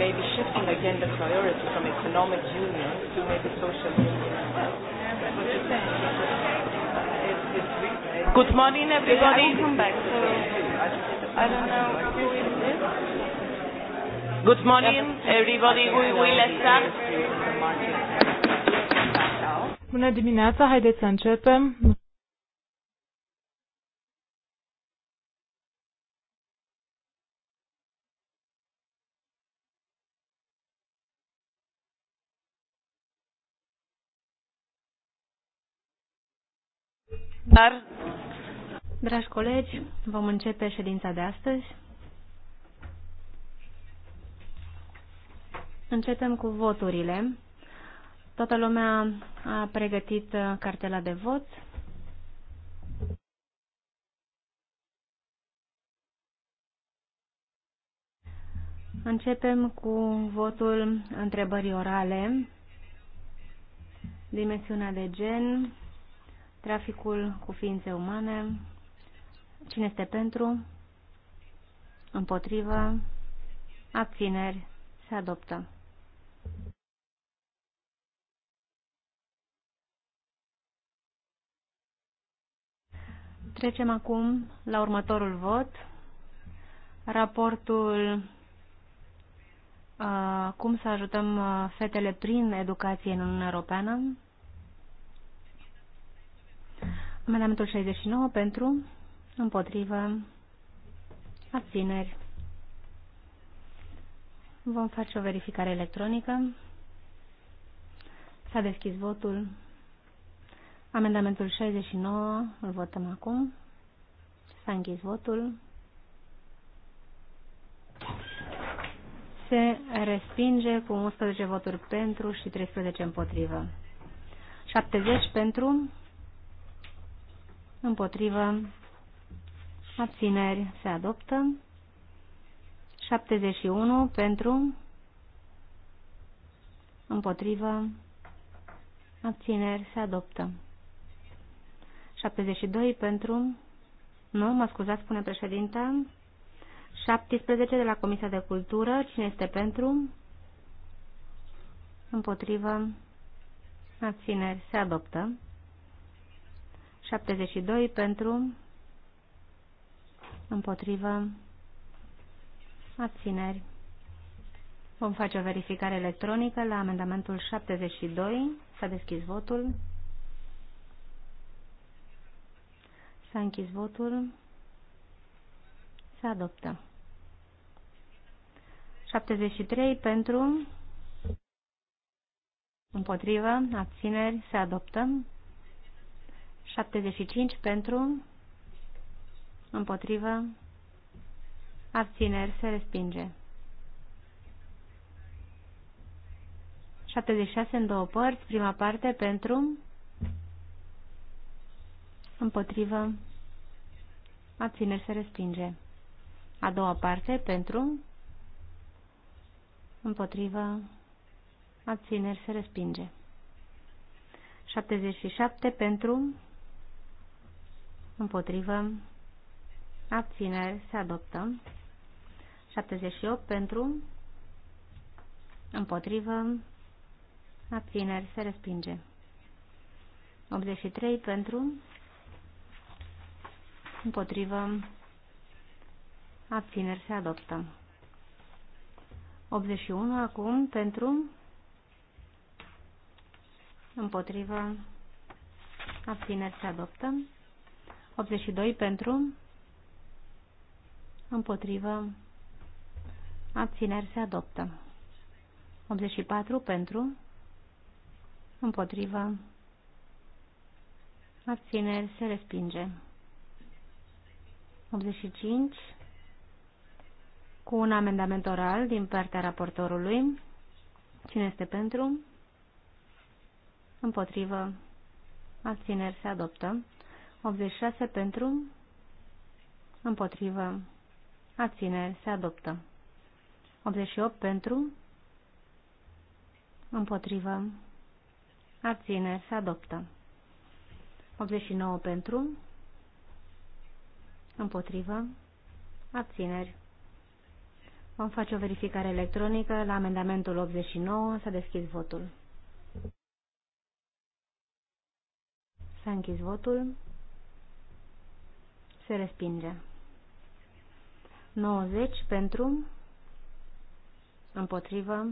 maybe shifting again the priority from economic union to maybe social union. Good morning, everybody. I come back. So, I don't know who is this. Good morning, everybody. We will start. Bună dimineața, haideți să începem. Dar... Dragi colegi, vom începe ședința de astăzi. Începem cu voturile. Toată lumea a pregătit uh, cartela de vot. Începem cu votul întrebării orale, dimensiunea de gen, traficul cu ființe umane. Cine este pentru? Împotrivă? Abțineri? Se adoptă. Trecem acum la următorul vot. Raportul uh, Cum să ajutăm uh, fetele prin educație în Uniunea Europeană. Amendamentul 69 pentru, împotrivă, abțineri. Vom face o verificare electronică. S-a deschis votul. Amendamentul 69 îl votăm acum. S-a închis votul. Se respinge cu 11 voturi pentru și 13 împotrivă. 70 pentru, împotrivă, abțineri se adoptă, 71 pentru, împotrivă, abțineri se adoptă, 72 pentru, nu, mă scuzați, spune președinta, 17 de la Comisia de Cultură, cine este pentru, împotrivă, abțineri se adoptă, 72 pentru, împotrivă, abțineri. Vom face o verificare electronică la amendamentul 72. S-a deschis votul. S-a închis votul. Se adoptă. 73 pentru, împotrivă, abțineri, se adoptă. 75 pentru, împotrivă, abțineri, se respinge. 76 în două părți, prima parte pentru, împotrivă, abțineri, se respinge. A doua parte pentru, împotrivă, abțineri, se respinge. 77 pentru, împotrivă, abțineri, se adoptă. 78 pentru, împotrivă, abțineri, se respinge. 83 pentru, împotrivă, abțineri, se adoptă. 81 acum pentru, împotrivă, abțineri, se adoptă. 82 pentru, împotrivă, abțineri se adoptă. 84 pentru, împotrivă, abțineri se respinge. 85 cu un amendament oral din partea raportorului. Cine este pentru? Împotrivă. Abțineri se adoptă. 86 pentru, împotrivă, abține, se adoptă. 88 pentru, împotrivă, abține, se adoptă. 89 pentru, împotrivă, abțineri. Vom face o verificare electronică la amendamentul 89, s-a deschis votul. S-a închis votul se respinge. 90 pentru, împotrivă,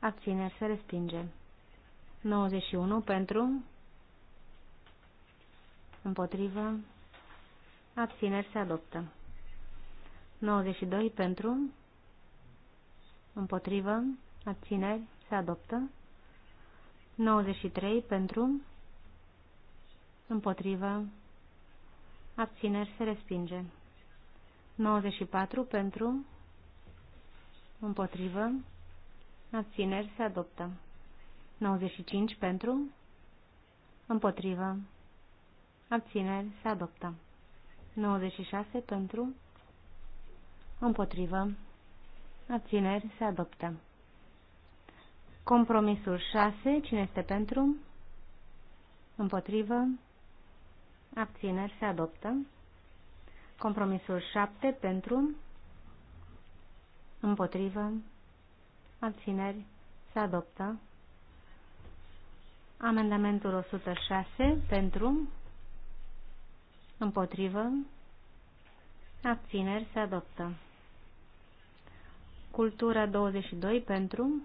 abțineri, se respinge. 91 pentru, împotrivă, abțineri, se adoptă. 92 pentru, împotrivă, abțineri, se adoptă. 93 pentru, împotrivă, Abțineri se respinge. 94 pentru, împotrivă, abțineri se adoptă. 95 pentru, împotrivă, abțineri se adoptă. 96 pentru, împotrivă, abțineri se adoptă. Compromisul 6, cine este pentru, împotrivă, abțineri se adoptă. Compromisul 7 pentru, împotrivă, abțineri se adoptă. Amendamentul 106 pentru, împotrivă, abțineri se adoptă. Cultura 22 pentru,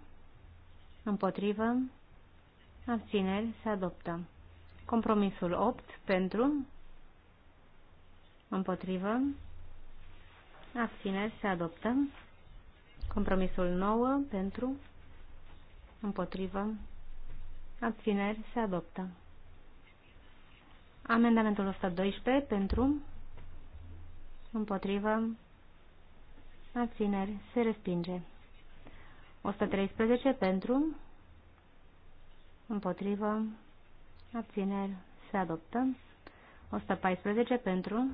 împotrivă, abțineri se adoptă. Compromisul 8 pentru, împotrivă, abțineri se adoptă. Compromisul 9 pentru, împotrivă, abțineri se adoptă. Amendamentul 112 pentru, împotrivă, abțineri se respinge. 113 pentru, împotrivă, abțineri, se adoptă. 114 pentru,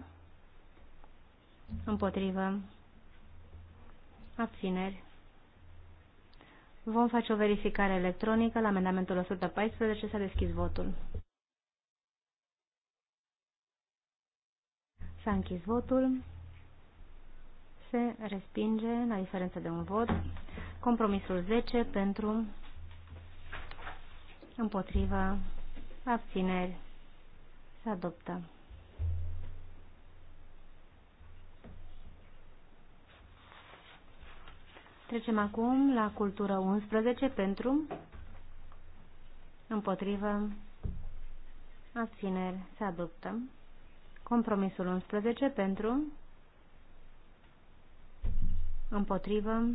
împotrivă, abțineri. Vom face o verificare electronică la amendamentul 114. S-a deschis votul. S-a închis votul. Se respinge la diferență de un vot. Compromisul 10 pentru împotriva Abțineri. Se adoptă. Trecem acum la cultură 11 pentru împotrivă abțineri se adoptă. Compromisul 11 pentru împotrivă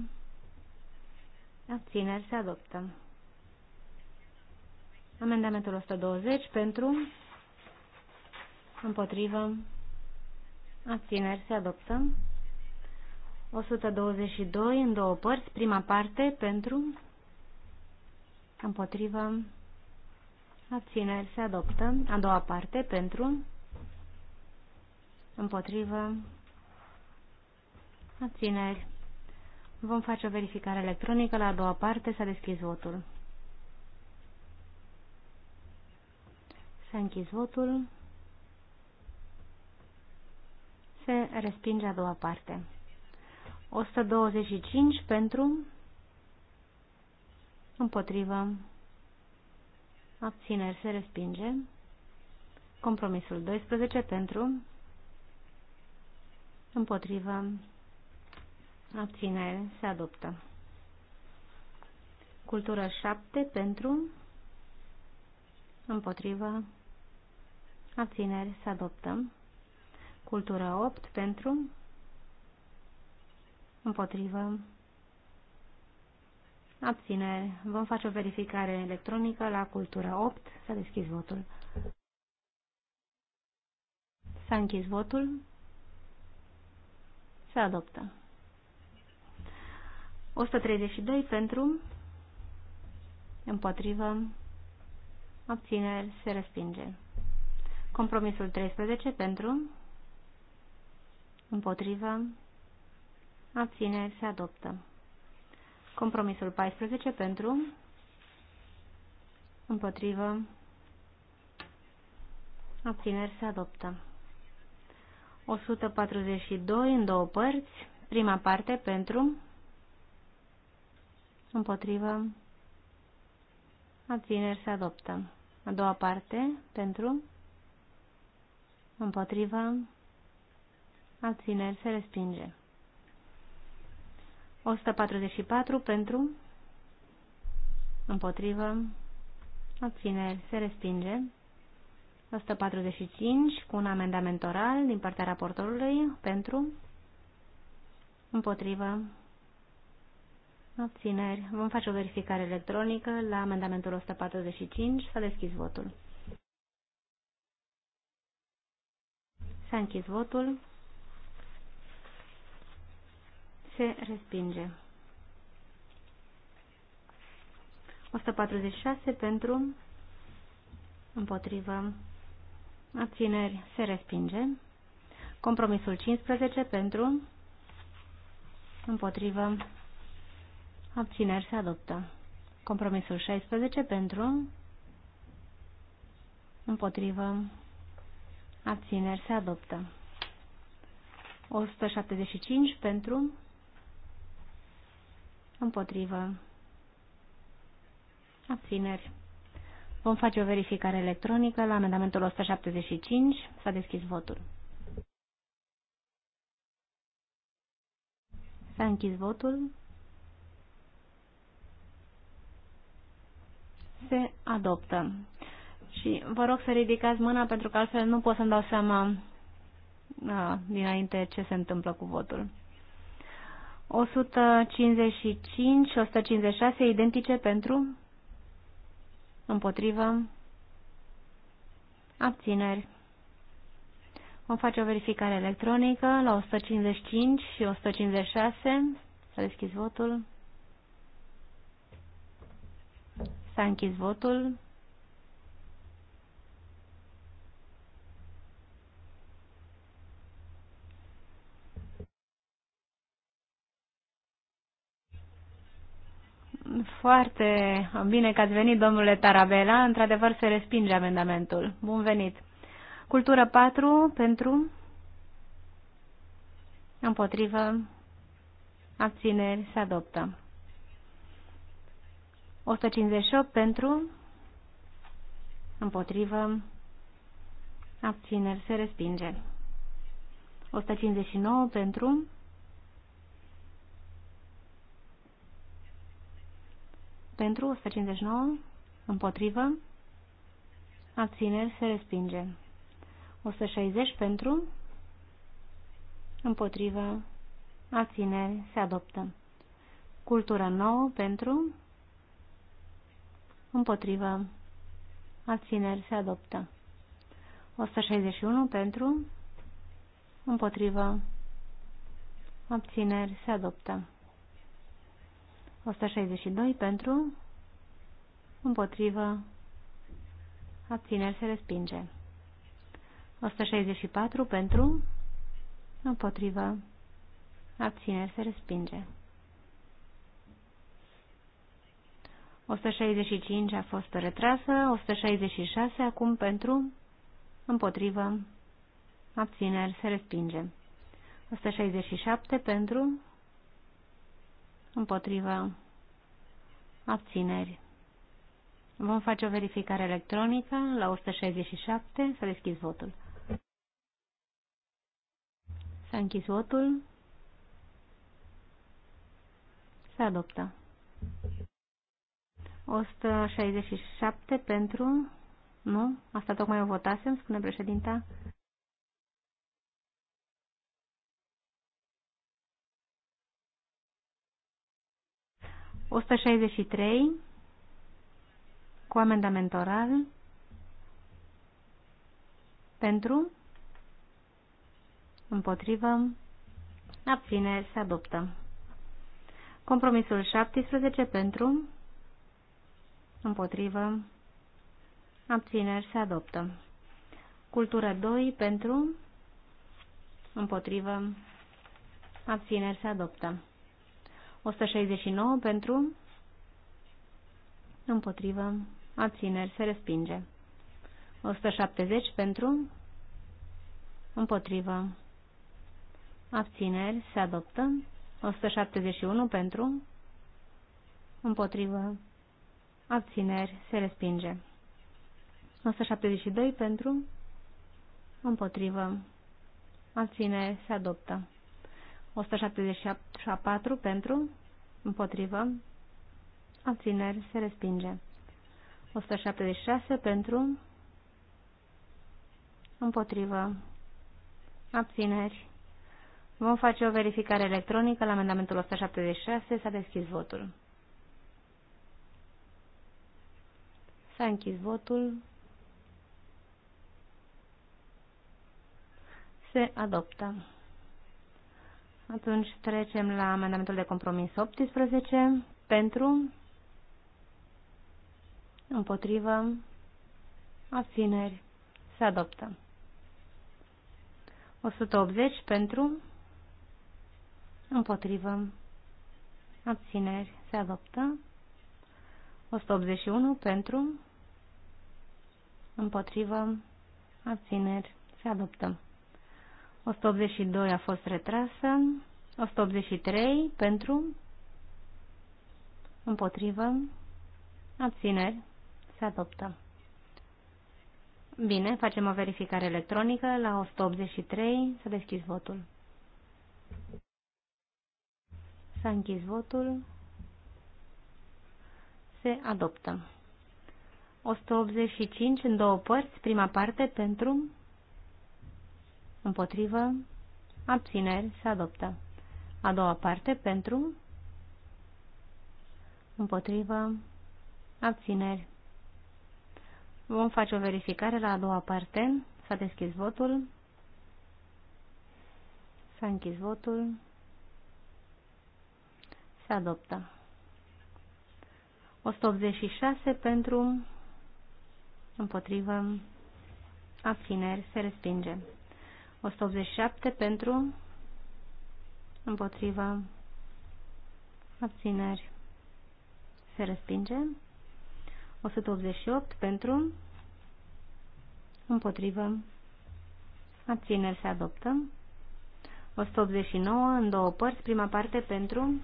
abțineri se adoptă. Amendamentul 120 pentru, împotrivă, abțineri se adoptă. 122 în două părți, prima parte pentru, împotrivă, abțineri se adoptă. A doua parte pentru, împotrivă, abțineri. Vom face o verificare electronică. La a doua parte s-a deschis votul. Se închis votul. Se respinge a doua parte. 125 pentru, împotrivă, abțineri se respinge. Compromisul 12 pentru, împotrivă, abțineri se adoptă. Cultură 7 pentru, împotrivă, abțineri, se adoptă. Cultura 8 pentru, împotrivă, abțineri. Vom face o verificare electronică la cultura 8. S-a deschis votul. S-a închis votul. Se adoptă. 132 pentru, împotrivă, abțineri, se respinge. Compromisul 13 pentru, împotrivă, abțineri se adoptă. Compromisul 14 pentru, împotrivă, abțineri se adoptă. 142 în două părți, prima parte pentru, împotrivă, abțineri se adoptă. A doua parte pentru, împotriva, abțineri, se respinge. 144 pentru, împotriva, abțineri, se respinge. 145 cu un amendament oral din partea raportorului pentru, împotriva, abțineri. Vom face o verificare electronică la amendamentul 145. S-a deschis votul. S-a închis votul. Se respinge. 146 pentru, împotrivă, abțineri, se respinge. Compromisul 15 pentru, împotrivă, abțineri, se adoptă. Compromisul 16 pentru, împotrivă, abțineri se adoptă. 175 pentru, împotrivă, abțineri. Vom face o verificare electronică la amendamentul 175. S-a deschis votul. S-a închis votul. Se adoptă. Și vă rog să ridicați mâna pentru că altfel nu pot să-mi dau seama a, dinainte ce se întâmplă cu votul. 155 156 identice pentru împotrivă abțineri. Vom face o verificare electronică la 155 și 156. Să deschizi votul. S-a închis votul. Foarte bine că ați venit, domnule Tarabela. Într-adevăr, se respinge amendamentul. Bun venit. Cultură 4 pentru împotrivă abțineri se adoptă. 158 pentru împotrivă abțineri se respinge. 159 pentru pentru, 159, împotrivă, abțineri, se respinge. 160 pentru, împotrivă, abțineri, se adoptă. Cultura 9 pentru, împotrivă, abțineri, se adoptă. 161 pentru, împotrivă, abțineri, se adoptă. 162 pentru, împotrivă, abțineri se respinge. 164 pentru, împotrivă, abțineri se respinge. 165 a fost retrasă, 166 acum pentru, împotrivă, abțineri se respinge. 167 pentru, împotriva abțineri. Vom face o verificare electronică la 167. Să deschis votul. S-a închis votul. Se adoptă. 167 pentru... Nu? Asta tocmai o votasem, spune președinta. 163 cu amendament oral pentru împotrivă abține se adoptă. Compromisul 17 pentru împotrivă abțineri se adoptă. Cultură 2 pentru împotrivă abțineri se adoptă. 169 pentru, împotrivă, abțineri, se respinge. 170 pentru, împotrivă, abțineri, se adoptă. 171 pentru, împotrivă, abțineri, se respinge. 172 pentru, împotrivă, abțineri, se adoptă. 174 pentru, împotrivă, abțineri, se respinge. 176 pentru, împotrivă, abțineri. Vom face o verificare electronică la amendamentul 176. S-a deschis votul. S-a închis votul. Se adoptă. Atunci trecem la amendamentul de compromis 18. Pentru, împotrivă, abțineri, se adoptă. 180 pentru, împotrivă, abțineri, se adoptă. 181 pentru, împotrivă, abțineri, se adoptă. 182 a fost retrasă. 183 pentru, împotrivă, abțineri, se adoptă. Bine, facem o verificare electronică. La 183 să deschizi votul. S-a închis votul. Se adoptă. 185 în două părți, prima parte pentru, împotrivă, abțineri, se adoptă. A doua parte, pentru, împotrivă, abțineri. Vom face o verificare la a doua parte. S-a deschis votul. S-a închis votul. Se adoptă. 186 pentru, împotrivă, abțineri, se respinge. 187 pentru, împotriva, abțineri, se respinge. 188 pentru, împotrivă, abțineri se adoptă. 189 în două părți, prima parte pentru,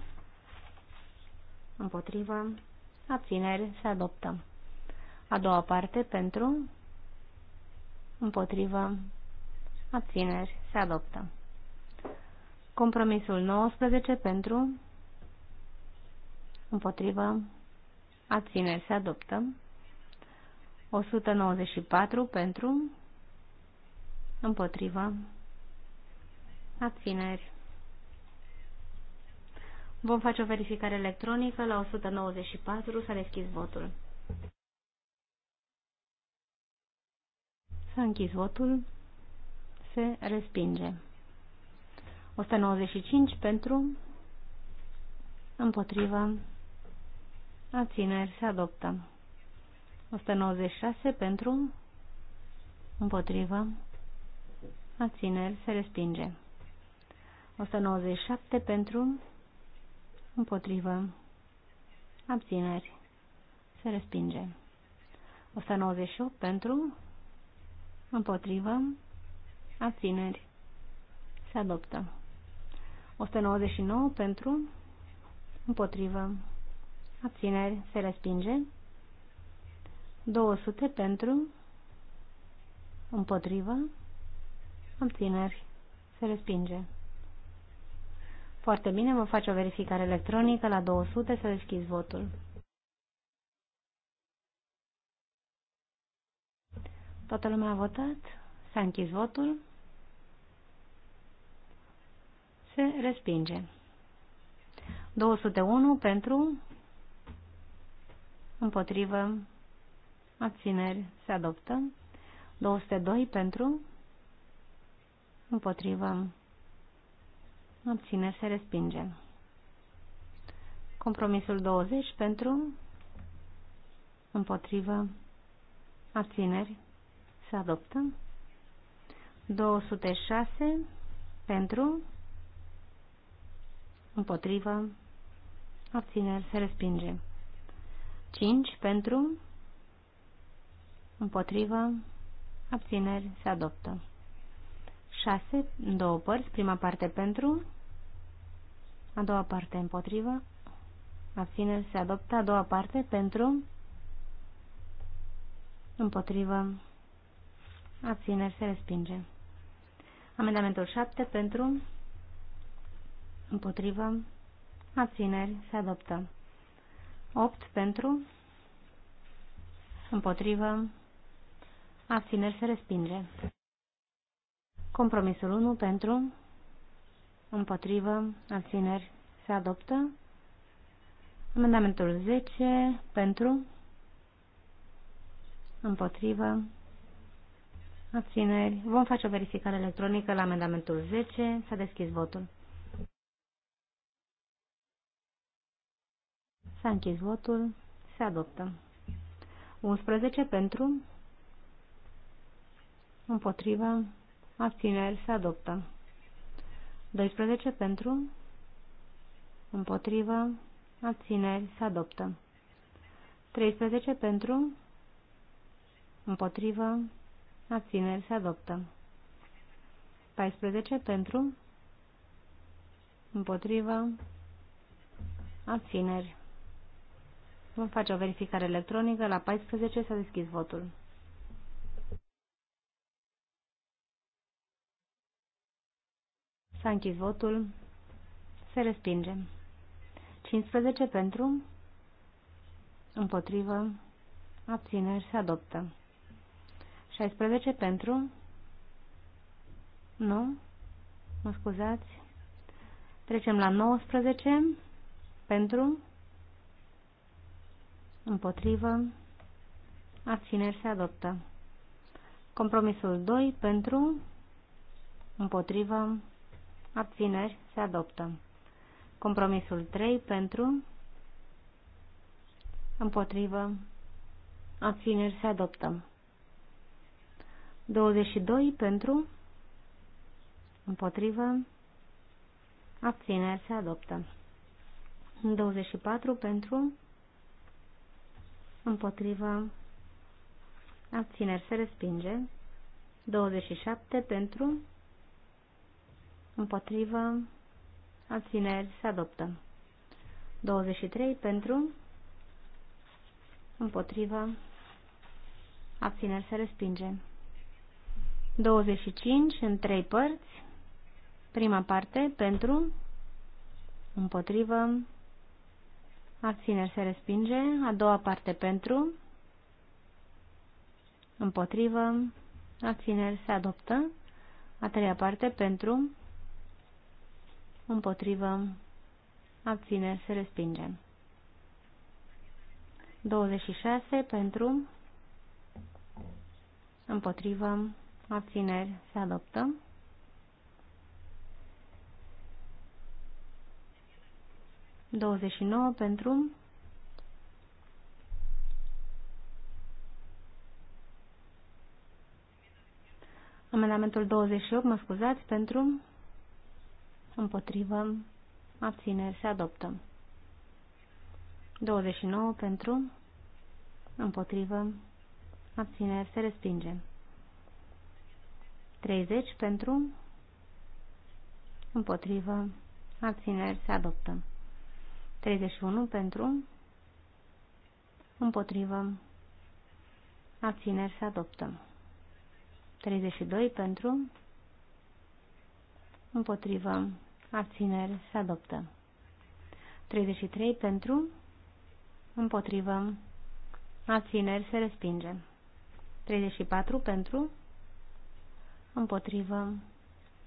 împotrivă, abțineri se adoptă. A doua parte pentru, împotrivă, Abțineri. Se adoptă. Compromisul 19 pentru. Împotrivă. Abțineri. Se adoptă. 194 pentru. Împotrivă. Abțineri. Vom face o verificare electronică. La 194 s-a deschis votul. S-a închis votul se respinge. 195 pentru, împotriva, abțineri, se adoptă. 196 pentru, împotriva, abțineri, se respinge. 197 pentru, împotrivă, abțineri, se respinge. 198 pentru, împotrivă, abțineri, se adoptă. 199 pentru, împotrivă, abțineri, se respinge. 200 pentru, împotrivă, abțineri, se respinge. Foarte bine, vă face o verificare electronică la 200 să deschizi votul. Toată lumea a votat? S-a închis votul? Se respinge. 201 pentru, împotrivă, abțineri, se adoptă. 202 pentru, împotrivă, abțineri, se respinge. Compromisul 20 pentru, împotrivă, abțineri, se adoptă. 206 pentru, împotrivă, abțineri, se respinge. 5 pentru, împotrivă, abțineri, se adoptă. 6, în două părți, prima parte pentru, a doua parte împotrivă, abțineri, se adoptă, a doua parte pentru, împotrivă, abțineri, se respinge. Amendamentul 7 pentru, împotrivă, abțineri, se adoptă. 8 pentru, împotrivă, abțineri, se respinge. Compromisul 1 pentru, împotrivă, abțineri, se adoptă. Amendamentul 10 pentru, împotrivă, abțineri. Vom face o verificare electronică la amendamentul 10. S-a deschis votul. S-a închis votul. Se adoptă. 11 pentru. Împotrivă. Abțineri. Se adoptă. 12 pentru. Împotrivă. Abțineri. Se adoptă. 13 pentru. Împotrivă. Abțineri se adoptă. 14 pentru. Împotrivă. Abțineri. Vom face o verificare electronică. La 14 s-a deschis votul. S-a închis votul. Se respinge. 15 pentru. Împotrivă. Abțineri. Se adoptă. 16 pentru. Nu. Mă scuzați. Trecem la 19 pentru împotrivă, abțineri se adoptă. Compromisul 2 pentru, împotrivă, abțineri se adoptă. Compromisul 3 pentru, împotrivă, abțineri se adoptă. 22 pentru, împotrivă, abțineri se adoptă. 24 pentru, împotriva, abțineri se respinge, 27 pentru, împotriva, abțineri se adoptă, 23 pentru, împotriva, abțineri se respinge, 25 în trei părți, prima parte pentru, împotrivă, Abțineri se respinge. A doua parte pentru. Împotrivă. Abțineri se adoptă. A treia parte pentru. Împotrivă. Abțineri se respinge. 26 pentru. Împotrivă. Abțineri se adoptă. 29 pentru amendamentul 28, mă scuzați, pentru împotrivă abțineri se adoptă. 29 pentru împotrivă abțineri se respinge. 30 pentru împotrivă abțineri se adoptă. 31 pentru, împotrivă, abțineri să adoptăm 32 pentru, împotrivă, abțineri să adoptăm 33 pentru, împotrivă, abțineri se respinge. 34 pentru, împotrivă,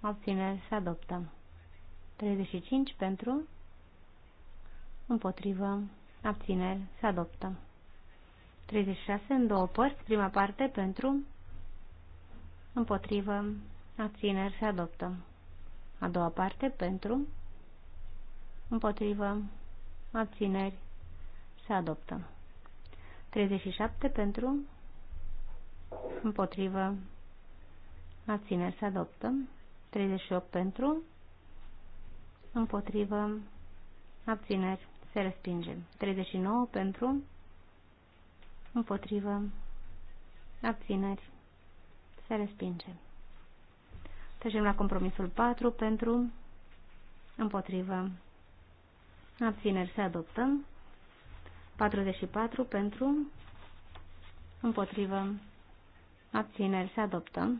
abțineri se adoptăm 35 pentru, împotrivă, abțineri, se adoptă. 36 în două părți, prima parte pentru, împotrivă, abțineri, se adoptă. A doua parte pentru, împotrivă, abțineri, se adoptă. 37 pentru, împotrivă, abțineri, se adoptă. 38 pentru, împotrivă, abțineri, se respinge. 39 pentru, împotrivă, abțineri, se respinge. Trecem la compromisul 4 pentru, împotrivă, abțineri, se adoptă. 44 pentru, împotrivă, abțineri, se adoptă.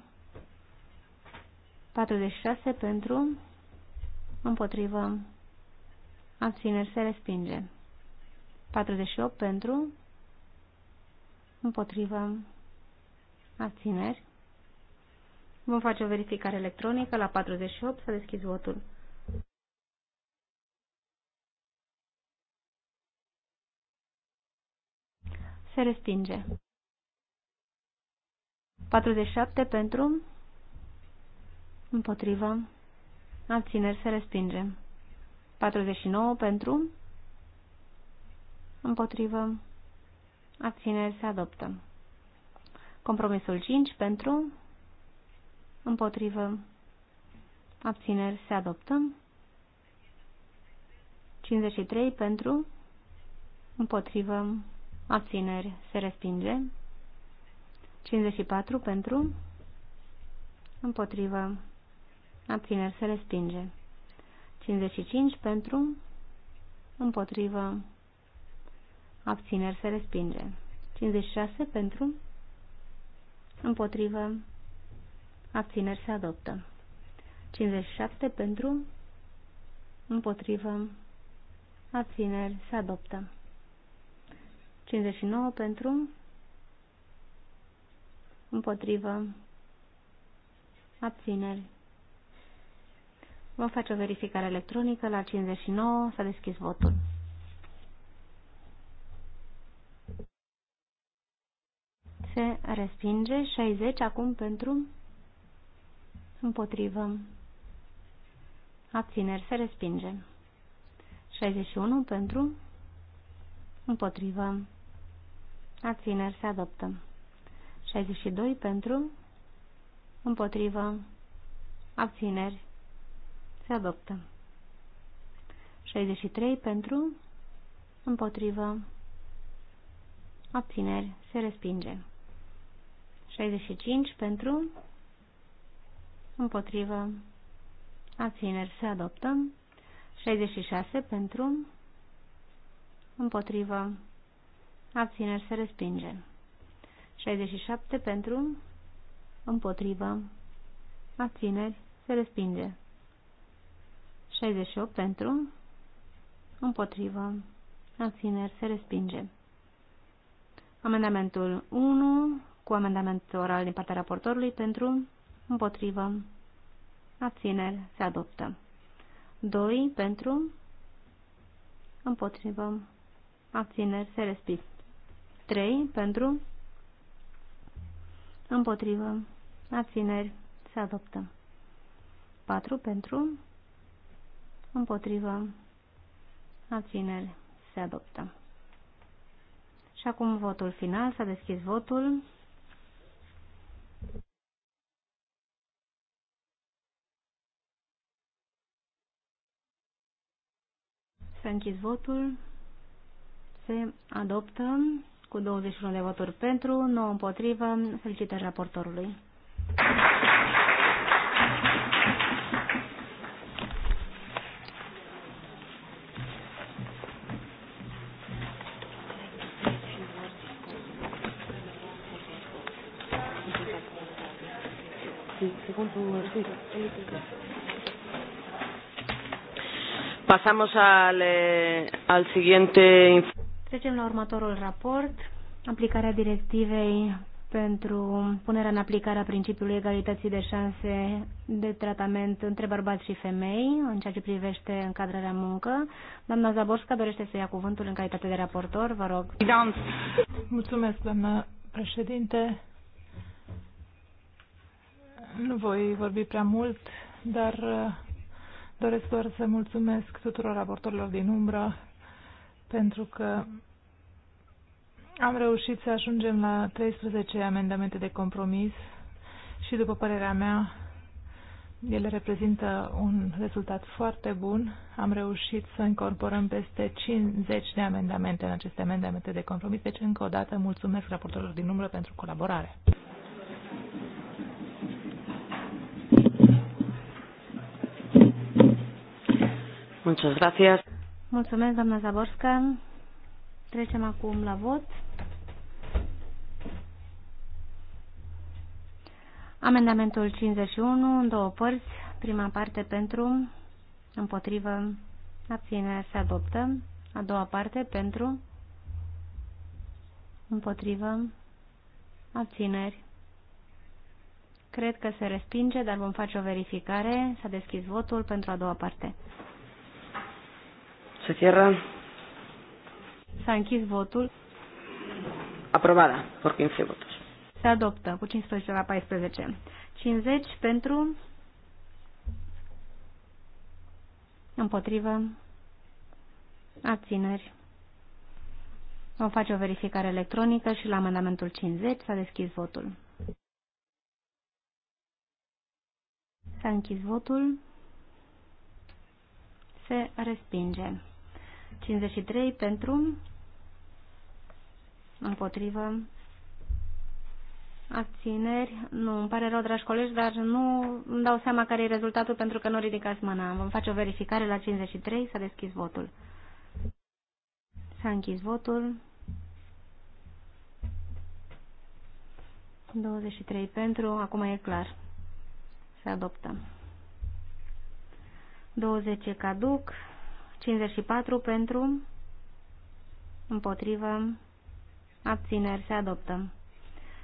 46 pentru, împotrivă, Abțineri se respinge. 48 pentru. Împotrivă. Abțineri. Vom face o verificare electronică la 48. Să deschizi votul. Se respinge. 47 pentru. Împotrivă. Abțineri se respinge. 49 pentru, împotrivă, abțineri se adoptă. Compromisul 5 pentru, împotrivă, abțineri se adoptă. 53 pentru, împotrivă, abțineri se respinge. 54 pentru, împotrivă, abțineri se respinge. 55 pentru, împotrivă, abțineri se respinge. 56 pentru, împotrivă, abțineri se adoptă. 57 pentru, împotrivă, abțineri se adoptă. 59 pentru, împotrivă, abțineri Vom face o verificare electronică. La 59 s-a deschis votul. Se respinge. 60 acum pentru împotrivă. Abțineri se respinge. 61 pentru împotrivă. Abțineri se adoptă. 62 pentru împotrivă. Abțineri se adoptă. 63 pentru, împotrivă, abțineri, se respinge. 65 pentru, împotrivă, abțineri, se adoptă. 66 pentru, împotrivă, abțineri, se respinge. 67 pentru, împotrivă, abțineri, se respinge. 68 pentru, împotrivă, abțineri, se respinge. Amendamentul 1 cu amendament oral din partea raportorului pentru, împotrivă, abțineri, se adoptă. 2 pentru, împotrivă, abțineri, se respinge. 3 pentru, împotrivă, abțineri, se adoptă. 4 pentru, împotrivă, abțineri, se adoptă. Și acum votul final, s-a deschis votul. S-a închis votul. Se adoptă cu 21 de voturi pentru, 9 împotrivă. Felicitări raportorului. punctul Pasamos al, eh, al siguiente. Trecem la următorul raport, aplicarea directivei pentru punerea în aplicare a principiului egalității de șanse de tratament între bărbați și femei în ceea ce privește încadrarea muncă. Doamna Zaborska dorește să ia cuvântul în calitate de raportor, vă rog. Mulțumesc, doamna președinte. Nu voi vorbi prea mult, dar uh, doresc doar să mulțumesc tuturor raportorilor din umbră pentru că am reușit să ajungem la 13 amendamente de compromis și, după părerea mea, ele reprezintă un rezultat foarte bun. Am reușit să incorporăm peste 50 de amendamente în aceste amendamente de compromis, deci încă o dată mulțumesc raportorilor din umbră pentru colaborare. Muchas gracias. Mulțumesc, doamna Zaborska. Trecem acum la vot. Amendamentul 51, în două părți. Prima parte pentru, împotrivă, abținere se adoptă. A doua parte pentru, împotrivă, abțineri. Cred că se respinge, dar vom face o verificare. S-a deschis votul pentru a doua parte. Se cierra. S-a închis votul. Aprobada, por 15 votos. Se adoptă cu 15 la 14. 50 pentru, împotrivă, abțineri. Vom face o verificare electronică și la amendamentul 50 s-a deschis votul. S-a închis votul. Se respinge. 53 pentru, împotrivă, abțineri. Nu, îmi pare rău, dragi colegi, dar nu îmi dau seama care e rezultatul pentru că nu ridicați mâna. Vom face o verificare la 53, s-a deschis votul. S-a închis votul. 23 pentru, acum e clar. Se adoptă. 20 caduc, 54 pentru, împotrivă, abțineri se adoptă.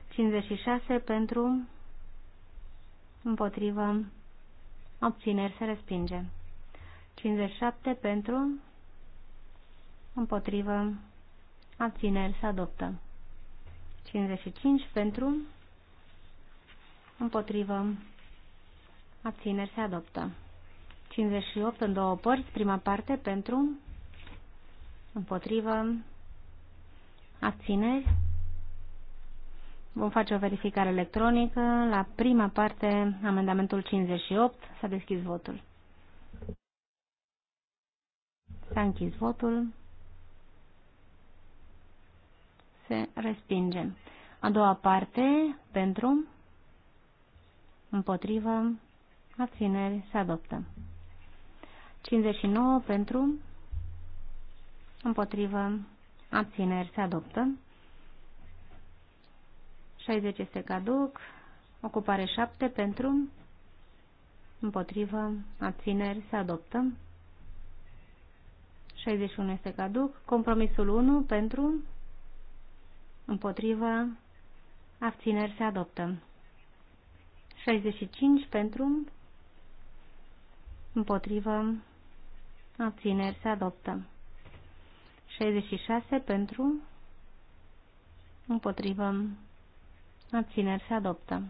56 pentru, împotrivă, abțineri se respinge. 57 pentru, împotrivă, abțineri se adoptă. 55 pentru, împotrivă, abțineri se adoptă. 58 în două părți, prima parte pentru, împotrivă, abțineri. Vom face o verificare electronică. La prima parte, amendamentul 58, s-a deschis votul. S-a închis votul. Se respinge. A doua parte, pentru, împotrivă, abțineri, se adoptă. 59 pentru, împotrivă, abțineri se adoptă. 60 este caduc, ocupare 7 pentru, împotrivă, abțineri se adoptă. 61 este caduc, compromisul 1 pentru, împotrivă, abțineri se adoptă. 65 pentru, împotrivă, abțineri, se adoptă. 66 pentru, împotrivă, abțineri, se adoptă.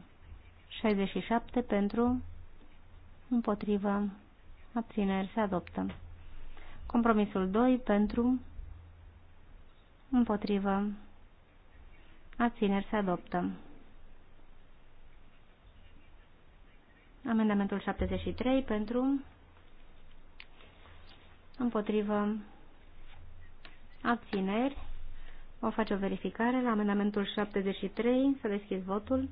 67 pentru, împotrivă, abțineri, se adoptă. Compromisul 2 pentru, împotrivă, abțineri, se adoptă. Amendamentul 73 pentru, împotrivă, abțineri. Vom face o verificare la amendamentul 73. Să deschid votul.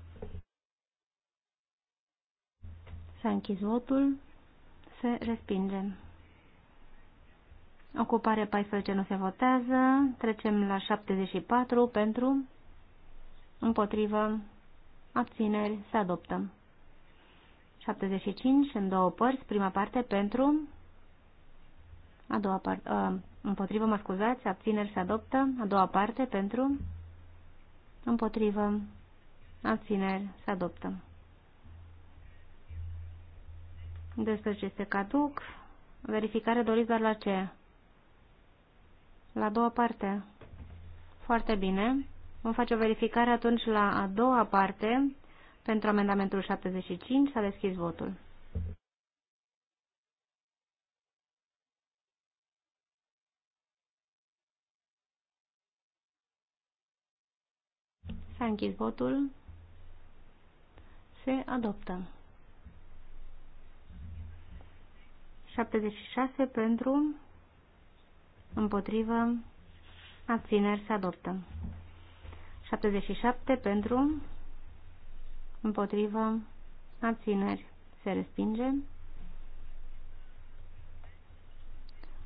S-a închis votul. Se respinge. Ocupare 14 nu se votează. Trecem la 74 pentru, împotrivă, abțineri, se adoptă. 75 în două părți, prima parte pentru, a doua parte. Uh, împotrivă, mă scuzați, abțineri se adoptă. A doua parte pentru. Împotrivă, abțineri se adoptă. ce este caduc. Verificare doriți doar la ce? La a doua parte. Foarte bine. Vom face o verificare atunci la a doua parte pentru amendamentul 75. S-a deschis votul. S-a închis votul. Se adoptă. 76 pentru, împotrivă, abțineri se adoptă. 77 pentru, împotrivă, abțineri se respinge.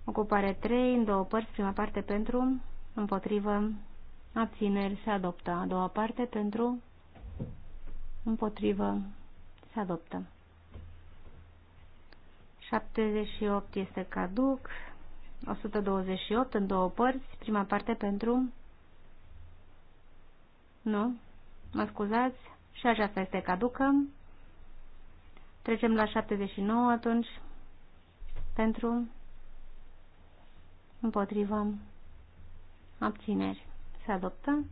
Ocupare 3 în două părți, prima parte pentru, împotrivă, abțineri, se adoptă. A doua parte pentru, împotrivă, se adoptă. 78 este caduc, 128 în două părți, prima parte pentru, nu, mă scuzați, și aceasta este caducă. Trecem la 79 atunci, pentru, împotriva abțineri se adoptă.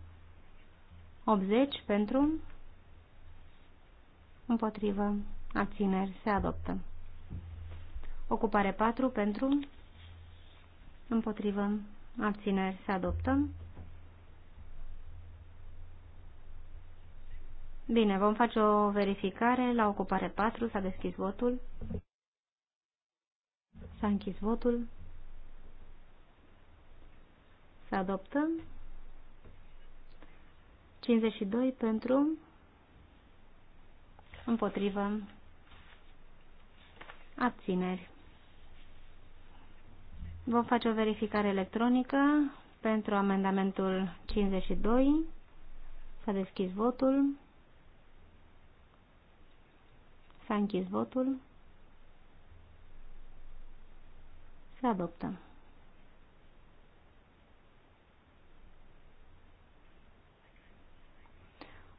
80 pentru, împotrivă, abțineri, se adoptă. Ocupare 4 pentru, împotrivă, abțineri, se adoptă. Bine, vom face o verificare. La ocupare 4 s-a deschis votul. S-a închis votul. Se adoptă. 52 pentru, împotrivă, abțineri. Vom face o verificare electronică pentru amendamentul 52. S-a deschis votul. S-a închis votul. Se adoptă.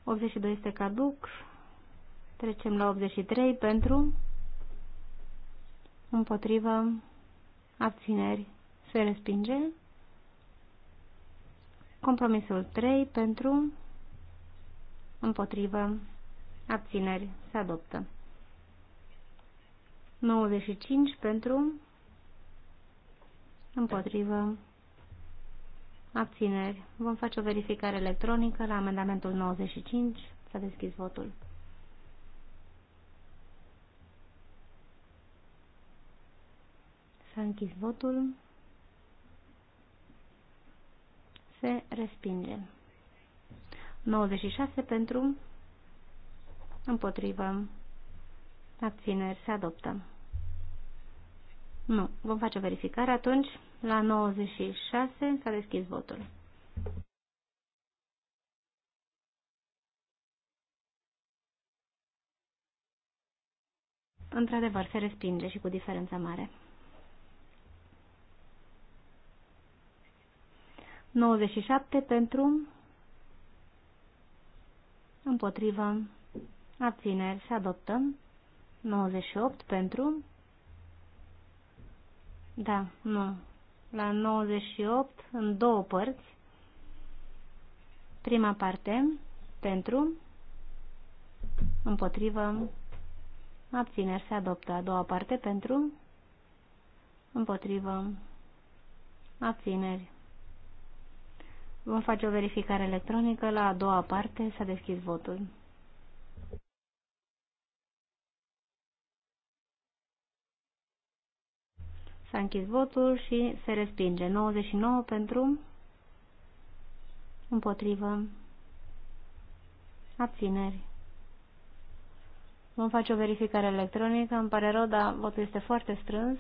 82 este caduc. Trecem la 83 pentru împotrivă abțineri se respinge. Compromisul 3 pentru împotrivă abțineri se adoptă. 95 pentru împotrivă Abțineri. Vom face o verificare electronică la amendamentul 95. S-a deschis votul. S-a închis votul. Se respinge. 96 pentru, împotrivă, abțineri, se adoptă. Nu, vom face o verificare atunci. La 96 s-a deschis votul. Într-adevăr, se respinge și cu diferență mare. 97 pentru împotrivă abțineri se adoptă 98 pentru da, nu, la 98 în două părți. Prima parte pentru, împotrivă, abțineri se adoptă. A doua parte pentru, împotrivă, abțineri. Vom face o verificare electronică la a doua parte, s-a deschis votul. S-a închis votul și se respinge. 99 pentru, împotrivă, abțineri. Vom face o verificare electronică, îmi pare rău, dar votul este foarte strâns.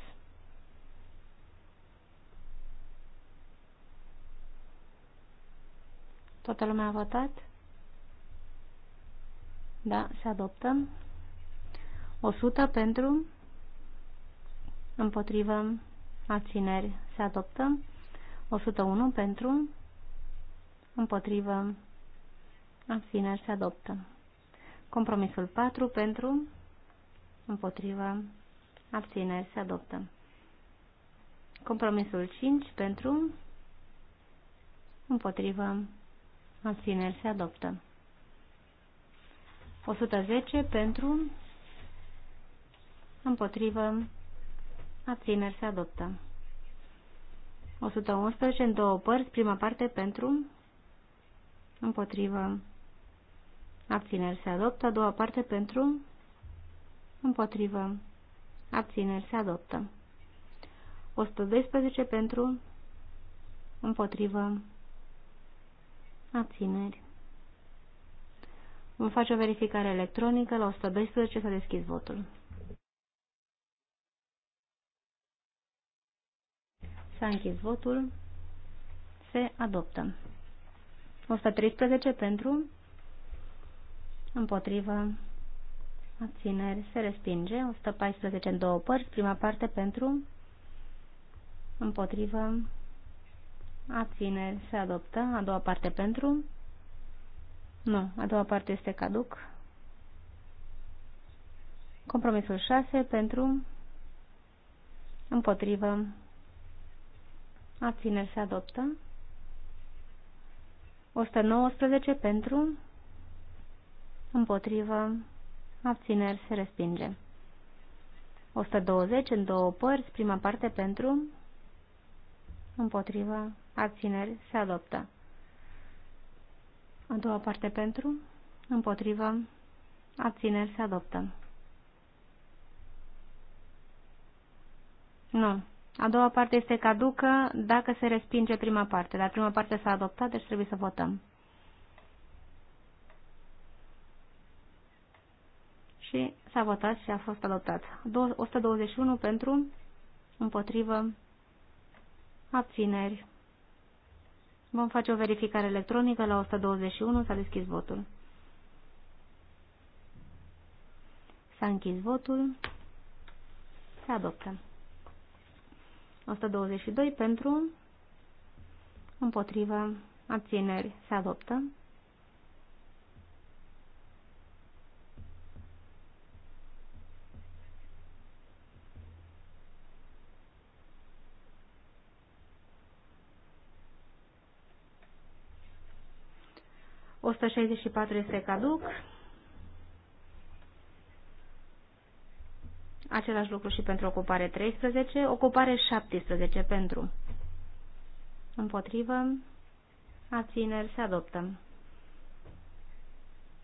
Toată lumea a votat? Da, se adoptă. 100 pentru, împotrivă, abțineri, se adoptă. 101 pentru, împotrivă, abțineri, se adoptă. Compromisul 4 pentru, împotrivă, abțineri, se adoptă. Compromisul 5 pentru, împotrivă, abțineri, se adoptă. 110 pentru, împotrivă, abțineri se adoptă. 111 în două părți, prima parte pentru, împotrivă, abțineri se adoptă, a doua parte pentru, împotrivă, abțineri se adoptă. 112 pentru, împotrivă, abțineri. Vom face o verificare electronică, la 112 s-a deschis votul. S-a închis votul. Se adoptă. 113 pentru, împotrivă, abțineri, se respinge. 114 în două părți, prima parte pentru, împotrivă, abțineri, se adoptă. A doua parte pentru, nu, a doua parte este caduc. Compromisul 6 pentru, împotrivă, Abțineri se adoptă. 119 pentru. Împotrivă. Abțineri se respinge. 120 în două părți, prima parte pentru. Împotrivă. Abțineri se adoptă. A doua parte pentru. Împotrivă. Abțineri se adoptă. Nu. A doua parte este caducă dacă se respinge prima parte. Dar prima parte s-a adoptat, deci trebuie să votăm. Și s-a votat și a fost adoptat. 121 pentru, împotrivă, abțineri. Vom face o verificare electronică la 121, s-a deschis votul. S-a închis votul. Se adoptă. 122 pentru, împotrivă, abțineri, se adoptă. 64 este caduc. Același lucru și pentru ocupare 13. Ocupare 17 pentru. Împotrivă. Abțineri se adoptă.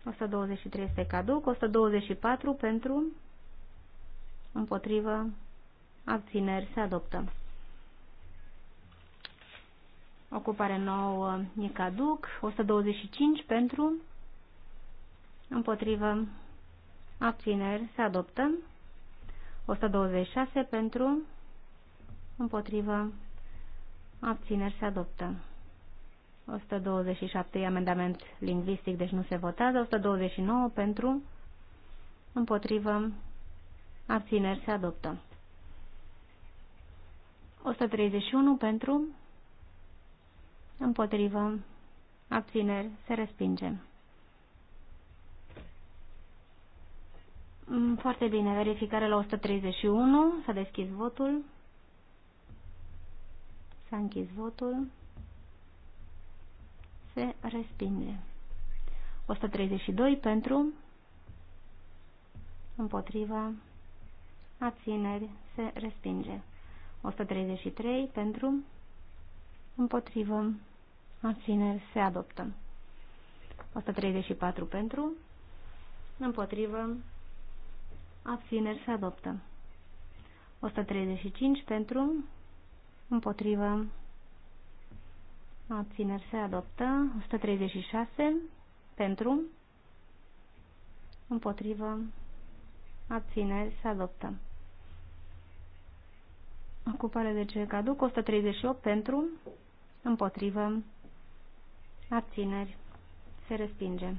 123 este caduc. 124 pentru. Împotrivă. Abțineri se adoptă. Ocupare 9 e caduc. 125 pentru. Împotrivă. Abțineri se adoptă. 126 pentru, împotrivă, abțineri se adoptă. 127 e amendament lingvistic, deci nu se votează. 129 pentru, împotrivă, abțineri se adoptă. 131 pentru, împotrivă, abțineri se respinge. Mm, foarte bine, verificare la 131, s-a deschis votul, s-a închis votul, se respinge. 132 pentru, împotriva, abțineri, se respinge. 133 pentru, împotrivă, abțineri, se adoptă. 134 pentru, împotrivă, abțineri se adoptă. 135 pentru, împotrivă, abțineri se adoptă. 136 pentru, împotrivă, abțineri se adoptă. Ocupare de ce caduc, 138 pentru, împotrivă, abțineri, se respinge.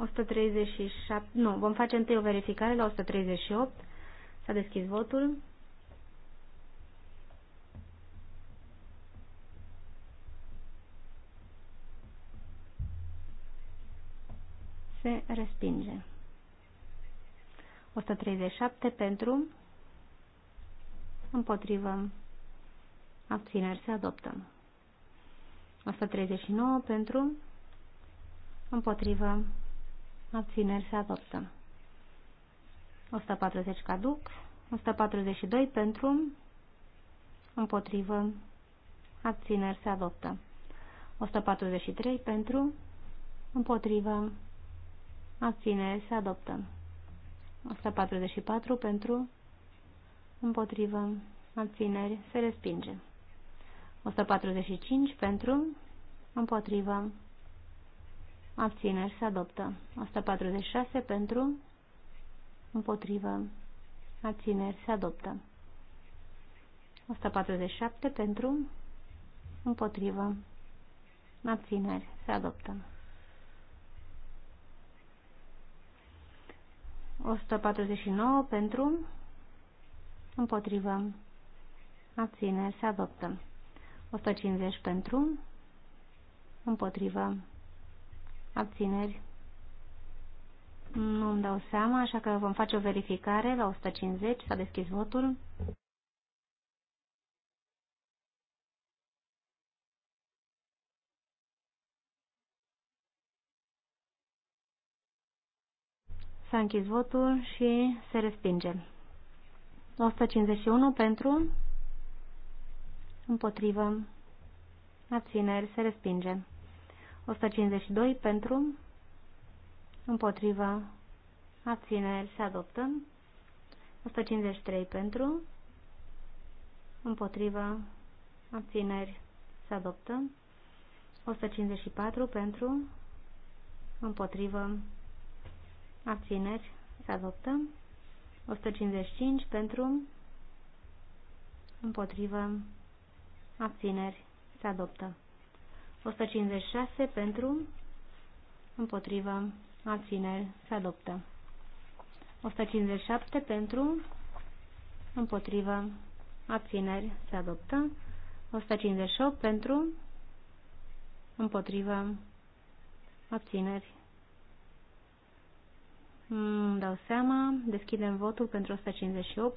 137, nu, vom face întâi o verificare la 138. S-a deschis votul. Se respinge. 137 pentru, împotrivă, abțineri se adoptă. 139 pentru, împotrivă, abțineri se adoptă. 140 caduc, 142 pentru, împotrivă, abțineri se adoptă. 143 pentru, împotrivă, abțineri se adoptă. 144 pentru, împotrivă, abțineri se respinge. 145 pentru, împotrivă, Abțineri se adoptă. 146 pentru, împotrivă. Abțineri se adoptă. 147 pentru, împotrivă. Abțineri se adoptă. 149 pentru, împotrivă. Abțineri se adoptă. 150 pentru, împotrivă abțineri, nu-mi dau seama, așa că vom face o verificare la 150, s-a deschis votul. S-a închis votul și se respinge. 151 pentru, împotrivă, abțineri, se respinge. 152 pentru, împotriva, abțineri se adoptă. 153 pentru, împotriva, abțineri se adoptă. 154 pentru, împotriva, abțineri se adoptă. 155 pentru, împotriva, abțineri se adoptă. 156 pentru, împotriva, abțineri, se adoptă. 157 pentru, împotriva, abțineri, se adoptă. 158 pentru, împotriva, abțineri. Îmi mm, dau seama, deschidem votul pentru 158.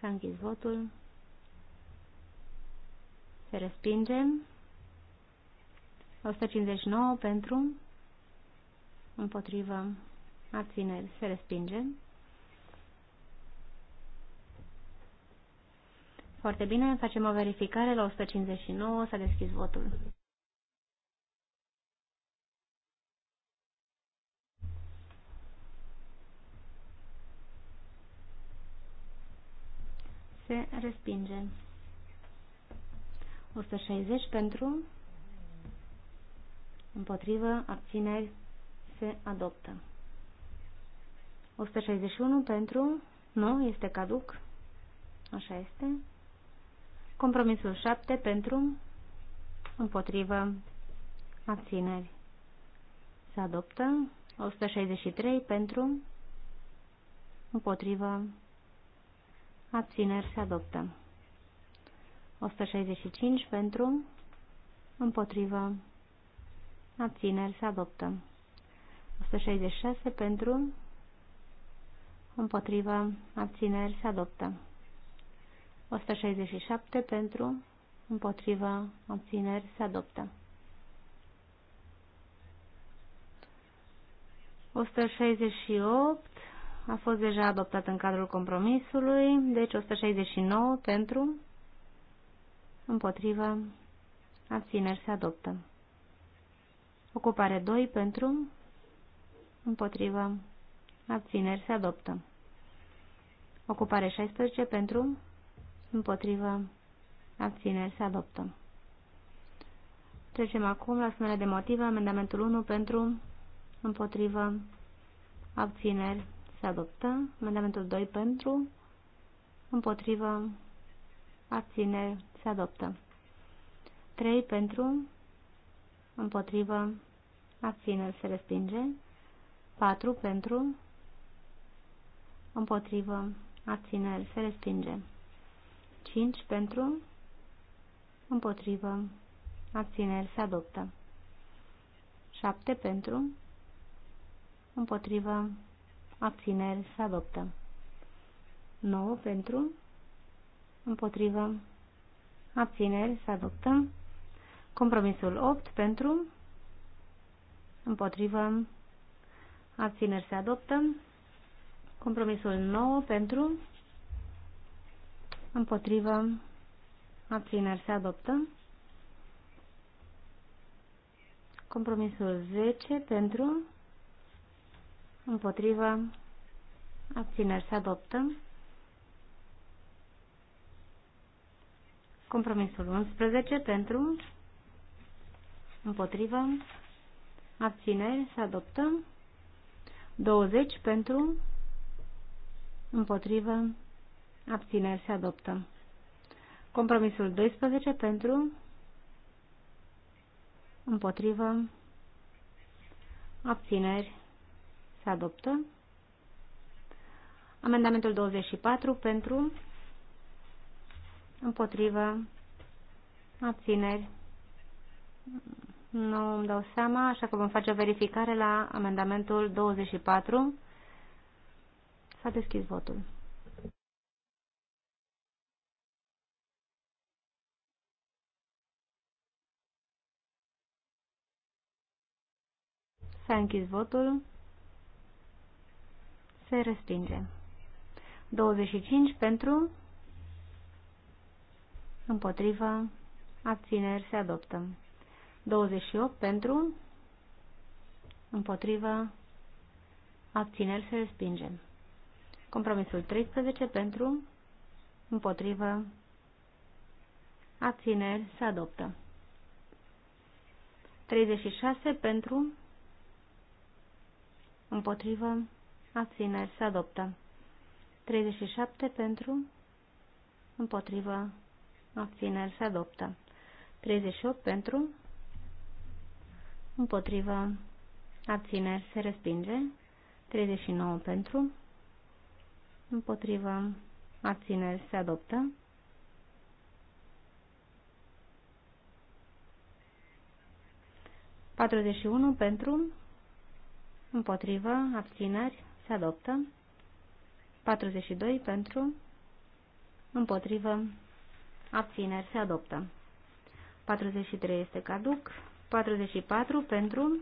S-a închis votul se respinge. 159 pentru, împotrivă, abțineri, se respinge. Foarte bine, facem o verificare la 159, s-a deschis votul. Se respinge. 160 pentru, împotrivă, abțineri, se adoptă. 161 pentru, nu, este caduc, așa este. Compromisul 7 pentru, împotrivă, abțineri, se adoptă. 163 pentru, împotrivă, abțineri, se adoptă. 165 pentru, împotrivă, abțineri, se adoptă. 166 pentru, împotrivă, abțineri, se adoptă. 167 pentru, împotrivă, abțineri, se adoptă. 168 a fost deja adoptat în cadrul compromisului, deci 169 pentru, împotrivă, abțineri se adoptă. Ocupare 2 pentru, împotrivă, abțineri se adoptă. Ocupare 16 pentru, împotrivă, abțineri se adoptă. Trecem acum la sumele de motive, amendamentul 1 pentru, împotrivă, abțineri se adoptă, amendamentul 2 pentru, împotrivă, abțineri se adoptă. 3 pentru, împotrivă, abține, se respinge. 4 pentru, împotrivă, abține, se respinge. 5 pentru, împotrivă, abține, se adoptă. 7 pentru, împotrivă, abține, se adoptă. 9 pentru, împotrivă, Abțineri să adoptăm. Compromisul 8 pentru. Împotrivă. Abțineri se adoptă. Compromisul 9 pentru. Împotrivă. Abțineri se adoptă. Compromisul 10 pentru. Împotrivă. Abțineri se adoptă. Compromisul 11 pentru, împotrivă, abțineri, să adoptăm. 20 pentru, împotrivă, abțineri, să adoptăm. Compromisul 12 pentru, împotrivă, abțineri, să adoptăm. Amendamentul 24 pentru, împotrivă, abțineri. Nu îmi dau seama, așa că vom face o verificare la amendamentul 24. S-a deschis votul. S-a închis votul. Se respinge. 25 pentru, împotrivă, abțineri se adoptă. 28 pentru, împotrivă, abțineri se respinge. Compromisul 13 pentru, împotrivă, abțineri se adoptă. 36 pentru, împotrivă, abțineri se adoptă. 37 pentru, împotrivă, Abțineri se adoptă. 38 pentru. Împotrivă. Abțineri se respinge. 39 pentru. Împotrivă. Abțineri se adoptă. Patruzeci și pentru, împotrivă, abțineri, se adoptă. Patruzeci și doi pentru, împotrivă, abțineri, se adoptă. 43 este caduc, 44 pentru,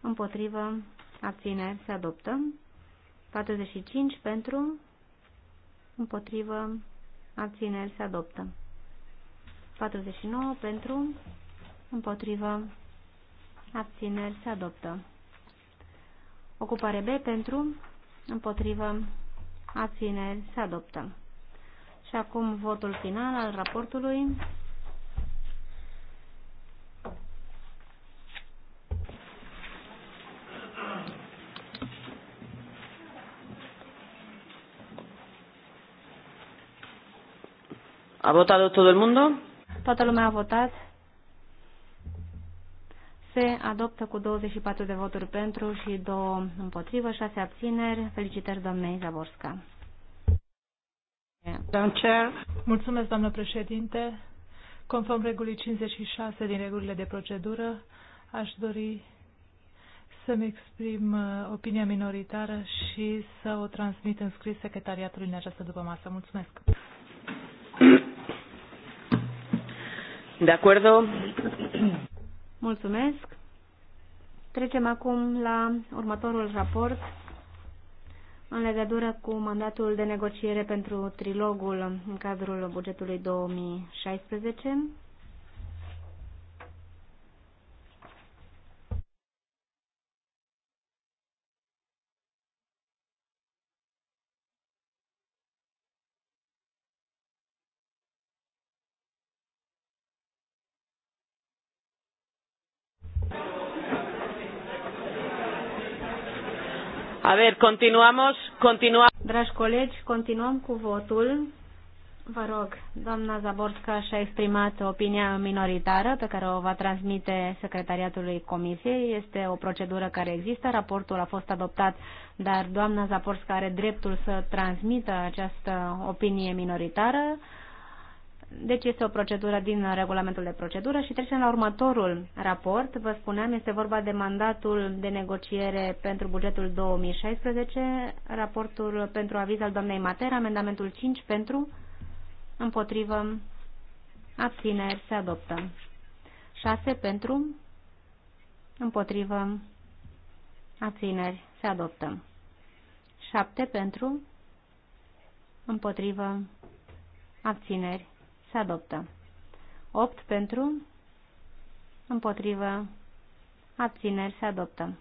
împotrivă, abțineri, se adoptă. 45 pentru, împotrivă, abțineri, se adoptă. 49 pentru, împotrivă, abțineri, se adoptă. Ocupare B pentru, împotrivă, abțineri, se adoptă. Și acum votul final al raportului. A votat tot el mundo? Toată lumea a votat. Se adoptă cu 24 de voturi pentru și 2 împotrivă, 6 abțineri. Felicitări doamnei Zaborska. Mulțumesc, doamnă președinte. Conform regulii 56 din regulile de procedură, aș dori să-mi exprim uh, opinia minoritară și să o transmit în scris secretariatului în această după masă. Mulțumesc. De acord. Mulțumesc. Trecem acum la următorul raport în legătură cu mandatul de negociere pentru trilogul în cadrul bugetului 2016 A ver, continuamos, continuăm. Dragi colegi, continuăm cu votul. Vă rog, doamna Zaborska și-a exprimat opinia minoritară pe care o va transmite Secretariatului Comisiei. Este o procedură care există, raportul a fost adoptat, dar doamna Zaborska are dreptul să transmită această opinie minoritară. Deci este o procedură din regulamentul de procedură și trecem la următorul raport. Vă spuneam, este vorba de mandatul de negociere pentru bugetul 2016, raportul pentru aviz al doamnei Matera, amendamentul 5 pentru, împotrivă, abțineri, se adoptă. 6 pentru, împotrivă, abțineri, se adoptă. 7 pentru, împotrivă, abțineri, se adoptă. 8 pentru, împotrivă, abțineri. Se adoptă.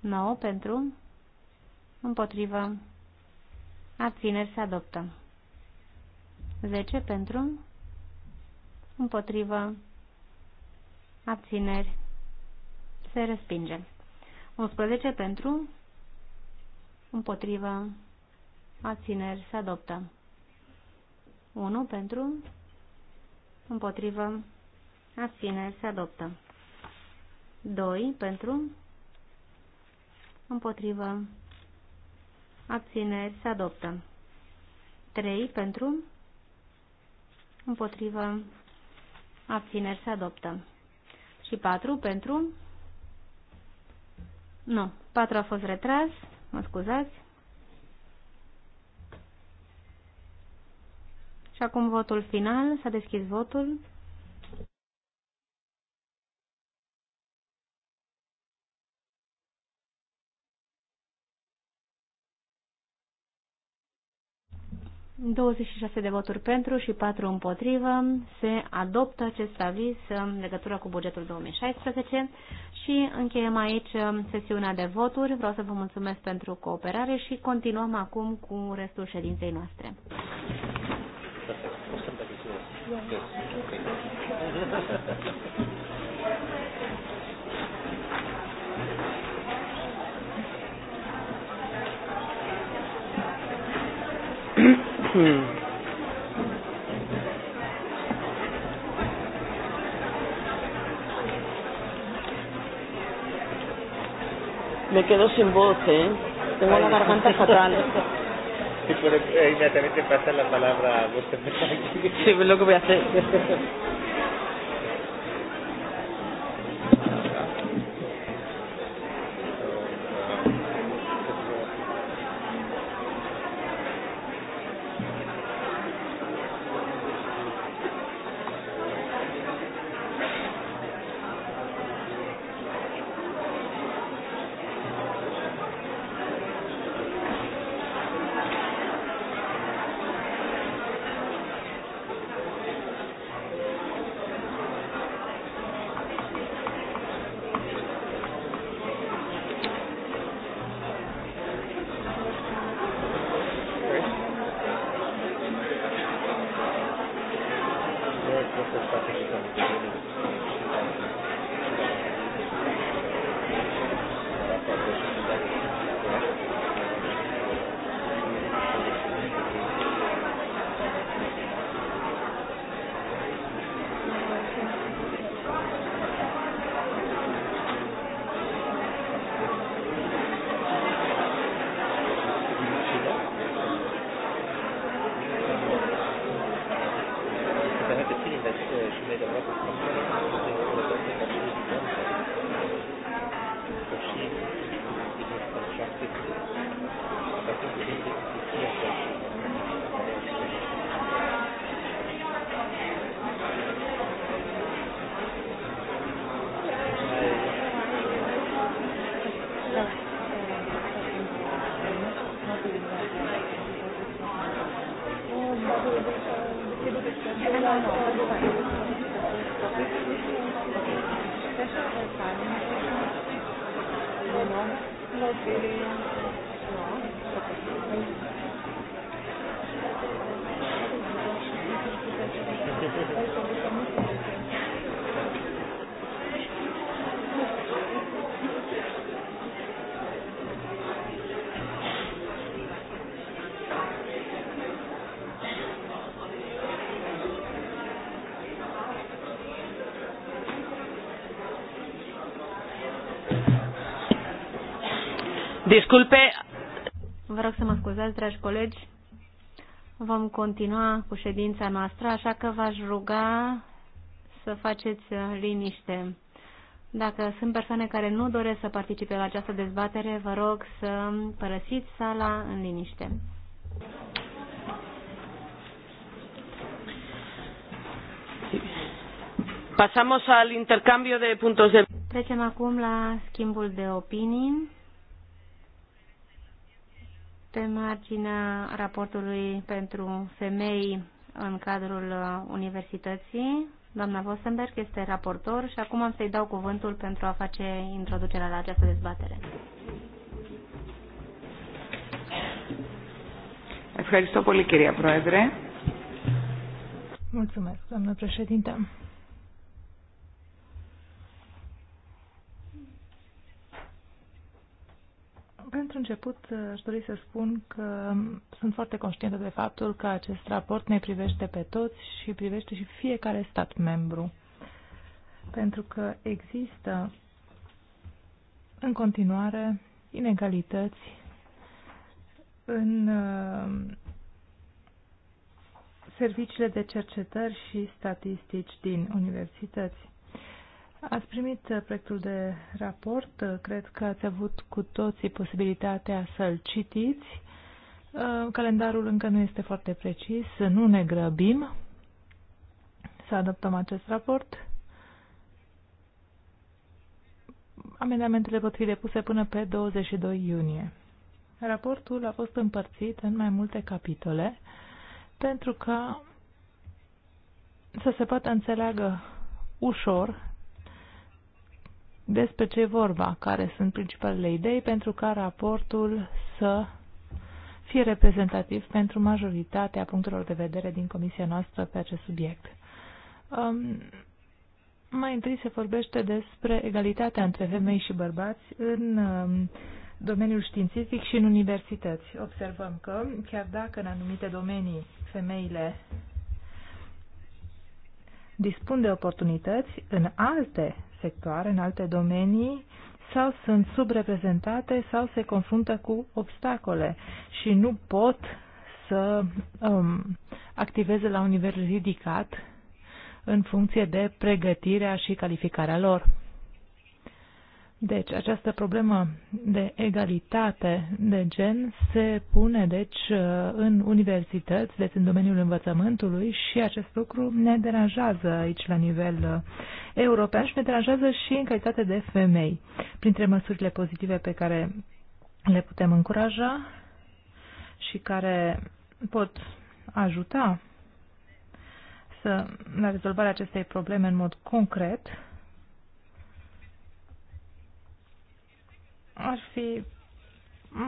9 pentru, împotrivă, abțineri. Se adoptă. 10 pentru, împotrivă, abțineri. Se respinge. 11 pentru, împotrivă, abțineri. Se adoptă. 1 pentru, împotrivă, abțineri, se adoptă. 2 pentru, împotrivă, abțineri, se adoptă. 3 pentru, împotrivă, abțineri, se adoptă. Și 4 pentru, nu, 4 a fost retras, mă scuzați, Și acum votul final. S-a deschis votul. ...26 de voturi pentru și 4 împotrivă. Se adoptă acest aviz în legătură cu bugetul 2016 și încheiem aici um, sesiunea de voturi. Vreau să vă mulțumesc pentru cooperare și continuăm acum cu restul ședinței noastre perfect. Me quedo sin voz, ¿eh? Tengo la garganta fatal. Si puede, inmediatamente pasa la palabra a vos. Sí, es lo que voy a hacer. Disculpe. Vă rog să mă scuzați, dragi colegi. Vom continua cu ședința noastră, așa că v-aș ruga să faceți uh, liniște. Dacă sunt persoane care nu doresc să participe la această dezbatere, vă rog să părăsiți sala în liniște. Pasamos al intercambio de puntos de Trecem acum la schimbul de opinii pe marginea raportului pentru femei în cadrul uh, universității. Doamna Vosenberg este raportor și acum am să-i dau cuvântul pentru a face introducerea la această dezbatere. Mulțumesc, doamnă președinte. Pentru început, aș dori să spun că sunt foarte conștientă de faptul că acest raport ne privește pe toți și privește și fiecare stat membru. Pentru că există în continuare inegalități în uh, serviciile de cercetări și statistici din universități. Ați primit uh, proiectul de raport, uh, cred că ați avut cu toții posibilitatea să-l citiți. Uh, calendarul încă nu este foarte precis, nu ne grăbim să adoptăm acest raport. Amendamentele pot fi depuse până pe 22 iunie. Raportul a fost împărțit în mai multe capitole pentru ca să se poată înțeleagă ușor despre ce vorba, care sunt principalele idei pentru ca raportul să fie reprezentativ pentru majoritatea punctelor de vedere din comisia noastră pe acest subiect. Um, mai întâi se vorbește despre egalitatea între femei și bărbați în um, domeniul științific și în universități. Observăm că, chiar dacă în anumite domenii femeile dispun de oportunități, în alte sectoare, în alte domenii, sau sunt subreprezentate sau se confruntă cu obstacole și nu pot să um, activeze la un nivel ridicat în funcție de pregătirea și calificarea lor. Deci, această problemă de egalitate de gen se pune, deci, în universități, deci în domeniul învățământului și acest lucru ne deranjează aici la nivel uh, european și ne deranjează și în calitate de femei. Printre măsurile pozitive pe care le putem încuraja și care pot ajuta să, la rezolvarea acestei probleme în mod concret, ar fi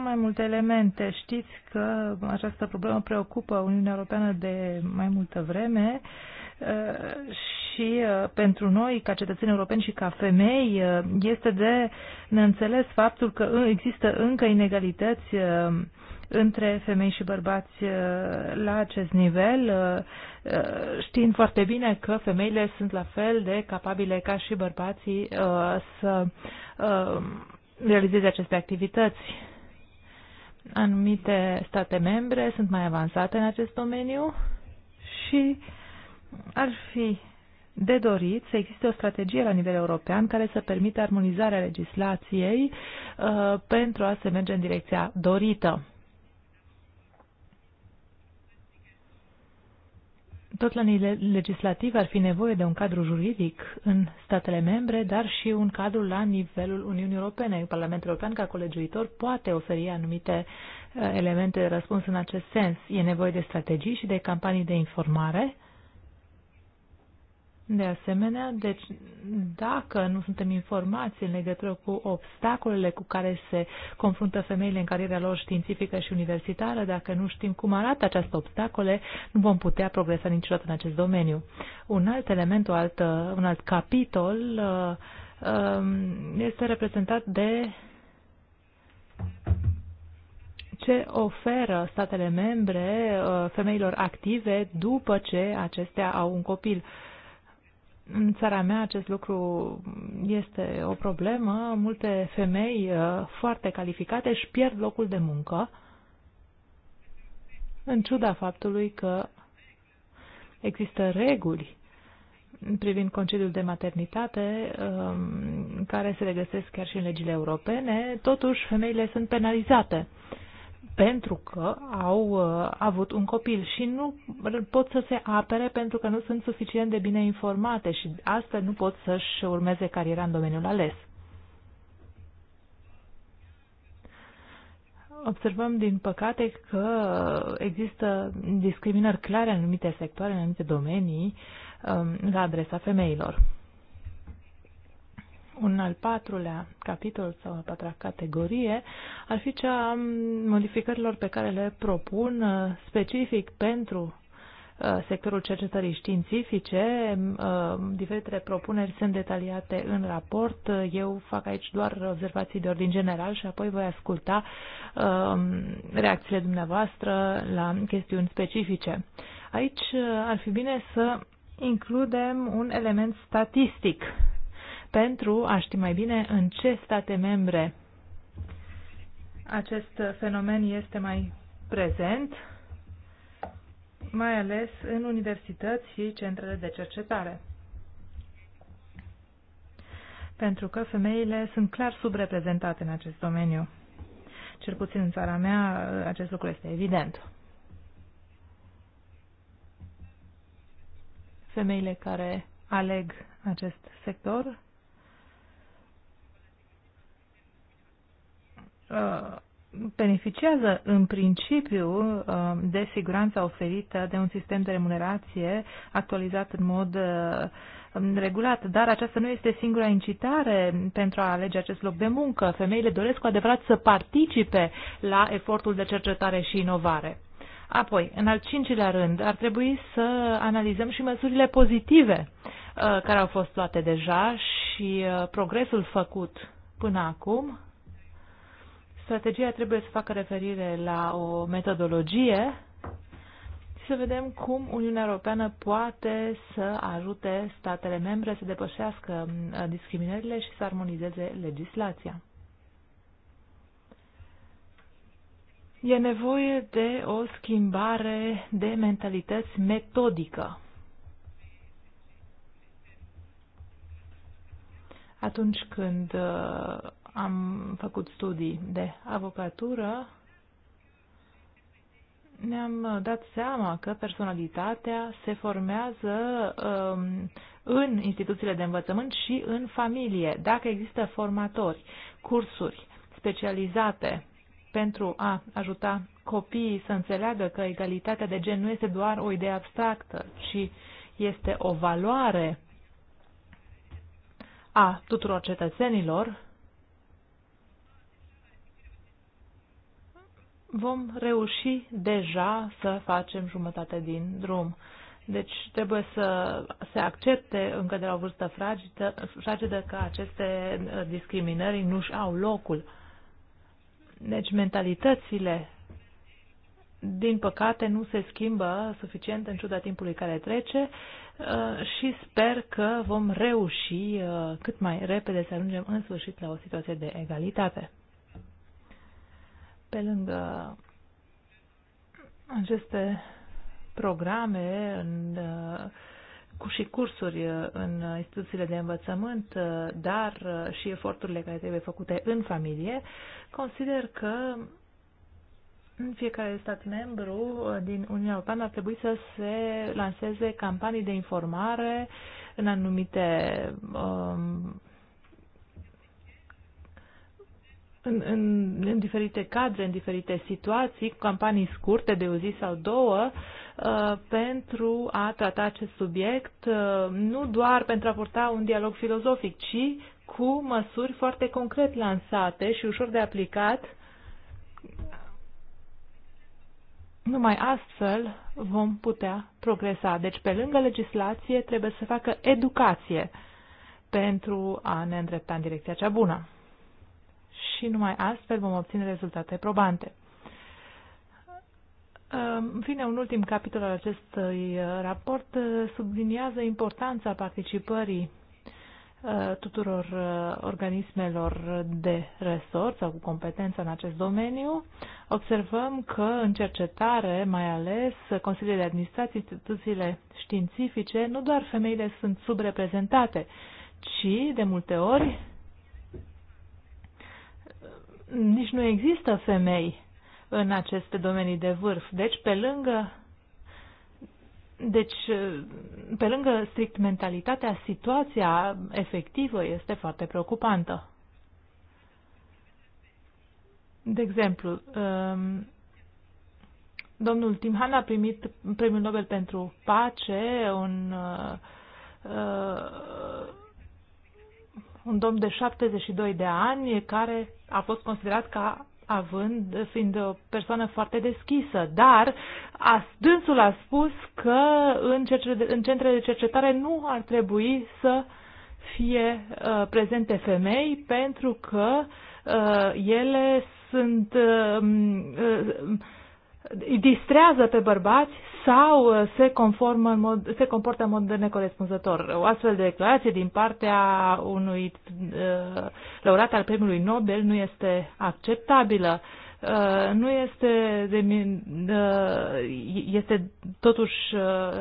mai multe elemente. Știți că această problemă preocupă Uniunea Europeană de mai multă vreme uh, și uh, pentru noi, ca cetățeni europeni și ca femei, uh, este de neînțeles faptul că există încă inegalități între femei și bărbați la acest nivel, știind foarte bine că femeile sunt la fel de capabile ca și bărbații să realizeze aceste activități. Anumite state membre sunt mai avansate în acest domeniu și ar fi de dorit să existe o strategie la nivel european care să permită armonizarea legislației uh, pentru a se merge în direcția dorită. tot la nivel legislativ ar fi nevoie de un cadru juridic în statele membre, dar și un cadru la nivelul Uniunii Europene. Parlamentul European, ca colegiuitor, poate oferi anumite eh, elemente de răspuns în acest sens. E nevoie de strategii și de campanii de informare de asemenea, deci dacă nu suntem informați în legătură cu obstacolele cu care se confruntă femeile în cariera lor științifică și universitară, dacă nu știm cum arată aceste obstacole, nu vom putea progresa niciodată în acest domeniu. Un alt element, o altă, un alt capitol uh, um, este reprezentat de ce oferă statele membre uh, femeilor active după ce acestea au un copil în țara mea acest lucru este o problemă. Multe femei uh, foarte calificate își pierd locul de muncă în ciuda faptului că există reguli privind concediul de maternitate, um, care se regăsesc chiar și în legile europene, totuși femeile sunt penalizate pentru că au uh, avut un copil și nu pot să se apere pentru că nu sunt suficient de bine informate și astfel nu pot să-și urmeze cariera în domeniul ales. Observăm, din păcate, că există discriminări clare în anumite sectoare, în anumite domenii, um, la adresa femeilor. Un al patrulea capitol sau a patra categorie ar fi cea a modificărilor pe care le propun uh, specific pentru uh, sectorul cercetării științifice. Uh, diferitele propuneri sunt detaliate în raport. Eu fac aici doar observații de ordin general și apoi voi asculta reacțiile dumneavoastră la chestiuni specifice. Aici ar fi bine să includem un element statistic pentru a ști mai bine în ce state membre acest fenomen este mai prezent, mai ales în universități și centrele de cercetare. Pentru că femeile sunt clar subreprezentate în acest domeniu. Cel puțin în țara mea acest lucru este evident. Femeile care aleg acest sector Uh, beneficiază în principiu uh, de siguranța oferită de un sistem de remunerație actualizat în mod uh, regulat, dar aceasta nu este singura incitare pentru a alege acest loc de muncă. Femeile doresc cu adevărat să participe la efortul de cercetare și inovare. Apoi, în al cincilea rând, ar trebui să analizăm și măsurile pozitive care au fost luate deja și progresul făcut până acum Strategia trebuie să facă referire la o metodologie și să vedem cum Uniunea Europeană poate să ajute statele membre să depășească uh, discriminările și să armonizeze legislația. E nevoie de o schimbare de mentalități metodică. Atunci când uh, am făcut studii de avocatură, ne-am dat seama că personalitatea se formează um, în instituțiile de învățământ și în familie, dacă există formatori, cursuri specializate pentru a ajuta copiii să înțeleagă că egalitatea de gen nu este doar o idee abstractă, ci este o valoare a tuturor cetățenilor, vom reuși deja să facem jumătate din drum. Deci trebuie să se accepte încă de la o vârstă fragedă, fragedă că aceste uh, discriminări nu și au locul. Deci mentalitățile, din păcate, nu se schimbă suficient în ciuda timpului care trece uh, și sper că vom reuși uh, cât mai repede să ajungem în sfârșit la o situație de egalitate. Pe lângă aceste programe în, cu și cursuri în instituțiile de învățământ, dar și eforturile care trebuie făcute în familie, consider că în fiecare stat membru din Uniunea Europeană ar trebui să se lanseze campanii de informare în anumite um, în, în, în diferite cadre, în diferite situații, campanii scurte de o zi sau două, uh, pentru a trata acest subiect, uh, nu doar pentru a purta un dialog filozofic, ci cu măsuri foarte concret lansate și ușor de aplicat. Numai astfel vom putea progresa. Deci, pe lângă legislație, trebuie să facă educație pentru a ne îndrepta în direcția cea bună și numai astfel vom obține rezultate probante. În fine, un ultim capitol al acestui raport subliniază importanța participării uh, tuturor uh, organismelor de resort sau cu competență în acest domeniu, observăm că în cercetare, mai ales Consiliile de Administrație, instituțiile științifice, nu doar femeile sunt subreprezentate, ci de multe ori nici nu există femei în aceste domenii de vârf. Deci, pe lângă, deci, pe lângă strict mentalitatea, situația efectivă este foarte preocupantă. De exemplu, um, domnul Timhan a primit premiul Nobel pentru pace, un uh, uh, un domn de 72 de ani care a fost considerat ca având, fiind o persoană foarte deschisă, dar a, dânsul a spus că în, în centrele de cercetare nu ar trebui să fie uh, prezente femei pentru că uh, ele sunt uh, uh, îi distrează pe bărbați sau uh, se, conformă în mod, se comportă în mod necorespunzător. O astfel de declarație din partea unui uh, laureat al premiului Nobel nu este acceptabilă. Uh, nu este de, uh, este totuși uh,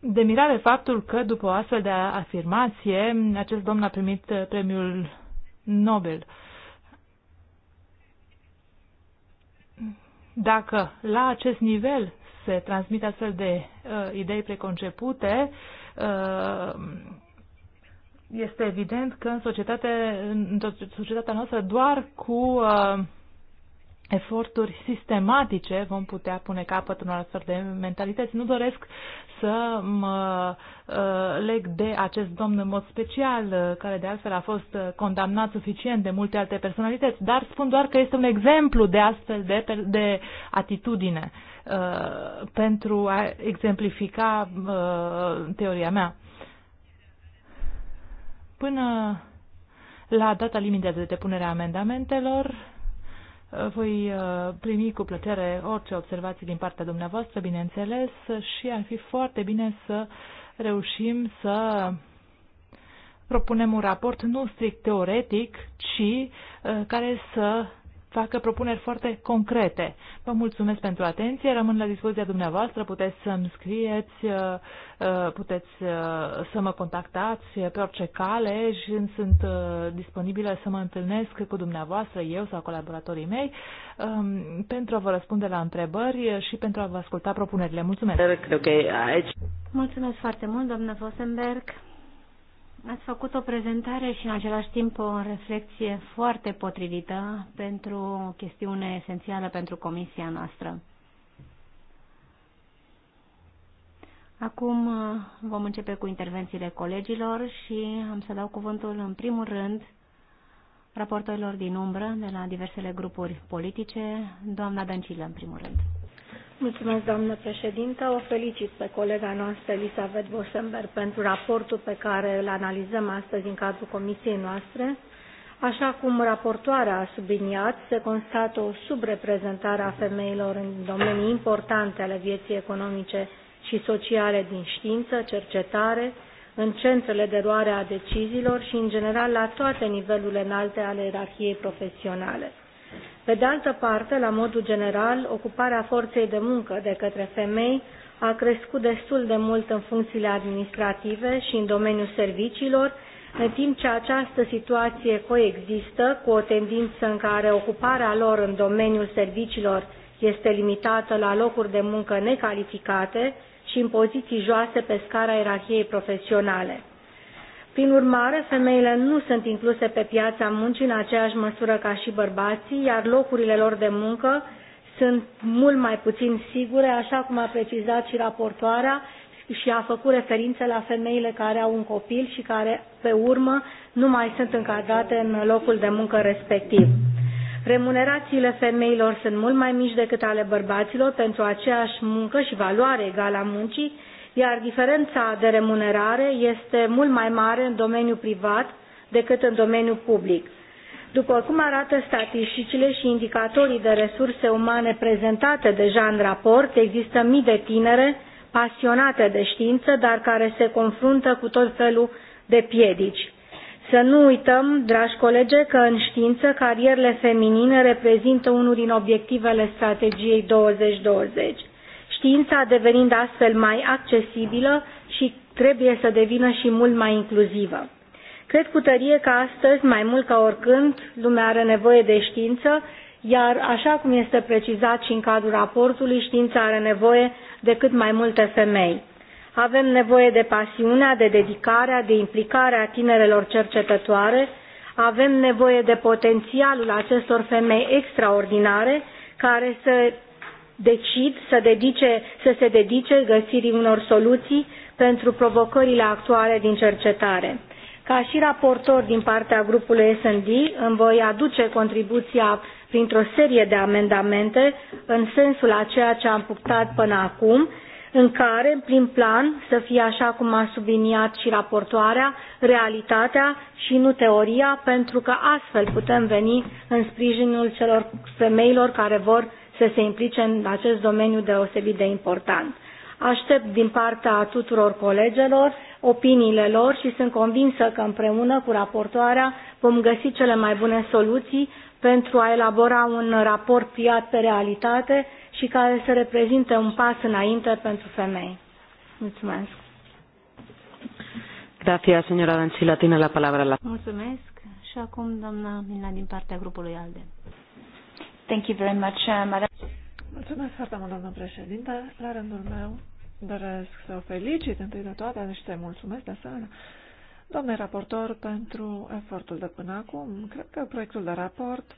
de mirare faptul că după o astfel de afirmație acest domn a primit uh, premiul Nobel. Uh, Dacă la acest nivel se transmit astfel de uh, idei preconcepute, uh, este evident că în, societate, în societatea noastră doar cu uh, eforturi sistematice vom putea pune capăt unor astfel de mentalități. Nu doresc să mă ă, leg de acest domn în mod special, ă, care de altfel a fost condamnat suficient de multe alte personalități, dar spun doar că este un exemplu de astfel de, de atitudine ă, pentru a exemplifica teoria mea. Până la data limită de depunere a amendamentelor, voi uh, primi cu plăcere orice observații din partea dumneavoastră, bineînțeles, și ar fi foarte bine să reușim să propunem un raport nu strict teoretic, ci uh, care să facă propuneri foarte concrete. Vă mulțumesc pentru atenție, rămân la dispoziția dumneavoastră, puteți să-mi scrieți, uh, uh, puteți uh, să mă contactați pe orice cale și sunt disponibilă să mă întâlnesc cu dumneavoastră, eu sau colaboratorii mei, um, pentru a vă răspunde la întrebări și pentru a vă asculta propunerile. Mulțumesc! Mulțumesc foarte mult, doamnă Vosenberg! Ați făcut o prezentare și în același timp o reflexie foarte potrivită pentru o chestiune esențială pentru comisia noastră. Acum uh, vom începe cu intervențiile colegilor și am să dau cuvântul în primul rând raportorilor din umbră de la diversele grupuri politice, doamna Dăncilă în primul rând. Mulțumesc, doamnă președintă. O felicit pe colega noastră, Elisabeth Bosember, pentru raportul pe care îl analizăm astăzi în cadrul comisiei noastre. Așa cum raportoarea a subliniat, se constată o subreprezentare a femeilor în domenii importante ale vieții economice și sociale din știință, cercetare, în centrele de luare a deciziilor și, în general, la toate nivelurile înalte ale ierarhiei profesionale. Pe de altă parte, la modul general, ocuparea forței de muncă de către femei a crescut destul de mult în funcțiile administrative și în domeniul serviciilor, în timp ce această situație coexistă cu o tendință în care ocuparea lor în domeniul serviciilor este limitată la locuri de muncă necalificate și în poziții joase pe scara ierarhiei profesionale. Prin urmare, femeile nu sunt incluse pe piața muncii în aceeași măsură ca și bărbații, iar locurile lor de muncă sunt mult mai puțin sigure, așa cum a precizat și raportoarea și a făcut referință la femeile care au un copil și care, pe urmă, nu mai sunt încadrate în locul de muncă respectiv. Remunerațiile femeilor sunt mult mai mici decât ale bărbaților pentru aceeași muncă și valoare egală a muncii, iar diferența de remunerare este mult mai mare în domeniul privat decât în domeniul public. După cum arată statisticile și indicatorii de resurse umane prezentate deja în raport, există mii de tinere pasionate de știință, dar care se confruntă cu tot felul de piedici. Să nu uităm, dragi colegi, că în știință carierele feminine reprezintă unul din obiectivele strategiei 2020 știința devenind astfel mai accesibilă și trebuie să devină și mult mai inclusivă. Cred cu tărie că astăzi, mai mult ca oricând, lumea are nevoie de știință, iar așa cum este precizat și în cadrul raportului, știința are nevoie de cât mai multe femei. Avem nevoie de pasiunea, de dedicarea, de implicarea tinerelor cercetătoare, avem nevoie de potențialul acestor femei extraordinare care să decid să, dedice, să se dedice găsirii unor soluții pentru provocările actuale din cercetare. Ca și raportor din partea grupului S&D, îmi voi aduce contribuția printr-o serie de amendamente în sensul a ceea ce am punctat până acum, în care, în prim plan, să fie, așa cum a subliniat și raportoarea, realitatea și nu teoria, pentru că astfel putem veni în sprijinul celor femeilor care vor să se implice în acest domeniu deosebit de important. Aștept din partea tuturor colegelor opiniile lor și sunt convinsă că împreună cu raportoarea vom găsi cele mai bune soluții pentru a elabora un raport pliat pe realitate și care să reprezinte un pas înainte pentru femei. Mulțumesc. Gracias, señora Dancila. Tiene la palabra la... Mulțumesc. Și acum, doamna Mila, din partea grupului ALDE. Thank you very much, uh, madam. Mulțumesc foarte mult, doamnă președinte. La rândul meu doresc să o felicit întâi de toate și să mulțumesc de asemenea doamnei raportor pentru efortul de până acum. Cred că proiectul de raport,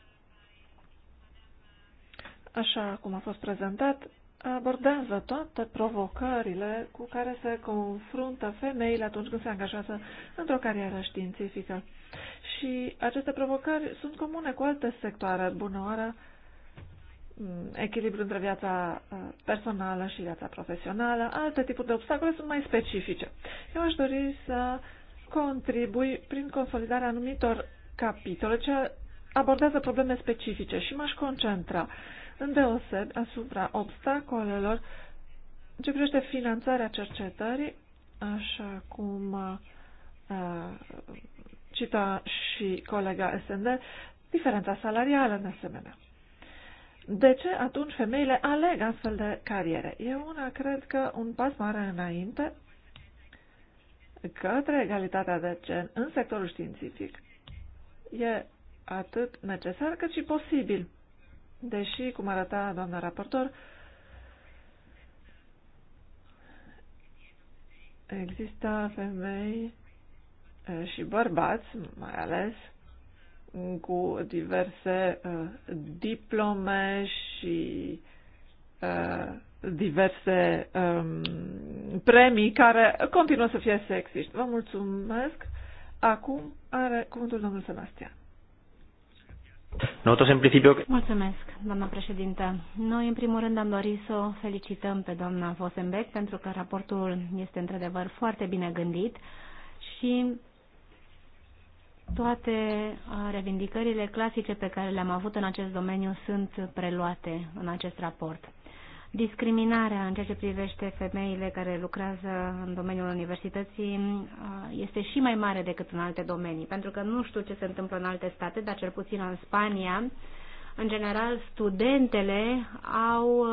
așa cum a fost prezentat, abordează toate provocările cu care se confruntă femeile atunci când se angajează într-o carieră științifică. Și aceste provocări sunt comune cu alte sectoare. Bună oară, Mm, echilibru între viața uh, personală și viața profesională. Alte tipuri de obstacole sunt mai specifice. Eu aș dori să contribui prin consolidarea anumitor capitole ce abordează probleme specifice și m-aș concentra îndeoseb asupra obstacolelor ce privește finanțarea cercetării, așa cum uh, cita și colega SND, diferența salarială în asemenea. De ce atunci femeile aleg astfel de cariere? E una cred că un pas mare înainte către egalitatea de gen în sectorul științific e atât necesar cât și posibil. Deși, cum arăta doamna raportor, există femei eh, și bărbați, mai ales, cu diverse uh, diplome și uh, diverse um, premii care continuă să fie sexiști. Vă mulțumesc. Acum are cuvântul domnul Sebastian. Notos în principiu... Mulțumesc, doamna președintă. Noi, în primul rând, am dorit să o felicităm pe doamna Vosenbeck pentru că raportul este, într-adevăr, foarte bine gândit și toate revindicările clasice pe care le-am avut în acest domeniu sunt preluate în acest raport. Discriminarea în ceea ce privește femeile care lucrează în domeniul universității este și mai mare decât în alte domenii, pentru că nu știu ce se întâmplă în alte state, dar cel puțin în Spania, în general, studentele au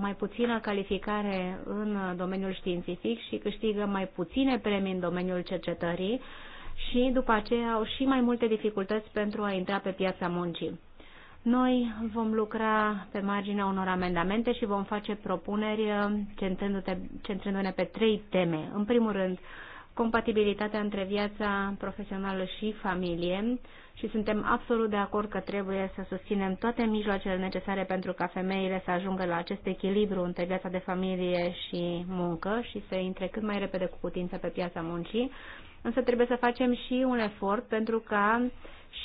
mai puțină calificare în domeniul științific și câștigă mai puține premii în domeniul cercetării, și după aceea au și mai multe dificultăți pentru a intra pe piața muncii. Noi vom lucra pe marginea unor amendamente și vom face propuneri uh, centrându-ne pe trei teme. În primul rând, compatibilitatea între viața profesională și familie, și suntem absolut de acord că trebuie să susținem toate mijloacele necesare pentru ca femeile să ajungă la acest echilibru între viața de familie și muncă și să intre cât mai repede cu putință pe piața muncii, însă trebuie să facem și un efort pentru ca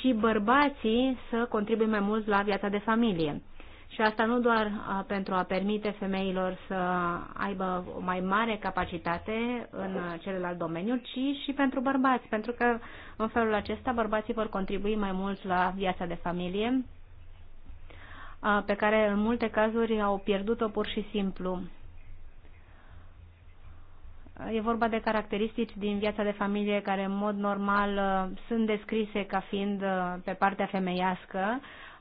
și bărbații să contribuie mai mult la viața de familie. Și asta nu doar uh, pentru a permite femeilor să aibă o mai mare capacitate în uh, celălalt domeniu, ci și pentru bărbați, pentru că în felul acesta bărbații vor contribui mai mult la viața de familie, uh, pe care în multe cazuri au pierdut-o pur și simplu. E vorba de caracteristici din viața de familie care în mod normal sunt descrise ca fiind pe partea femeiască,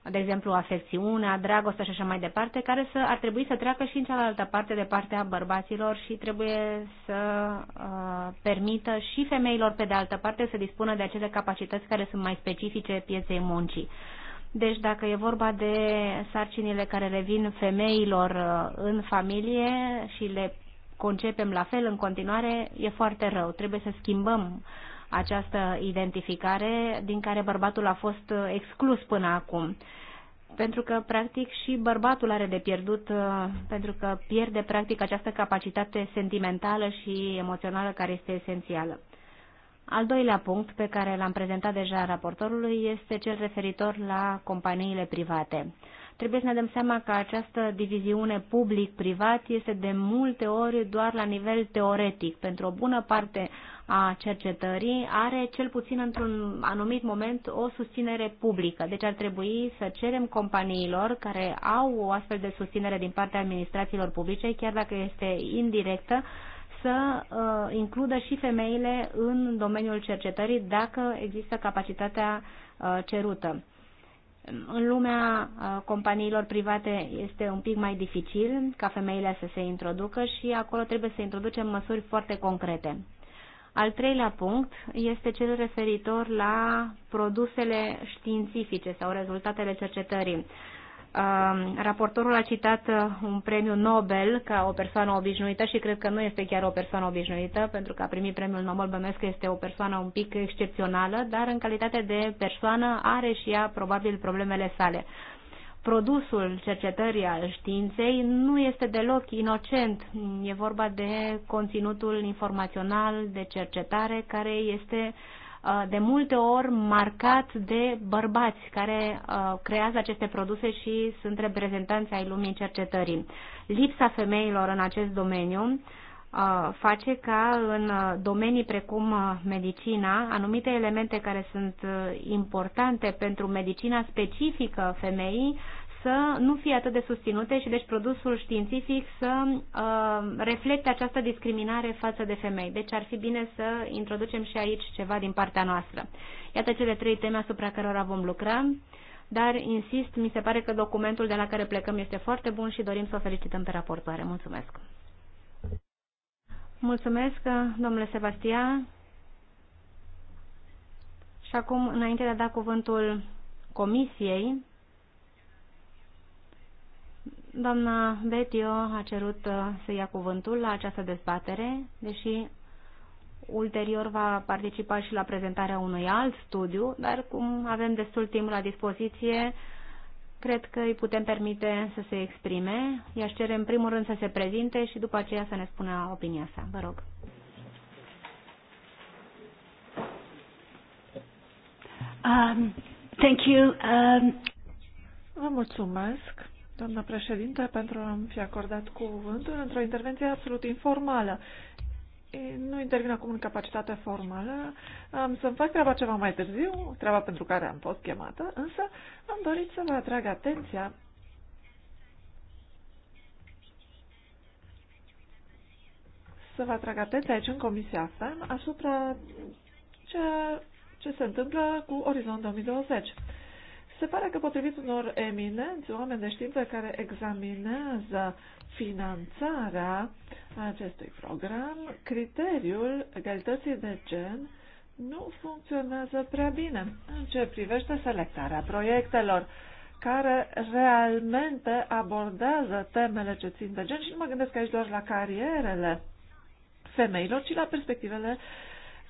de exemplu afecțiunea, dragostea și așa mai departe, care să ar trebui să treacă și în cealaltă parte de partea bărbaților și trebuie să uh, permită și femeilor pe de altă parte să dispună de acele capacități care sunt mai specifice pieței muncii. Deci dacă e vorba de sarcinile care revin femeilor uh, în familie și le concepem la fel în continuare, e foarte rău. Trebuie să schimbăm uh, această identificare din care bărbatul a fost exclus până acum. Pentru că, practic, și bărbatul are de pierdut, uh, pentru că pierde, practic, această capacitate sentimentală și emoțională care este esențială. Al doilea punct pe care l-am prezentat deja raportorului este cel referitor la companiile private. Trebuie să ne dăm seama că această diviziune public-privat este de multe ori doar la nivel teoretic. Pentru o bună parte a cercetării are cel puțin într-un anumit moment o susținere publică. Deci ar trebui să cerem companiilor care au o astfel de susținere din partea administrațiilor publice, chiar dacă este indirectă, să uh, includă și femeile în domeniul cercetării dacă există capacitatea uh, cerută. În lumea uh, companiilor private este un pic mai dificil ca femeile să se introducă și acolo trebuie să introducem măsuri foarte concrete. Al treilea punct este cel referitor la produsele științifice sau rezultatele cercetării. Um, raportorul a citat uh, un premiu Nobel ca o persoană obișnuită și cred că nu este chiar o persoană obișnuită, pentru că a primit premiul Nobel bănesc că este o persoană un pic excepțională, dar în calitate de persoană are și ea probabil problemele sale. Produsul cercetării al științei nu este deloc inocent. E vorba de conținutul informațional, de cercetare, care este uh, Uh, de multe ori marcat de bărbați care uh, creează aceste produse și sunt reprezentanți ai lumii cercetării. Lipsa femeilor în acest domeniu uh, face ca în domenii precum medicina, anumite elemente care sunt importante pentru medicina specifică femeii să nu fie atât de susținute și deci produsul științific să uh, reflecte această discriminare față de femei. Deci ar fi bine să introducem și aici ceva din partea noastră. Iată cele trei teme asupra cărora vom lucra, dar insist, mi se pare că documentul de la care plecăm este foarte bun și dorim să o felicităm pe raportoare. Mulțumesc! Mulțumesc, domnule Sebastian. Și acum, înainte de a da cuvântul comisiei, Doamna Betio a cerut uh, să ia cuvântul la această dezbatere, deși ulterior va participa și la prezentarea unui alt studiu, dar cum avem destul timp la dispoziție, cred că îi putem permite să se exprime. I-aș cere în primul rând să se prezinte și după aceea să ne spună opinia sa. Vă rog. Um, thank you. Um... Vă mulțumesc doamnă președinte, pentru a-mi fi acordat cuvântul într-o intervenție absolut informală. Nu intervin acum în capacitate formală. Am să-mi fac treaba ceva mai târziu, treaba pentru care am fost chemată, însă am dorit să vă atrag atenția să vă atrag atenția aici în Comisia FEM asupra ce, ce se întâmplă cu Orizont 2020. Se pare că potrivit unor eminenți oameni de știință care examinează finanțarea acestui program, criteriul egalității de gen nu funcționează prea bine în ce privește selectarea proiectelor care realmente abordează temele ce țin de gen și nu mă gândesc aici doar la carierele femeilor, ci la perspectivele uh,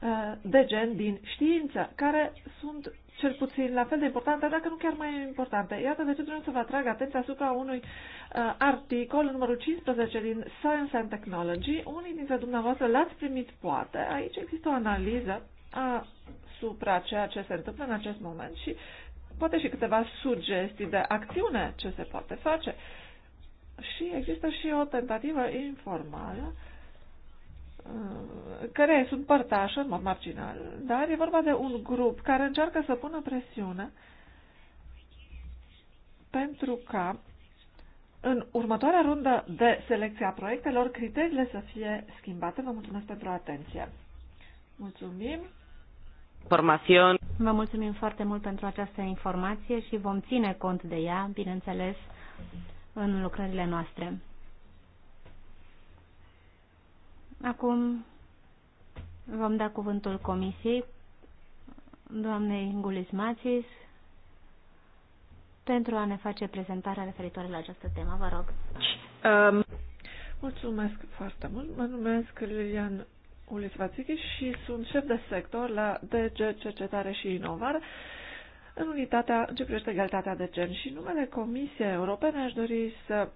Uh, de gen din știință, care sunt cel puțin la fel de importante, dacă nu chiar mai importante. Iată de ce trebuie să vă atrag atenția asupra unui uh, articol, numărul 15 din Science and Technology. Unii dintre dumneavoastră l-ați primit, poate. Aici există o analiză asupra ceea ce se întâmplă în acest moment și poate și câteva sugestii de acțiune ce se poate face. Și există și o tentativă informală uh, care sunt părtași în mod marginal, dar e vorba de un grup care încearcă să pună presiune pentru ca în următoarea rundă de selecție a proiectelor criteriile să fie schimbate. Vă mulțumesc pentru atenție. Mulțumim. Formațion. Vă mulțumim foarte mult pentru această informație și vom ține cont de ea, bineînțeles, în lucrările noastre. Acum vom da cuvântul comisiei doamnei Gulismatis pentru a ne face prezentarea referitoare la această temă. Vă rog. Um, mulțumesc foarte mult. Mă numesc Lilian Ulisvațichi și sunt șef de sector la DG Cercetare și Inovare în unitatea ce privește egalitatea de gen și numele Comisiei Europene aș dori să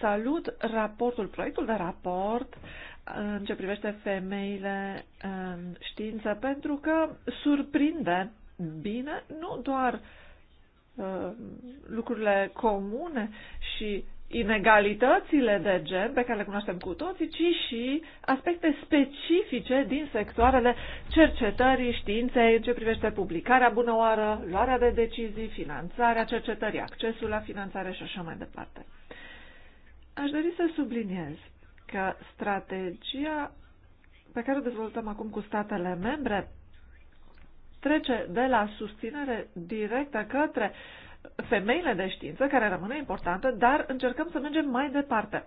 salut raportul, proiectul de raport în ce privește femeile în știință, pentru că surprinde bine nu doar ă, lucrurile comune și inegalitățile de gen pe care le cunoaștem cu toții, ci și aspecte specifice din sectoarele cercetării, științei, în ce privește publicarea bună oară, luarea de decizii, finanțarea cercetării, accesul la finanțare și așa mai departe. Aș dori să subliniez că strategia pe care o dezvoltăm acum cu statele membre trece de la susținere directă către femeile de știință, care rămâne importantă, dar încercăm să mergem mai departe.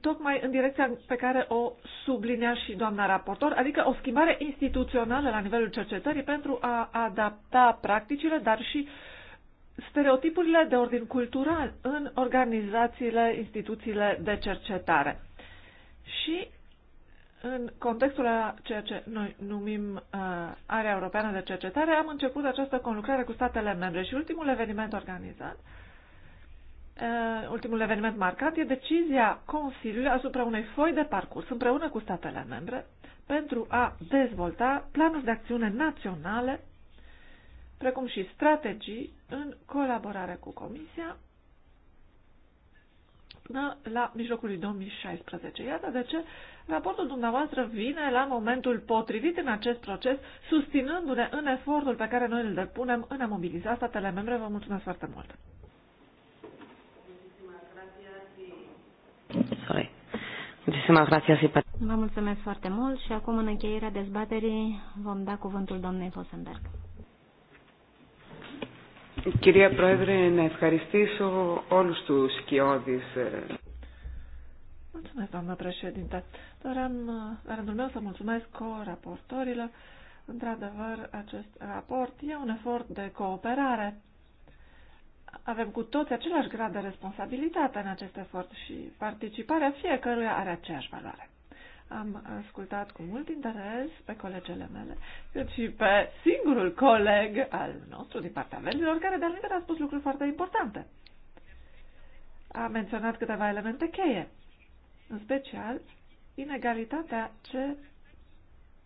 Tocmai în direcția pe care o sublinea și doamna raportor, adică o schimbare instituțională la nivelul cercetării pentru a adapta practicile, dar și uh, stereotipurile de ordin cultural în organizațiile, instituțiile de cercetare. Și în contextul a ceea ce noi numim uh, Area Europeană de Cercetare, am început această conlucrare cu statele membre și ultimul eveniment organizat, uh, ultimul eveniment marcat, e decizia Consiliului asupra unei foi de parcurs împreună cu statele membre pentru a dezvolta planuri de acțiune naționale precum și strategii în colaborare cu Comisia până da, la mijlocul lui 2016. Iată de ce raportul dumneavoastră vine la momentul potrivit în acest proces, susținându-ne în efortul pe care noi îl depunem în a mobiliza statele membre. Vă mulțumesc foarte mult! Sorry. Vă mulțumesc foarte mult și acum în încheierea dezbaterii vom da cuvântul doamnei Fosenberg. Κυρία Πρόεδρε, να ευχαριστήσω όλους τους σκιώδεις. Mulțumesc, doamnă președinte. am, la uh, rândul meu, să mulțumesc co-raportorilor. Într-adevăr, acest raport e un efort de cooperare. Avem cu toți același grad de responsabilitate în acest efort și participarea fiecăruia are aceeași valoare. Am ascultat cu mult interes pe colegele mele, cât și pe singurul coleg al nostru din care de-al a spus lucruri foarte importante. A menționat câteva elemente cheie, în special inegalitatea ce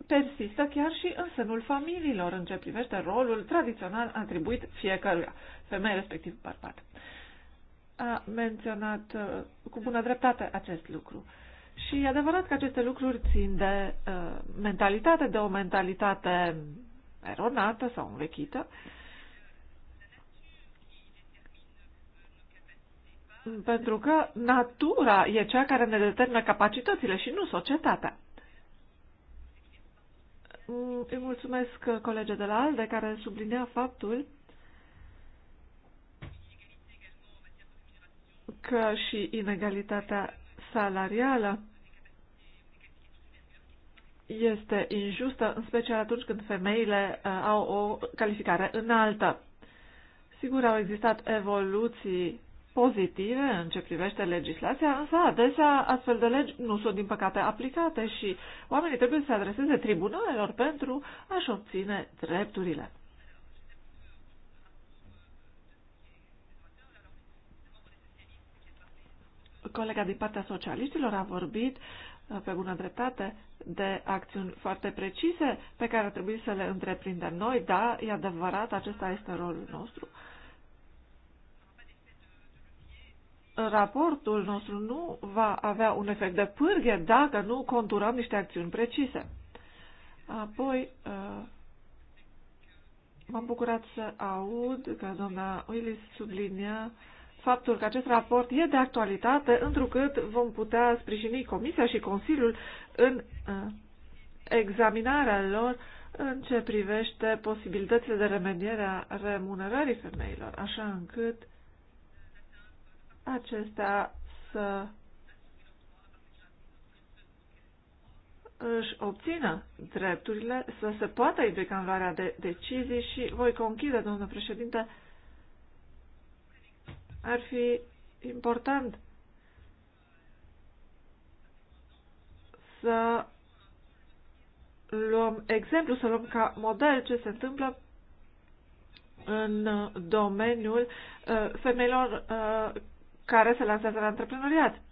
persistă chiar și în sânul familiilor în ce privește rolul tradițional atribuit fiecăruia, femeie respectiv bărbat. A menționat uh, cu bună dreptate acest lucru. Și e adevărat că aceste lucruri țin de uh, mentalitate, de o mentalitate eronată sau învechită, pentru că natura e cea care ne determină capacitățile și nu societatea. Mm, îi mulțumesc colege de la ALDE care sublinea faptul că și inegalitatea salarială este injustă, în special atunci când femeile uh, au o calificare înaltă. Sigur, au existat evoluții pozitive în ce privește legislația, însă adesea astfel de legi nu sunt, din păcate, aplicate și oamenii trebuie să se adreseze tribunalelor pentru a-și obține drepturile. Colega din partea socialiștilor a vorbit uh, pe bună dreptate de acțiuni foarte precise pe care ar trebui să le întreprindem noi. Da, e adevărat, acesta este rolul nostru. Raportul nostru nu va avea un efect de pârghe dacă nu conturăm niște acțiuni precise. Apoi, uh, m-am bucurat să aud că doamna Willis sublinia faptul că acest raport e de actualitate, întrucât vom putea sprijini Comisia și Consiliul în uh, examinarea lor în ce privește posibilitățile de remediere a remunerării femeilor, așa încât acestea să își obțină drepturile, să se poată implica în luarea de decizii și voi conchide, domnul președinte, ar fi important să luăm exemplu, să luăm ca model ce se întâmplă în domeniul uh, femeilor uh, care se lansează la antreprenoriat.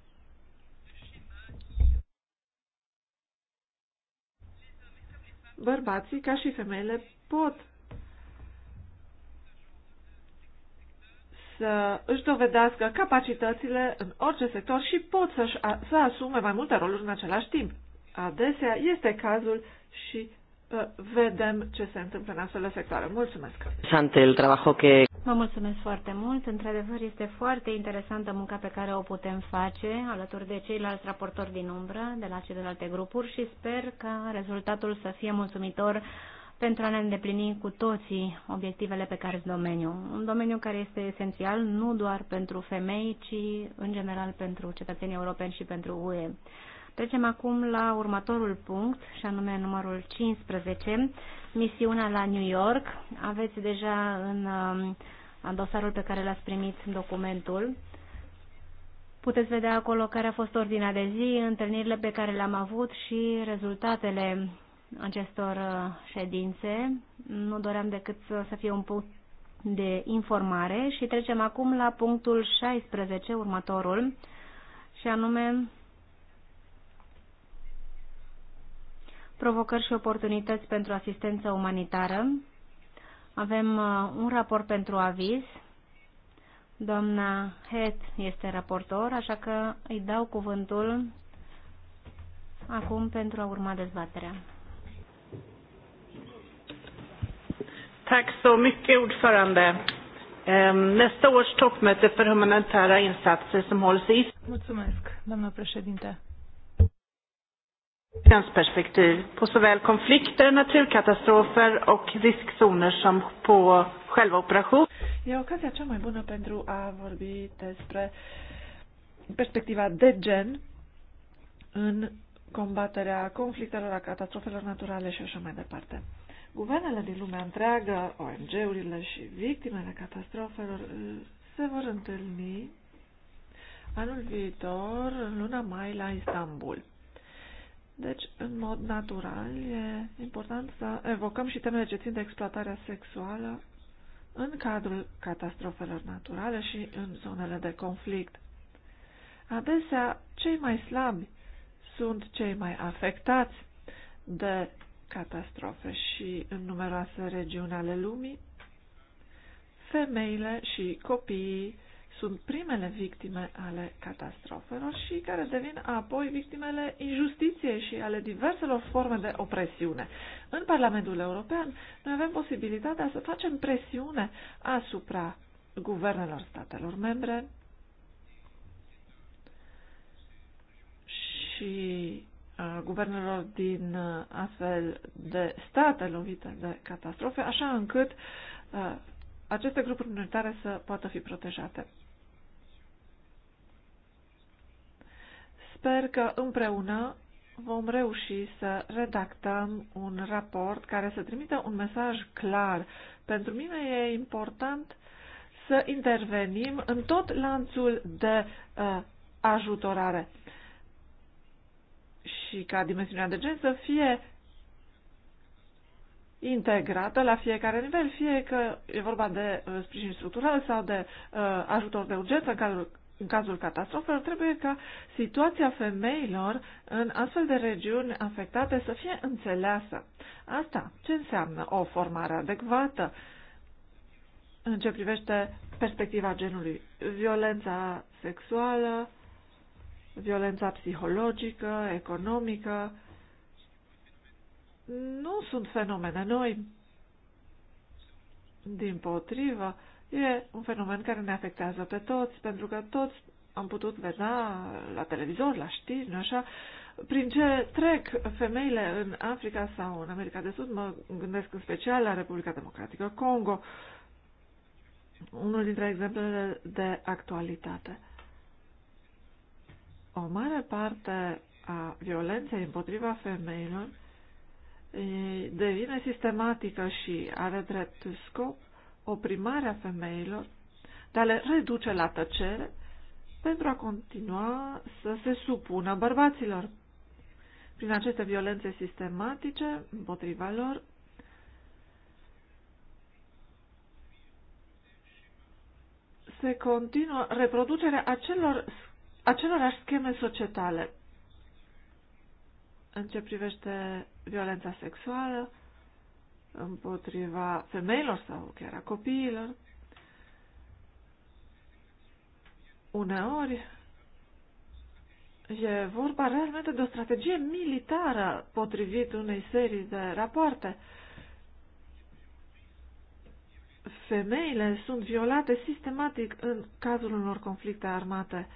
Bărbații, ca și femeile, pot să își dovedească capacitățile în orice sector și pot să-și, să asume mai multe roluri în același timp. Adesea este cazul și uh, vedem ce se întâmplă în astfel de sectoare. Mulțumesc! el trabajo que... Vă mulțumesc foarte mult. Într-adevăr, este foarte interesantă munca pe care o putem face alături de ceilalți raportori din umbră, de la celelalte grupuri și sper ca rezultatul să fie mulțumitor pentru a ne îndeplini cu toții obiectivele pe care în domeniu. Un domeniu care este esențial nu doar pentru femei, ci în general pentru cetățenii europeni și pentru UE. Trecem acum la următorul punct, și anume numărul 15, misiunea la New York. Aveți deja în, în um, dosarul pe care l-ați primit documentul. Puteți vedea acolo care a fost ordinea de zi, întâlnirile pe care le-am avut și rezultatele acestor uh, ședințe. Nu doream decât să fie un punct de informare și trecem acum la punctul 16, următorul, și anume provocări și oportunități pentru asistență umanitară. Avem uh, un raport pentru aviz. Doamna Het este raportor, așa că îi dau cuvântul acum pentru a urma dezbaterea. Tack så mycket ordförande. Ehm, nästa års toppmöte för humanitära insatser som hålls i Mulțumesc, doamnă på såväl konflikter, naturkatastrofer och riskzoner som på själva operation. E ocazia cea mai bună pentru a vorbi despre perspectiva de gen în combaterea conflictelor, a catastrofelor naturale și așa mai departe. Guvernele din lumea întreagă, ONG-urile și victimele catastrofelor uh, se vor întâlni anul viitor, în luna mai, la Istanbul. Deci, în mod natural, e important să evocăm și temele ce țin de exploatarea sexuală în cadrul catastrofelor naturale și în zonele de conflict. Adesea, cei mai slabi sunt cei mai afectați de catastrofe și în numeroase regiuni ale lumii, femeile și copiii sunt primele victime ale catastrofelor și care devin apoi victimele injustiției și ale diverselor forme de opresiune. În Parlamentul European noi avem posibilitatea să facem presiune asupra guvernelor statelor membre și guvernelor din astfel de state lovite de catastrofe, așa încât aceste grupuri minoritare să poată fi protejate. Sper că împreună vom reuși să redactăm un raport care să trimită un mesaj clar. Pentru mine e important să intervenim în tot lanțul de uh, ajutorare. Uh, și ca dimensiunea de gen să fie integrată la fiecare nivel, fie că e vorba de uh, sprijin structural sau de uh, ajutor de urgență în cazul, în cazul catastrofelor, trebuie ca situația femeilor în astfel de regiuni afectate să fie înțeleasă. Asta ce înseamnă o formare adecvată în ce privește perspectiva genului, violența sexuală, violența psihologică, economică, nu sunt fenomene noi. Din potrivă, e un fenomen care ne afectează pe toți, pentru că toți am putut vedea la televizor, la știri, nu așa, prin ce trec femeile în Africa sau în America de Sud, mă gândesc în special la Republica Democratică Congo, unul dintre exemplele de actualitate. O mare parte a violenței împotriva femeilor devine sistematică și are drept scop oprimarea femeilor, dar le reduce la tăcere pentru a continua să se supună bărbaților. Prin aceste violențe sistematice împotriva lor, se continuă reproducerea acelor acelorași scheme societale în ce privește violența sexuală împotriva femeilor sau chiar a copiilor. Uneori e vorba realmente de o strategie militară potrivit unei serii de rapoarte. Femeile sunt violate sistematic în cazul unor conflicte armate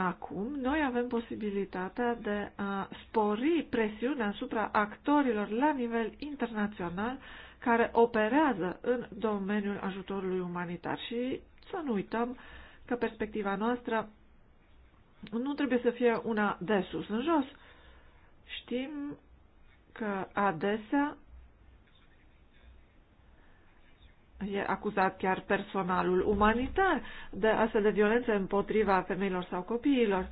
acum, noi avem posibilitatea de a spori presiunea asupra actorilor la nivel internațional care operează în domeniul ajutorului umanitar și să nu uităm că perspectiva noastră nu trebuie să fie una de sus în jos. Știm că adesea E acuzat chiar personalul umanitar de astfel de violențe împotriva femeilor sau copiilor.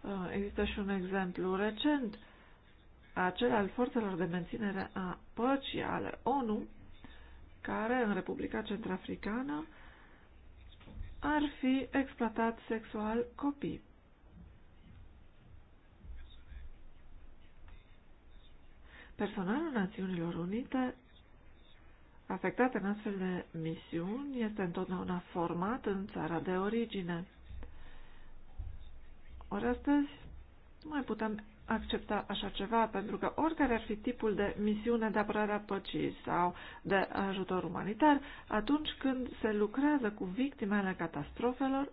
Uh, există și un exemplu recent, acela al forțelor de menținere a păcii ale ONU, care în Republica Centrafricană ar fi exploatat sexual copii. Personalul Națiunilor Unite afectat în astfel de misiuni este întotdeauna format în țara de origine. Ori astăzi nu mai putem accepta așa ceva, pentru că oricare ar fi tipul de misiune de apărare a păcii sau de ajutor umanitar, atunci când se lucrează cu victimele catastrofelor,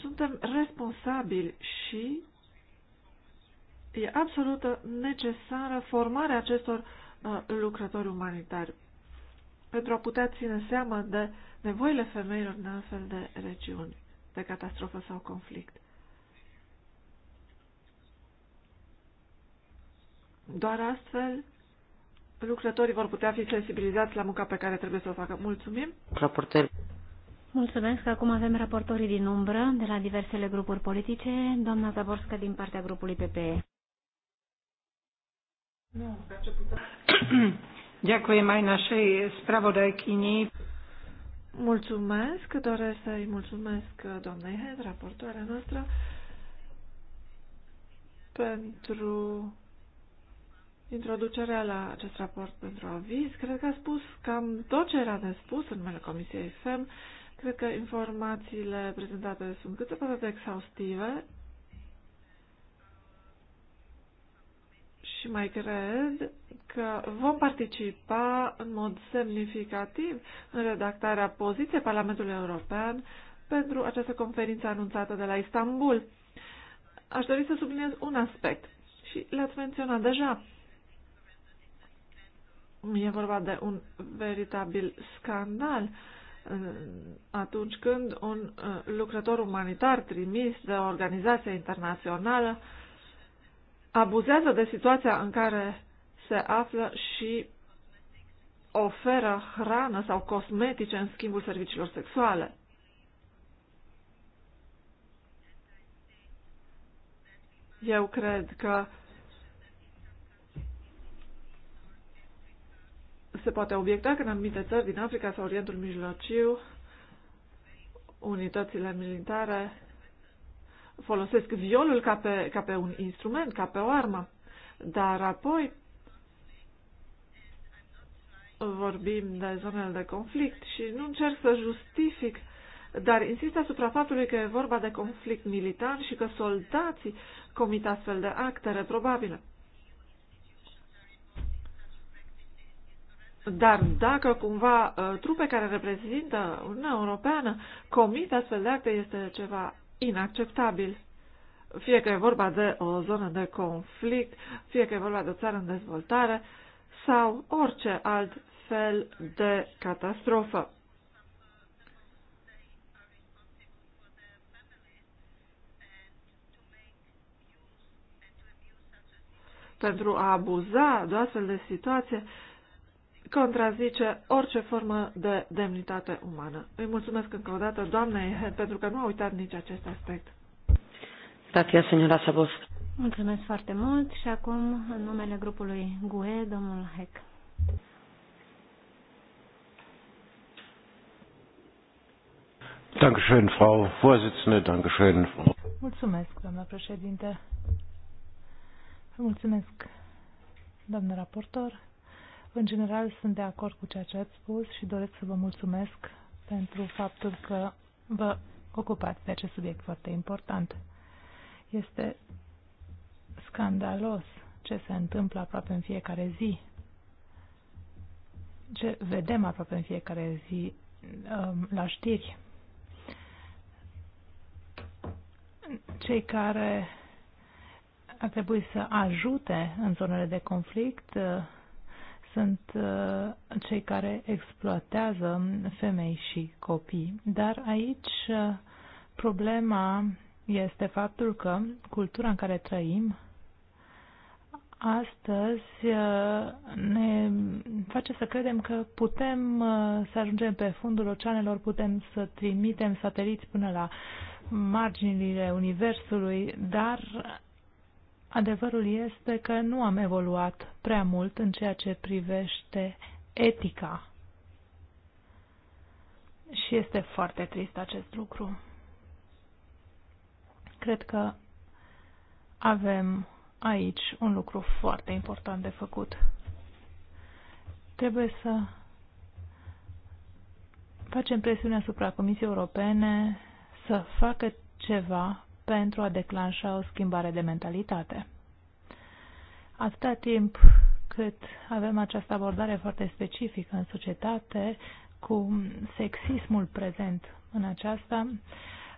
suntem responsabili și E absolut necesară formarea acestor uh, lucrători umanitari pentru a putea ține seama de nevoile femeilor în astfel de regiuni, de catastrofă sau conflict. Doar astfel, lucrătorii vor putea fi sensibilizați la munca pe care trebuie să o facă. Mulțumim! Raportări. Mulțumesc. Acum avem raportorii din umbră de la diversele grupuri politice. Doamna Zaborska din partea grupului PPE. Ďakujem aj našej spravodajkyni. Mulțumesc, doresc să-i mulțumesc doamnei Hed, raportoarea noastră, pentru introducerea la acest raport pentru aviz. Cred că a spus cam tot ce era de spus în numele Comisiei FEM. Cred că informațiile prezentate sunt cât se poate exhaustive Și mai cred că vom participa în mod semnificativ în redactarea poziției Parlamentului European pentru această conferință anunțată de la Istanbul. Aș dori să subliniez un aspect și l-ați menționat deja. E vorba de un veritabil scandal atunci când un uh, lucrător umanitar trimis de o organizație internațională abuzează de situația în care se află și oferă hrană sau cosmetice în schimbul serviciilor sexuale. Eu cred că se poate obiecta că în anumite țări din Africa sau Orientul Mijlociu unitățile militare folosesc violul ca pe, ca pe un instrument, ca pe o armă. Dar apoi vorbim de zonele de conflict și nu încerc să justific, dar insist asupra faptului că e vorba de conflict militar și că soldații comit astfel de acte reprobabile. Dar dacă cumva uh, trupe care reprezintă Uniunea Europeană comit astfel de acte, este ceva inacceptabil. Fie că e vorba de o zonă de conflict, fie că e vorba de o țară în dezvoltare sau orice alt fel de catastrofă. Pentru a abuza de o astfel de situație, contrazice orice formă de demnitate umană. Îi mulțumesc încă o dată, doamnei pentru că nu a uitat nici acest aspect. Gracias, señora Sabos. Mulțumesc foarte mult și acum, în numele grupului GUE, domnul Heck. Dankeschön, Frau Vorsitzende. Dankeschön, Frau. Mulțumesc, doamna președinte. Mulțumesc, doamnă raportor. În general, sunt de acord cu ceea ce ați spus și doresc să vă mulțumesc pentru faptul că vă ocupați de acest subiect foarte important. Este scandalos ce se întâmplă aproape în fiecare zi. Ce vedem aproape în fiecare zi um, la știri. Cei care ar trebui să ajute în zonele de conflict uh, sunt uh, cei care exploatează femei și copii. Dar aici uh, problema este faptul că cultura în care trăim astăzi uh, ne face să credem că putem să ajungem pe fundul oceanelor, putem să trimitem sateliți până la marginile Universului, dar Adevărul este că nu am evoluat prea mult în ceea ce privește etica. Și este foarte trist acest lucru. Cred că avem aici un lucru foarte important de făcut. Trebuie să facem presiune asupra Comisiei Europene să facă ceva pentru a declanșa o schimbare de mentalitate. Atâta timp cât avem această abordare foarte specifică în societate, cu sexismul prezent în aceasta,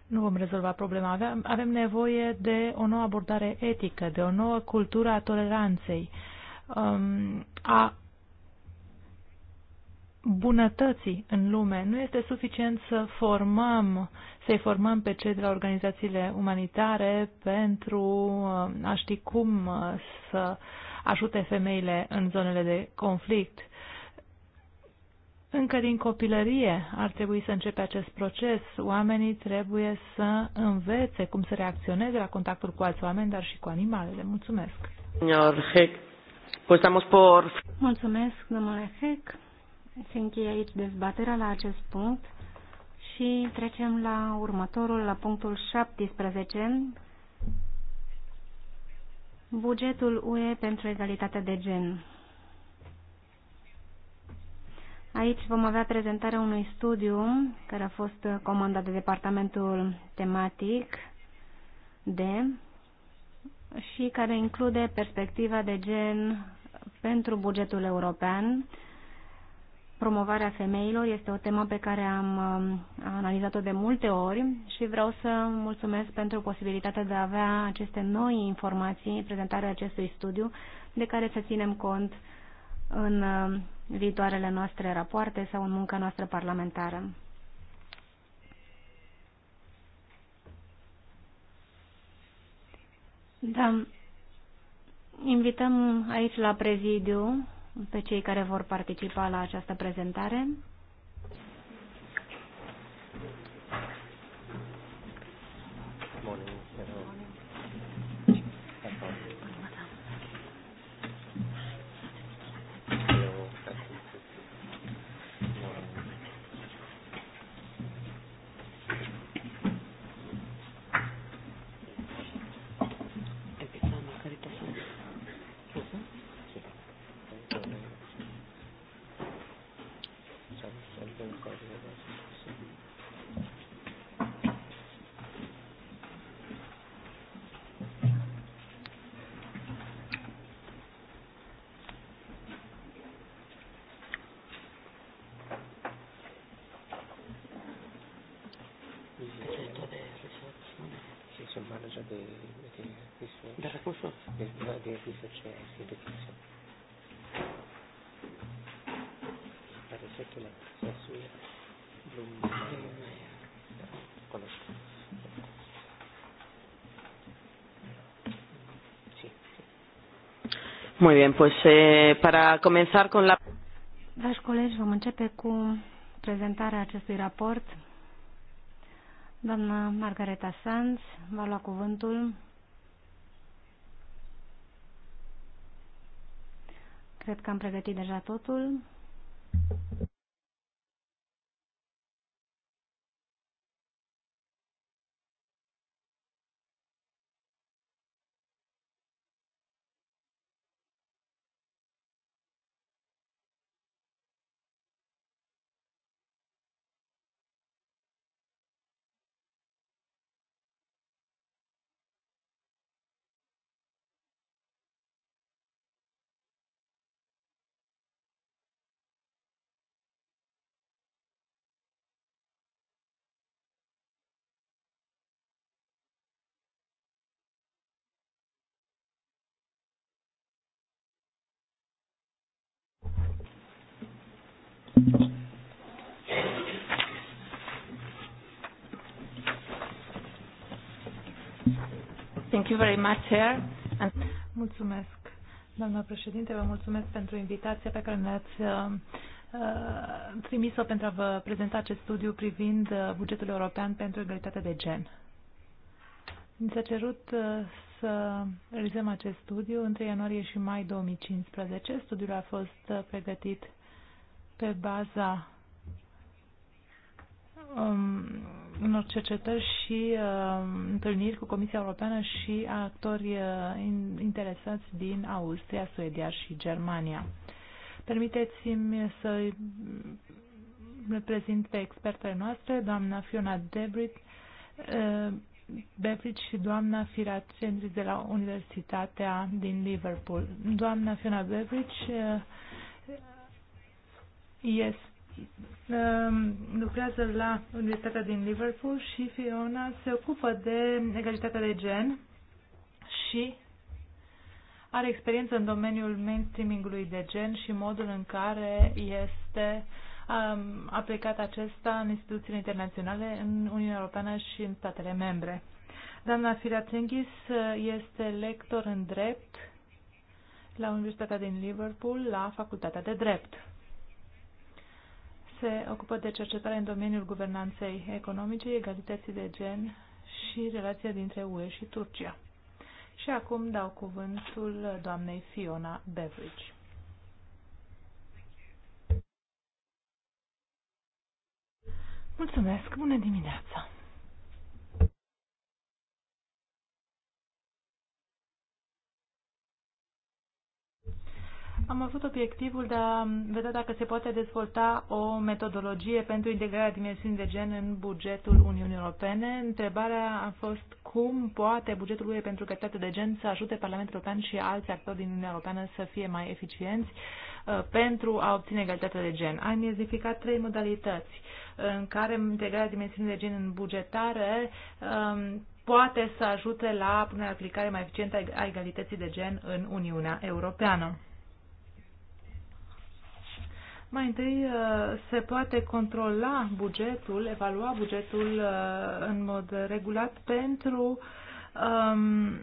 nu vom rezolva problema. Avem, avem nevoie de o nouă abordare etică, de o nouă cultură a toleranței, um, a bunătății în lume. Nu este suficient să formăm, să-i formăm pe cei de la organizațiile umanitare pentru uh, a ști cum uh, să ajute femeile în zonele de conflict. Încă din copilărie ar trebui să începe acest proces. Oamenii trebuie să învețe cum să reacționeze la contactul cu alți oameni, dar și cu animalele. Mulțumesc! Mulțumesc, domnule Heck. Se încheie aici dezbaterea la acest punct și trecem la următorul, la punctul 17, bugetul UE pentru egalitatea de gen. Aici vom avea prezentarea unui studiu care a fost comandat de departamentul tematic D și care include perspectiva de gen pentru bugetul european Promovarea femeilor este o temă pe care am um, analizat-o de multe ori și vreau să mulțumesc pentru posibilitatea de a avea aceste noi informații, prezentarea acestui studiu, de care să ținem cont în um, viitoarele noastre rapoarte sau în munca noastră parlamentară. Da. Invităm aici la prezidiu pe cei care vor participa la această prezentare. Muy bien, pues eh, para comenzar con la... Dragi colegi, vom începe cu prezentarea acestui raport. Doamna Margareta Sanz va lua cuvântul. Cred că am pregătit deja totul. Thank you very much, Chair. And... Mulțumesc, doamna președinte, vă mulțumesc pentru invitația pe care ne-ați uh, uh trimis-o pentru a vă prezenta acest studiu privind uh, bugetul european pentru egalitatea de gen. Mi s-a cerut uh, să realizăm acest studiu între ianuarie și mai 2015. Studiul a fost pregătit pe baza um, unor cercetări și uh, întâlniri cu Comisia Europeană și actori uh, interesați din Austria, Suedia și Germania. Permiteți-mi să le prezint pe expertele noastre, doamna Fiona Debrit, uh, Beveridge și doamna Fira Cendri de la Universitatea din Liverpool. Doamna Fiona Beveridge uh, este Um, lucrează la Universitatea din Liverpool și Fiona se ocupă de egalitatea de gen și are experiență în domeniul mainstreamingului de gen și modul în care este um, aplicat acesta în instituțiile internaționale în Uniunea Europeană și în statele membre. Doamna Tenghis este lector în drept la Universitatea din Liverpool, la Facultatea de Drept se ocupă de cercetare în domeniul guvernanței economice, egalității de gen și relația dintre UE și Turcia. Și acum dau cuvântul doamnei Fiona Beveridge. Mulțumesc! Bună dimineața! Am avut obiectivul de a vedea dacă se poate dezvolta o metodologie pentru integrarea dimensiunii de gen în bugetul Uniunii Europene. Întrebarea a fost cum poate bugetul UE pentru egalitatea de gen să ajute Parlamentul European și alți actori din Uniunea Europeană să fie mai eficienți uh, pentru a obține egalitatea de gen. Am identificat trei modalități în care integrarea dimensiunii de gen în bugetare um, poate să ajute la punerea aplicare mai eficientă a egalității de gen în Uniunea Europeană. Mai întâi uh, se poate controla bugetul, evalua bugetul uh, în mod regulat pentru um,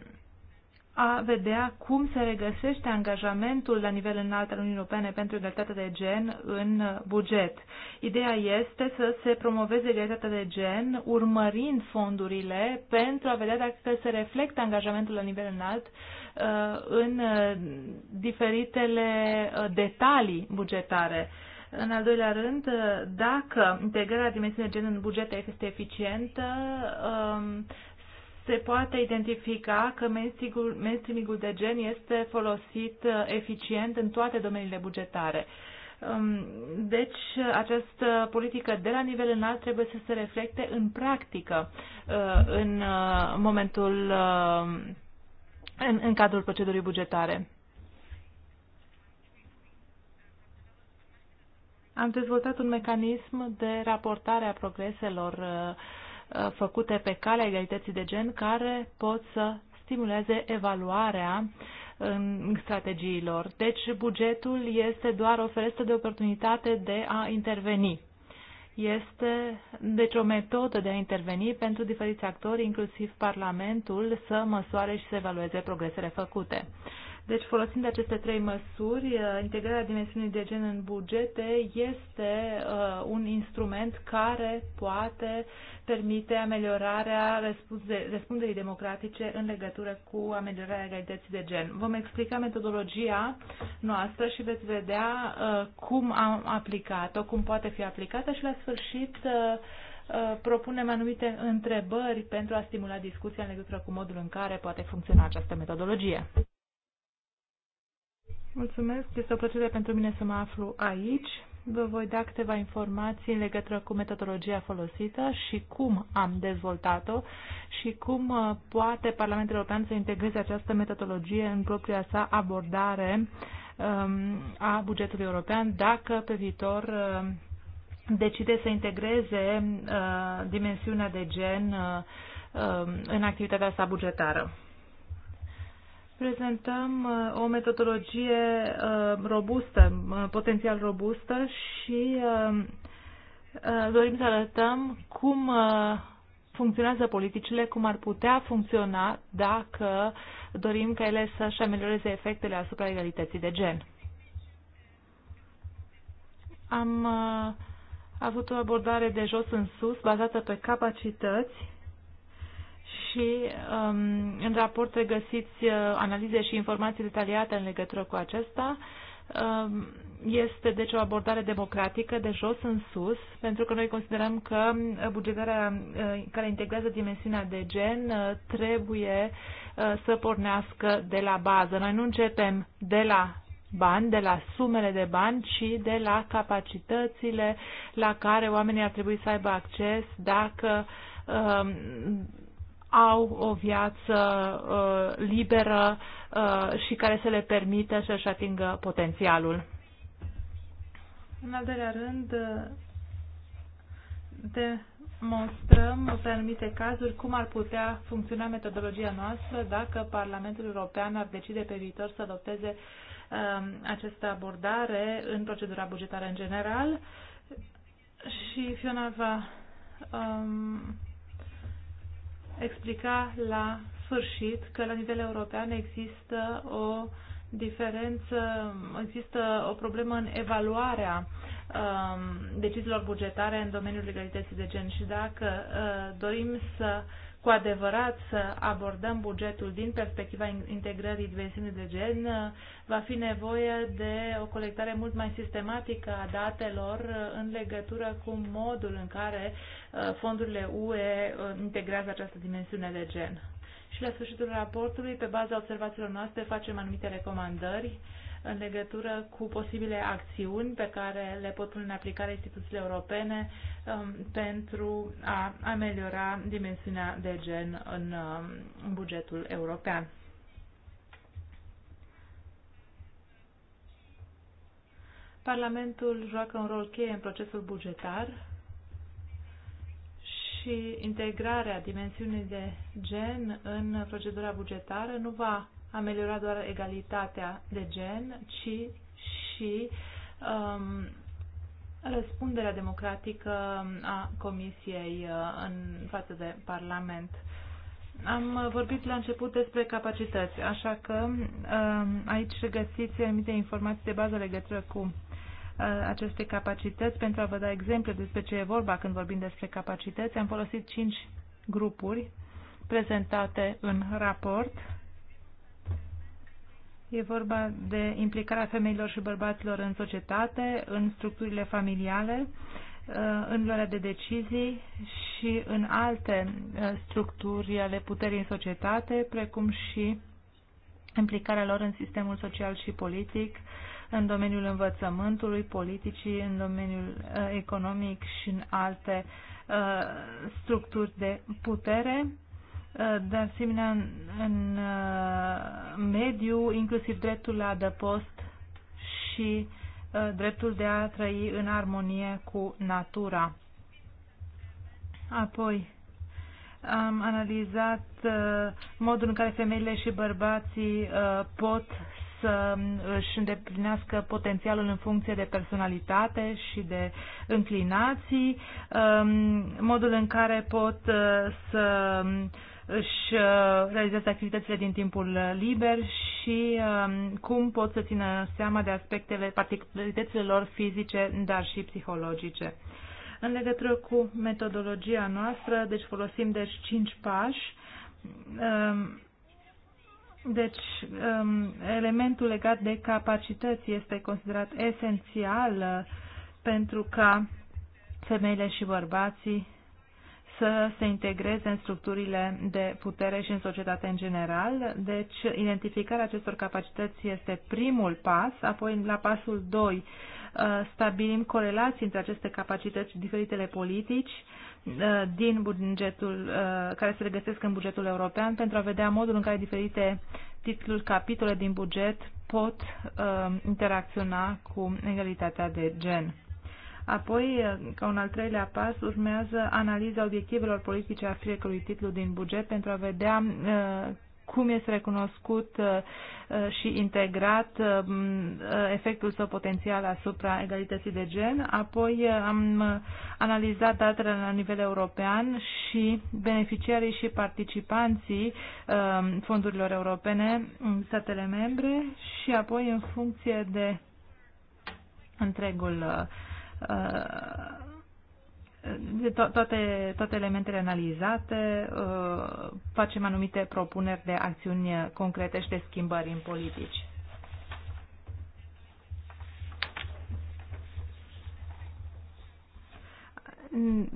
a vedea cum se regăsește angajamentul la nivel înalt al Uniunii Europene pentru egalitatea de gen în buget. Ideea este să se promoveze egalitatea de gen urmărind fondurile pentru a vedea dacă se reflectă angajamentul la nivel înalt uh, Uh, în uh, diferitele uh, detalii bugetare. În al doilea rând, dacă integrarea dimensiunii gen în buget este eficientă, um, se poate identifica că mainstreaming de gen este folosit eficient în toate domeniile bugetare. Um, deci, această politică de la nivel înalt trebuie să se reflecte în practică în momentul în, în cadrul procedurii bugetare. Am dezvoltat un mecanism de raportare a progreselor uh, uh, făcute pe calea egalității de gen care pot să stimuleze evaluarea în strategiilor. Deci bugetul este doar o ferestră de oportunitate de a interveni este deci o metodă de a interveni pentru diferiți actori, inclusiv Parlamentul, să măsoare și să evalueze progresele făcute. Deci, folosind aceste trei măsuri, uh, integrarea dimensiunii de gen în bugete este uh, un instrument care poate permite ameliorarea răspunderii democratice în legătură cu ameliorarea egalității de gen. Vom explica metodologia noastră și veți vedea uh, cum am aplicat-o, cum poate fi aplicată și la sfârșit propunem anumite întrebări pentru a stimula discuția în legătură cu modul în care poate funcționa această metodologie. Mulțumesc. Este o plăcere pentru mine să mă aflu aici. Vă voi da câteva informații în legătură cu metodologia folosită și cum am dezvoltat-o și cum uh, poate Parlamentul European să integreze această metodologie în propria sa abordare um, a bugetului european dacă pe viitor uh, decide să integreze uh, dimensiunea de gen um, în activitatea sa bugetară prezentăm uh, o metodologie uh, robustă, uh, potențial robustă și dorim să arătăm cum funcționează politicile, cum ar putea funcționa dacă dorim ca ele să-și amelioreze efectele asupra egalității de gen. Am avut o abordare de jos în sus, bazată pe capacități și um, în raport regăsiți uh, analize și informații detaliate în legătură cu acesta. Um, este deci o abordare democratică de jos în sus, pentru că noi considerăm că bugetarea uh, care integrează dimensiunea de gen uh, trebuie uh, să pornească de la bază. Noi nu începem de la bani, de la sumele de bani, ci de la capacitățile la care oamenii ar trebui să aibă acces dacă um, au o viață uh, liberă uh, și care să le permită să-și atingă potențialul. În al doilea rând, uh, demonstrăm pe anumite cazuri cum ar putea funcționa metodologia noastră dacă Parlamentul European ar decide pe viitor să adopteze um, această abordare în procedura bugetară în general. Și Fiona va um, explica la sfârșit că la nivel european există o diferență, există o problemă în evaluarea um, deciziilor bugetare în domeniul legalității de gen și dacă uh, dorim să cu adevărat să abordăm bugetul din perspectiva integrării dimensiunii de gen, va fi nevoie de o colectare mult mai sistematică a datelor uh, în legătură cu modul în care uh, fondurile UE uh, integrează această dimensiune de gen. Și la sfârșitul raportului, pe baza observațiilor noastre, facem anumite recomandări în legătură cu posibile acțiuni pe care le pot pune în aplicare instituțiile europene um, pentru a ameliora dimensiunea de gen în um, bugetul european. Parlamentul joacă un rol cheie în procesul bugetar și integrarea dimensiunii de gen în procedura bugetară nu va ameliora doar egalitatea de gen, ci și um, răspunderea democratică a Comisiei uh, în față de Parlament. Am vorbit la început despre capacități, așa că um, aici găsiți anumite informații de bază legătură cu uh, aceste capacități. Pentru a vă da exemple despre ce e vorba când vorbim despre capacități, am folosit cinci grupuri prezentate în raport E vorba de implicarea femeilor și bărbaților în societate, în structurile familiale, uh, în luarea de decizii și în alte uh, structuri ale puterii în societate, precum și implicarea lor în sistemul social și politic, în domeniul învățământului, politicii, în domeniul uh, economic și în alte structuri de putere de asemenea în, în uh, mediu, inclusiv dreptul la adăpost și uh, dreptul de a trăi în armonie cu natura. Apoi, am analizat uh, modul în care femeile și bărbații pot să um, își îndeplinească potențialul în funcție de personalitate și de înclinații, um, modul în care pot să um, își uh, realizează activitățile din timpul liber și um, cum pot să țină seama de aspectele particularitățile lor fizice, dar și psihologice. În legătură cu metodologia noastră, deci folosim deci 5 pași. Um, deci, um, elementul legat de capacități este considerat esențial uh, pentru ca femeile și bărbații să se integreze în structurile de putere și în societate în general. Deci, identificarea acestor capacități este primul pas, apoi la pasul 2 uh, stabilim corelații între aceste capacități și diferitele politici uh, din bugetul, uh, care se regăsesc în bugetul european pentru a vedea modul în care diferite titluri, capitole din buget pot interacționa cu egalitatea de gen. Apoi, ca un al treilea pas, urmează analiza obiectivelor politice a fiecărui titlu din buget pentru a vedea uh, cum este recunoscut uh, uh, și integrat efectul său potențial asupra egalității de gen. Apoi am analizat datele la nivel european și beneficiarii și participanții fondurilor europene în statele membre și apoi în funcție de întregul uh, de uh, to toate, toate elementele analizate, uh, facem anumite propuneri de acțiuni concrete și de schimbări în politici.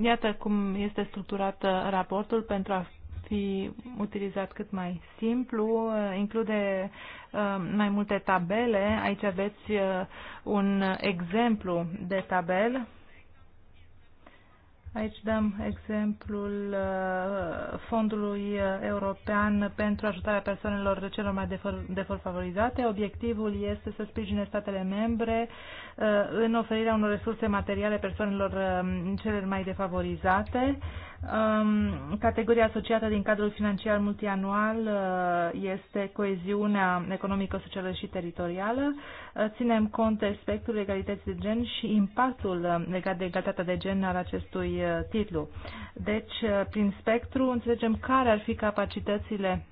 Iată cum este structurat raportul pentru a fi utilizat cât mai simplu, include uh, mai multe tabele. Aici aveți uh, un exemplu de tabel. Aici dăm exemplul uh, Fondului European pentru ajutarea persoanelor celor mai favorizate. Obiectivul este să sprijine statele membre în oferirea unor resurse materiale persoanelor celor mai defavorizate. Um, categoria asociată din cadrul financiar multianual uh, este coeziunea economică, socială și teritorială. Uh, ținem cont de aspectul egalității de gen și impactul uh, legat de egalitatea de gen al acestui titlu. Deci, prin spectru, înțelegem care ar fi capacitățile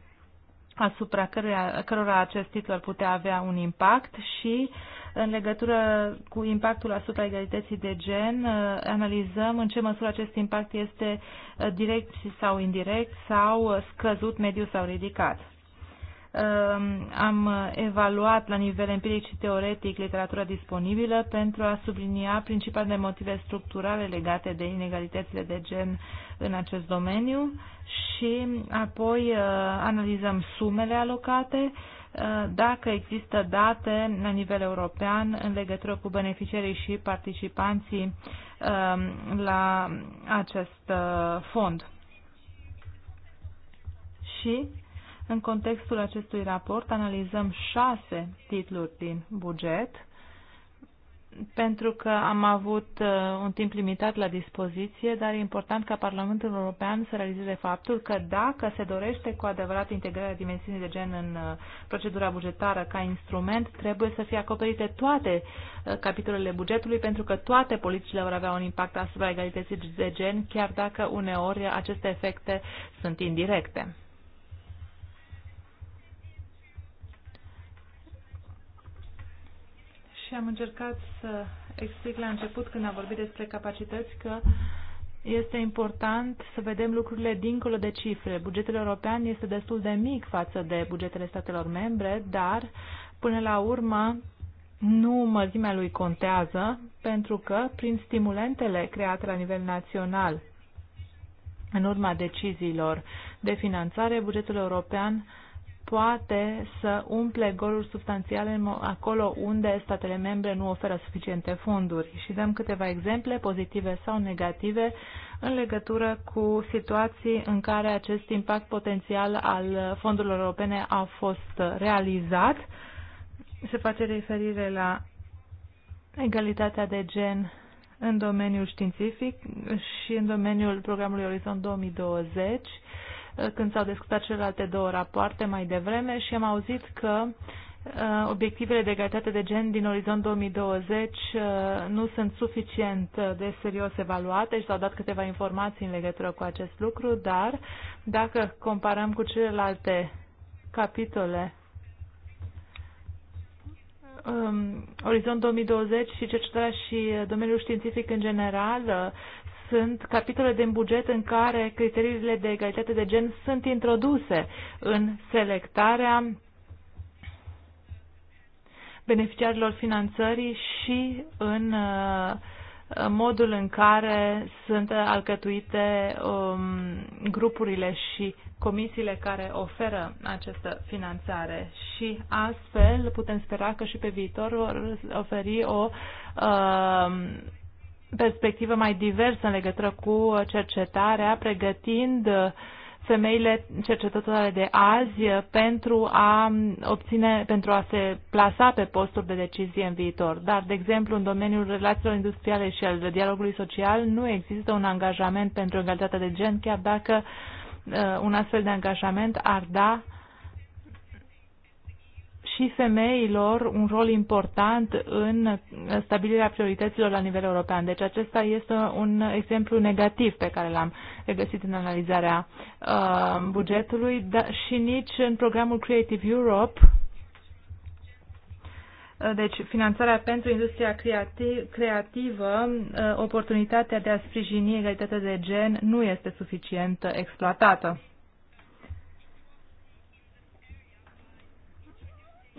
asupra cărora, cărora acest titlu ar putea avea un impact și uh, în legătură cu impactul asupra egalității de gen, uh, analizăm în ce măsură acest impact este uh, direct sau indirect sau uh, scăzut, mediu sau ridicat um, am evaluat la nivel empiric și teoretic literatura disponibilă pentru a sublinia principalele motive structurale legate de inegalitățile de gen în acest domeniu și apoi analizăm sumele alocate dacă există date la nivel european în legătură cu beneficiarii și participanții um, la acest uh, fond. Și în contextul acestui raport analizăm șase titluri din buget pentru că am avut uh, un timp limitat la dispoziție, dar e important ca Parlamentul European să realizeze faptul că dacă se dorește cu adevărat integrarea dimensiunii de gen în uh, procedura bugetară ca instrument, trebuie să fie acoperite toate uh, capitolele bugetului, pentru că toate politicile vor avea un impact asupra egalității de gen, chiar dacă uneori aceste efecte sunt indirecte. și am încercat să explic la început când am vorbit despre capacități că este important să vedem lucrurile dincolo de cifre. Bugetul european este destul de mic față de bugetele statelor membre, dar până la urmă nu mărimea lui contează, pentru că prin stimulentele create la nivel național în urma deciziilor de finanțare, bugetul european poate să umple goluri substanțiale acolo unde statele membre nu oferă suficiente fonduri. Și dăm câteva exemple, pozitive sau negative, în legătură cu situații în care acest impact potențial al fondurilor europene a fost realizat. Se face referire la egalitatea de gen în domeniul științific și în domeniul programului Orizont 2020 Uh, când s-au discutat celelalte două rapoarte mai devreme și am auzit că uh, obiectivele de egalitate de gen din orizont 2020 uh, nu sunt suficient de serios evaluate și s-au dat câteva informații în legătură cu acest lucru, dar dacă comparăm cu celelalte capitole um, Orizont 2020 și cercetarea și domeniul științific în general sunt capitole din buget în care criteriile de egalitate de gen sunt introduse în selectarea beneficiarilor finanțării și în uh, modul în care sunt alcătuite um, grupurile și comisiile care oferă această finanțare și astfel putem spera că și pe viitor vor oferi o uh, perspectivă mai diversă în legătură cu cercetarea, pregătind uh, femeile cercetătoare de azi pentru a obține, pentru a se plasa pe posturi de decizie în viitor. Dar, de exemplu, în domeniul relațiilor industriale și al dialogului social nu există un angajament pentru egalitatea de gen, chiar dacă uh, un astfel de angajament ar da și femeilor un rol important în stabilirea priorităților la nivel european. Deci acesta este un exemplu negativ pe care l-am regăsit în analizarea uh, bugetului și nici în programul Creative Europe uh, deci, finanțarea pentru industria creativă, uh, oportunitatea de a sprijini egalitatea de gen nu este suficient exploatată.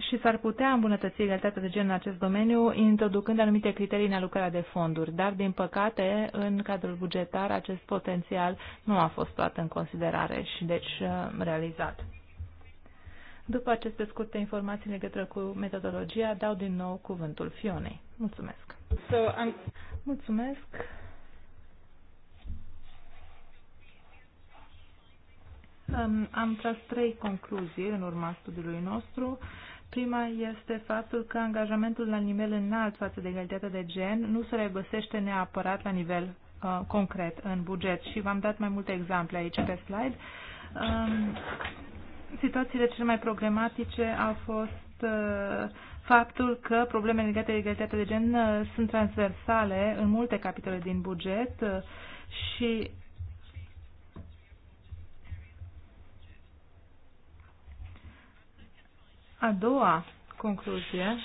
și s-ar putea îmbunătăți egalitatea de gen în acest domeniu, introducând anumite criterii în alocarea de fonduri, dar, din păcate, în cadrul bugetar, acest potențial nu a fost luat în considerare și, deci, uh, realizat. După aceste scurte informații legătură cu metodologia, dau din nou cuvântul Fionei. Mulțumesc! So, Mulțumesc! Am tras trei concluzii în urma studiului nostru. Prima este faptul că angajamentul la nivel înalt față de egalitatea de gen nu se regăsește neapărat la nivel uh, concret în buget și v-am dat mai multe exemple aici pe slide. Um, situațiile cele mai problematice au fost uh, faptul că problemele legate de egalitatea de gen uh, sunt transversale în multe capitole din buget uh, și A doua concluzie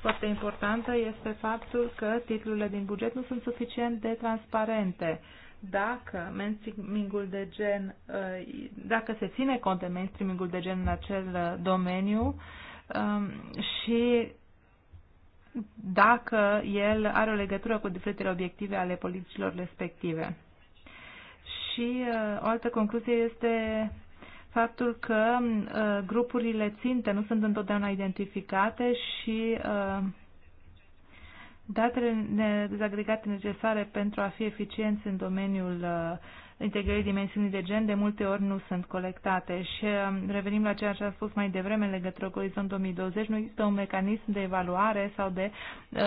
foarte importantă este faptul că titlurile din buget nu sunt suficient de transparente. Dacă mainstreaming de gen, uh, dacă se ține cont de mainstreaming de gen în acel uh, domeniu um, și dacă el are o legătură cu diferitele obiective ale politicilor respective. Și uh, o altă concluzie este faptul că uh, grupurile ținte nu sunt întotdeauna identificate și uh, datele dezagregate necesare pentru a fi eficienți în domeniul uh, integrării dimensiunii de gen de multe ori nu sunt colectate. Și uh, revenim la ceea ce a spus mai devreme în legătură cu Orizont 2020, nu există un mecanism de evaluare sau de uh,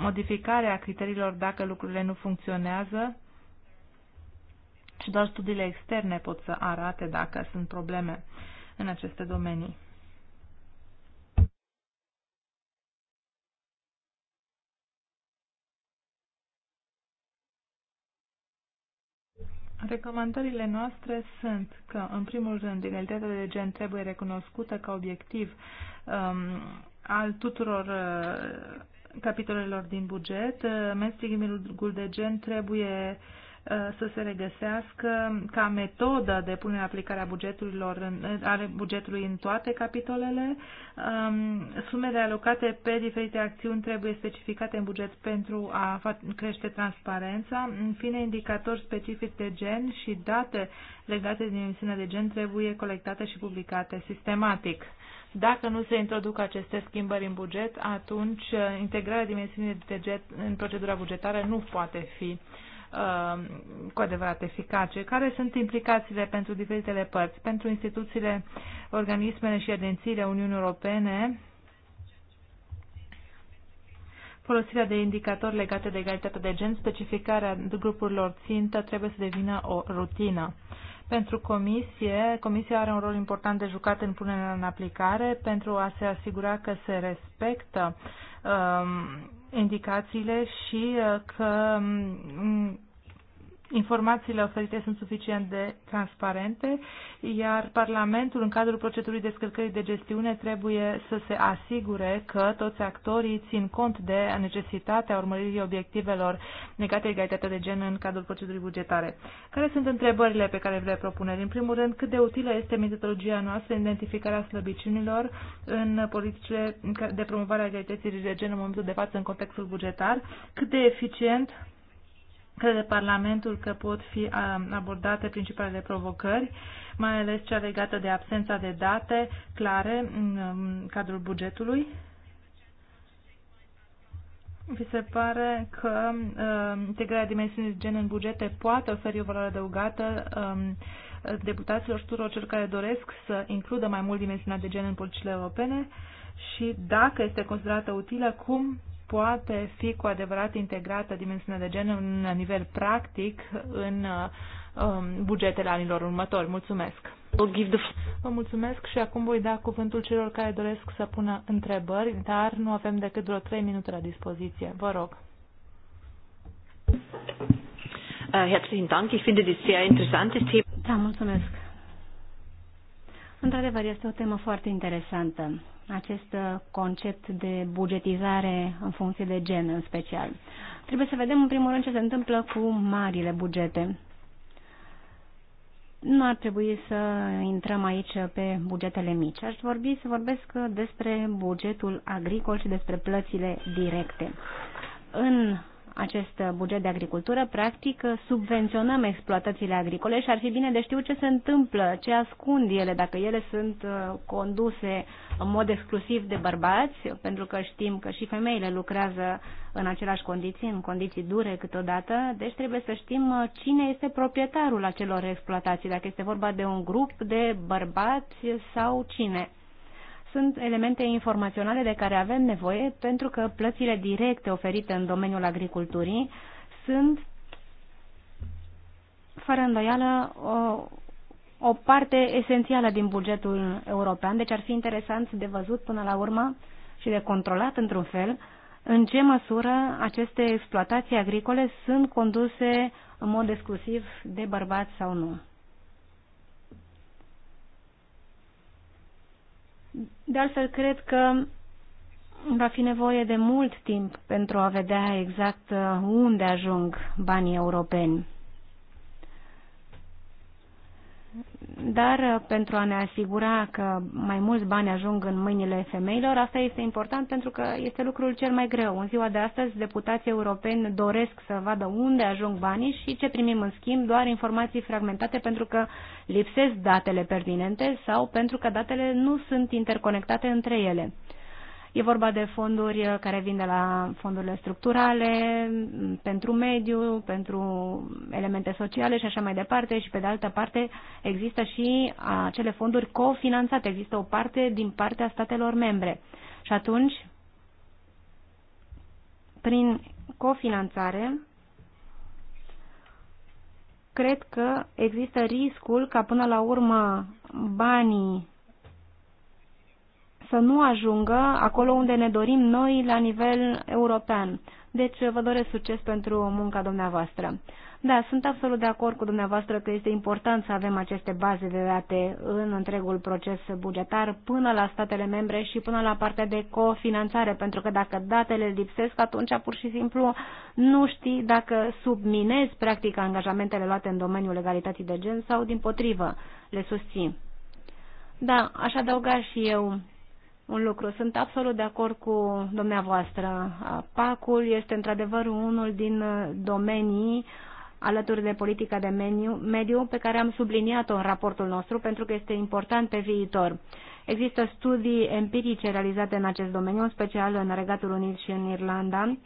modificare a criteriilor dacă lucrurile nu funcționează și doar studiile externe pot să arate dacă sunt probleme în aceste domenii. Recomandările noastre sunt că, în primul rând, egalitatea de gen trebuie recunoscută ca obiectiv um, al tuturor uh, capitolelor din buget. Uh, mainstreaming de gen trebuie Uh, să se regăsească ca metodă de punere în aplicare a bugeturilor în, ale bugetului în toate capitolele. Um, sumele alocate pe diferite acțiuni trebuie specificate în buget pentru a crește transparența. În fine, indicatori specifici de gen și date legate din emisiunea de gen trebuie colectate și publicate sistematic. Dacă nu se introduc aceste schimbări în buget, atunci uh, integrarea dimensiunii de buget în procedura bugetară nu poate fi uh, Um, cu adevărat eficace. Care sunt implicațiile pentru diferitele părți, pentru instituțiile, organismele și agențiile Uniunii Europene? Folosirea de indicatori legate de egalitatea de gen, specificarea grupurilor țintă trebuie să devină o rutină pentru comisie. Comisia are un rol important de jucat în punerea în aplicare pentru a se asigura că se respectă um, indicațiile și uh, că mm, informațiile oferite sunt suficient de transparente, iar Parlamentul, în cadrul procedurii descărcării de gestiune, trebuie să se asigure că toți actorii țin cont de necesitatea urmăririi obiectivelor negate egalitatea de gen în cadrul procedurii bugetare. Care sunt întrebările pe care le propuneri? În primul rând, cât de utilă este metodologia noastră în identificarea slăbiciunilor în politicile de promovare a egalității de gen în momentul de față în contextul bugetar? Cât de eficient crede Parlamentul că pot fi um, abordate principalele provocări, mai ales cea legată de absența de date clare în um, cadrul bugetului? Vi se pare că uh, integrarea dimensiunii gen în bugete poate oferi o valoare adăugată um, deputaților și tuturor celor care doresc să includă mai mult dimensiunea de gen în politicile europene și dacă este considerată utilă, cum poate fi cu adevărat integrată dimensiunea de gen în nivel practic în um, bugetele anilor următori. Mulțumesc! Vă mulțumesc și acum voi da cuvântul celor care doresc să pună întrebări, dar nu avem decât vreo 3 minute la dispoziție. Vă rog! Uh, herzlichen Dank. Ich finde das sehr interessantes Thema. Da, mulțumesc. Într-adevăr, este o temă foarte interesantă acest uh, concept de bugetizare în funcție de gen în special. Trebuie să vedem în primul rând ce se întâmplă cu marile bugete. Nu ar trebui să intrăm aici pe bugetele mici. Aș vorbi să vorbesc despre bugetul agricol și despre plățile directe. În acest buget de agricultură, practic subvenționăm exploatațiile agricole și ar fi bine de știu ce se întâmplă, ce ascund ele, dacă ele sunt uh, conduse în mod exclusiv de bărbați, pentru că știm că și femeile lucrează în aceleași condiții, în condiții dure câteodată, deci trebuie să știm uh, cine este proprietarul acelor exploatații, dacă este vorba de un grup de bărbați sau cine sunt elemente informaționale de care avem nevoie pentru că plățile directe oferite în domeniul agriculturii sunt, fără îndoială, o, o parte esențială din bugetul european, deci ar fi interesant de văzut până la urmă și de controlat într-un fel în ce măsură aceste exploatații agricole sunt conduse în mod exclusiv de bărbați sau nu. De altfel, cred că va fi nevoie de mult timp pentru a vedea exact uh, unde ajung banii europeni. dar uh, pentru a ne asigura că mai mulți bani ajung în mâinile femeilor, asta este important pentru că este lucrul cel mai greu. În ziua de astăzi, deputații europeni doresc să vadă unde ajung banii și ce primim în schimb, doar informații fragmentate pentru că lipsesc datele pertinente sau pentru că datele nu sunt interconectate între ele. E vorba de fonduri uh, care vin de la fondurile structurale, mm, pentru mediu, pentru elemente sociale și așa mai departe și pe de altă parte există și acele fonduri cofinanțate, există o parte din partea statelor membre. Și atunci, prin cofinanțare, cred că există riscul ca până la urmă banii să nu ajungă acolo unde ne dorim noi la nivel european. Deci vă doresc succes pentru munca dumneavoastră. Da, sunt absolut de acord cu dumneavoastră că este important să avem aceste baze de date în întregul proces bugetar până la statele membre și până la partea de cofinanțare, pentru că dacă datele lipsesc, atunci pur și simplu nu știi dacă subminezi practic angajamentele luate în domeniul legalității de gen sau din potrivă le susții. Da, aș adăuga și eu un lucru. Sunt absolut de acord cu dumneavoastră. Pacul este într-adevăr unul din domenii alături de politica de mediu, mediu pe care am subliniat-o în raportul nostru pentru că este important pe viitor. Există studii empirice realizate în acest domeniu, în special în Regatul Unit și în Irlanda,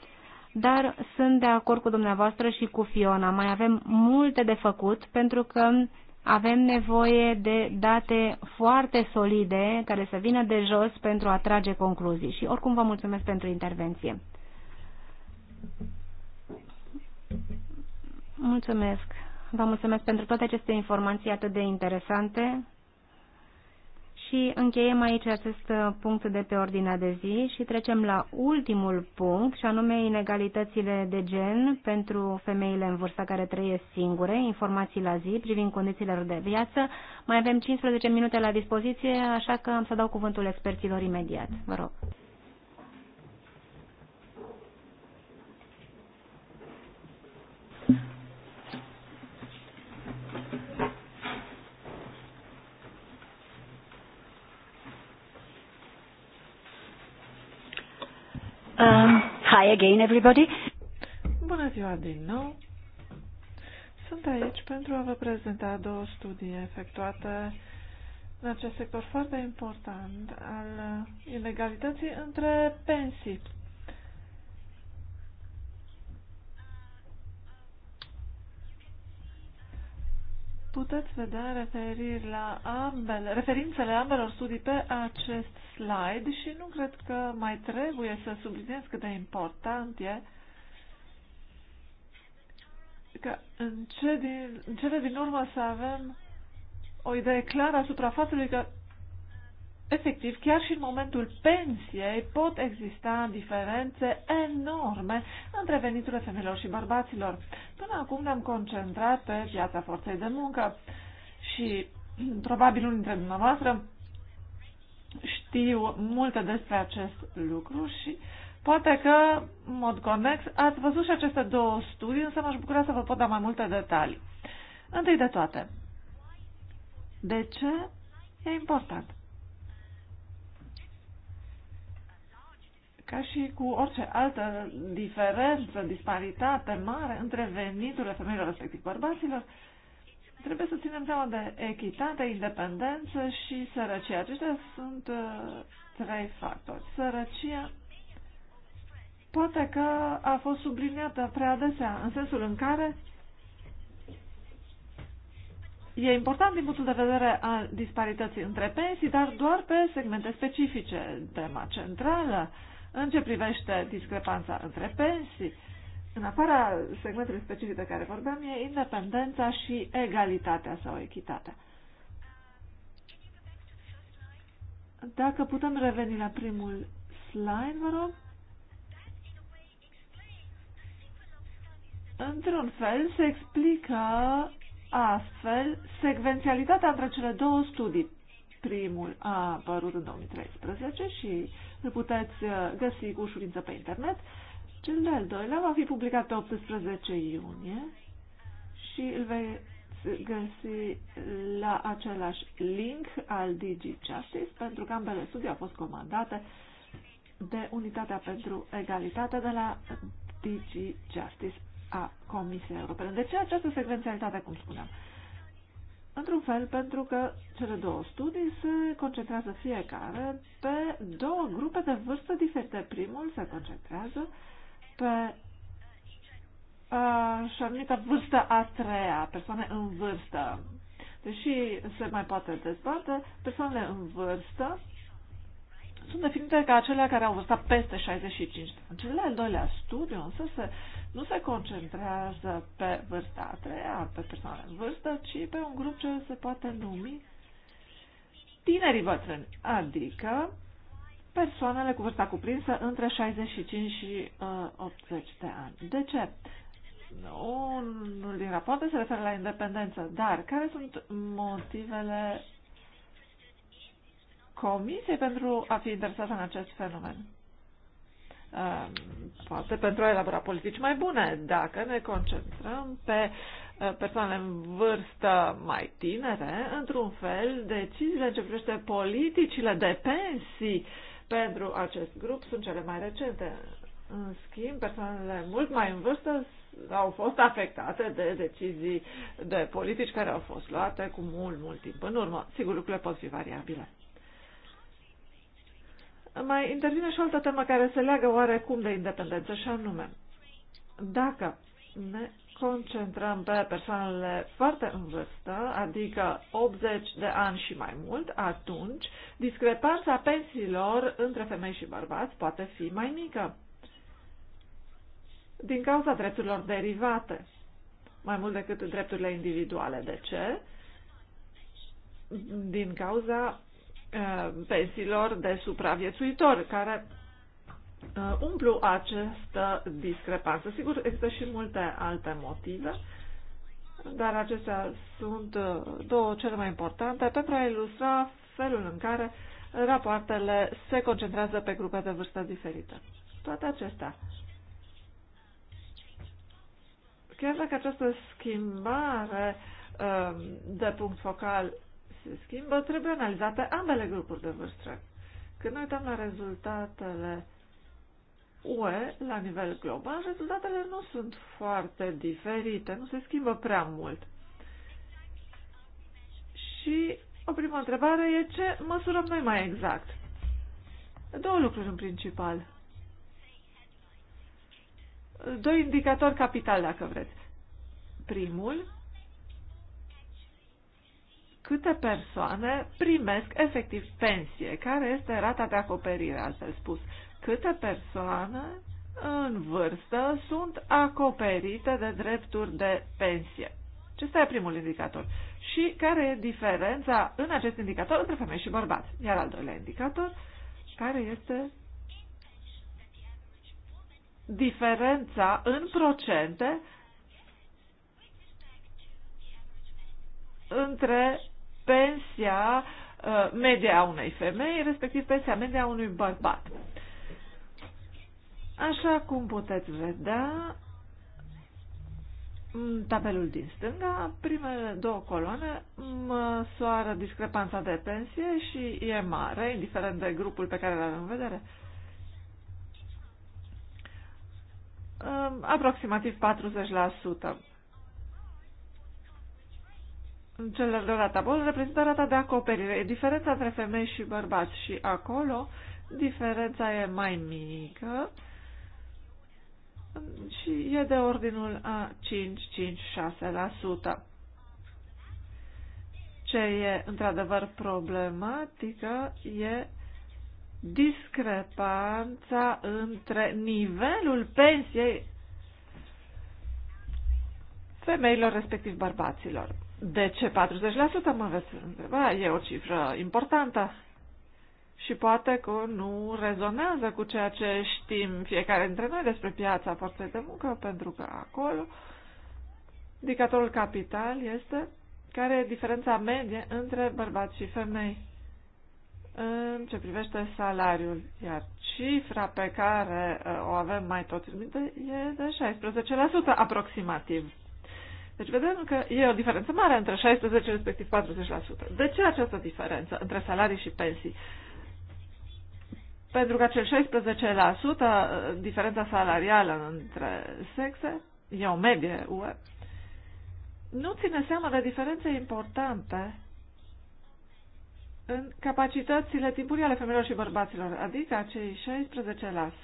dar sunt de acord cu dumneavoastră și cu Fiona. Mai avem multe de făcut pentru că avem nevoie de date foarte solide care să vină de jos pentru a trage concluzii. Și oricum vă mulțumesc pentru intervenție. Mulțumesc. Vă mulțumesc pentru toate aceste informații atât de interesante. Și încheiem aici acest uh, punct de pe ordinea de zi și trecem la ultimul punct, și anume inegalitățile de gen pentru femeile în vârstă care trăiesc singure, informații la zi privind condițiile de viață. Mai avem 15 minute la dispoziție, așa că am să dau cuvântul experților imediat. Vă rog. Um, hi again, everybody. Bună ziua din nou. Sunt aici pentru a vă prezenta două studii efectuate în acest sector foarte important al inegalității între pensii puteți vedea referiri la ambele, referințele ambelor studii pe acest slide și nu cred că mai trebuie să subliniez cât de important e că în, ce din, în cele din urmă să avem o idee clară asupra faptului că efectiv, chiar și în momentul pensiei pot exista diferențe enorme între veniturile femeilor și bărbaților. Până acum ne-am concentrat pe piața forței de muncă și probabil unii dintre dumneavoastră știu multe despre acest lucru și poate că, în mod conex, ați văzut și aceste două studii, însă m-aș bucura să vă pot da mai multe detalii. Întâi de toate, de ce e important? ca și cu orice altă diferență, disparitate mare între veniturile femeilor respectiv bărbaților, trebuie să ținem seama de echitate, independență și sărăcie. Acestea sunt uh, trei factori. Sărăcia poate că a fost subliniată prea adesea, în sensul în care E important din punctul de vedere al disparității între pensii, dar doar pe segmente specifice. Tema centrală în ce privește discrepanța între pensii, în afara segmentului specific de care vorbeam, e independența și egalitatea sau echitatea. Dacă putem reveni la primul slide, vă rog. Într-un fel se explică astfel secvențialitatea între cele două studii. Primul a apărut în 2013 și îl puteți uh, găsi cu ușurință pe internet. Cel de-al doilea va fi publicat pe 18 iunie și îl veți găsi la același link al Digi Justice, pentru că ambele studii au fost comandate de Unitatea pentru Egalitate de la Digi Justice a Comisiei Europene. De deci, ce această secvențialitate, cum spuneam? într-un fel pentru că cele două studii se concentrează fiecare pe două grupe de vârstă diferite. Primul se concentrează pe și anumită vârstă a treia, persoane în vârstă. Deși se mai poate dezbate, persoanele în vârstă sunt definite ca acelea care au vârstat peste 65 de ani. Cel al doilea studiu însă se, nu se concentrează pe vârsta a treia, pe persoane în vârstă, ci pe un grup ce se poate numi tinerii bătrâni, adică persoanele cu vârsta cuprinsă între 65 și uh, 80 de ani. De ce? Unul din rapoarte se referă la independență, dar care sunt motivele Comisiei pentru a fi interesată în acest fenomen. Ehm, poate pentru a elabora politici mai bune, dacă ne concentrăm pe eh, persoane în vârstă mai tinere, într-un fel, deciziile ce privește politicile de pensii pentru acest grup sunt cele mai recente. În schimb, persoanele mult mai în vârstă au fost afectate de decizii de politici care au fost luate cu mult, mult timp în urmă. Sigur, lucrurile pot fi variabile mai intervine și o altă temă care se leagă oarecum de independență, și anume, dacă ne concentrăm pe persoanele foarte în vârstă, adică 80 de ani și mai mult, atunci discrepanța pensiilor între femei și bărbați poate fi mai mică din cauza drepturilor derivate, mai mult decât drepturile individuale. De ce? Din cauza Uh, pensiilor de supraviețuitor, care uh, umplu această discrepanță. Sigur, există și multe alte motive, dar acestea sunt uh, două cele mai importante pentru a ilustra felul în care rapoartele se concentrează pe grupe de vârstă diferite. Toate acestea. Chiar dacă această schimbare de punct focal se schimbă, trebuie analizate ambele grupuri de vârstă. Când ne uităm la rezultatele UE la nivel global, rezultatele nu sunt foarte diferite, nu se schimbă prea mult. Și o primă întrebare e ce măsurăm noi mai exact. Două lucruri în principal. Doi indicatori capitali, dacă vreți. Primul câte persoane primesc efectiv pensie, care este rata de acoperire, altfel spus, câte persoane în vârstă sunt acoperite de drepturi de pensie. Acesta e primul indicator. Și care e diferența în acest indicator între femei și bărbați? Iar al doilea indicator, care este diferența în procente între pensia uh, media unei femei, respectiv pensia media unui bărbat. Așa cum puteți vedea, tabelul din stânga, primele două coloane măsoară discrepanța de pensie și e mare, indiferent de grupul pe care îl avem în vedere. Um, aproximativ 40% cel de la tabol reprezintă rata de acoperire. E diferența între femei și bărbați și acolo diferența e mai mică și e de ordinul a 5-5-6%. Ce e într-adevăr problematică e discrepanța între nivelul pensiei femeilor respectiv bărbaților. De ce 40% mă veți întreba? E o cifră importantă și poate că nu rezonează cu ceea ce știm fiecare dintre noi despre piața forței de muncă, pentru că acolo indicatorul capital este care e diferența medie între bărbați și femei în ce privește salariul, iar cifra pe care uh, o avem mai minte e de 16% aproximativ. Deci vedem că e o diferență mare între 16 respectiv 40%. De ce această diferență între salarii și pensii? Pentru că cel 16% diferența salarială între sexe e o medie UE. Nu ține seama de diferențe importante în capacitățile timpurii ale femeilor și bărbaților, adică acei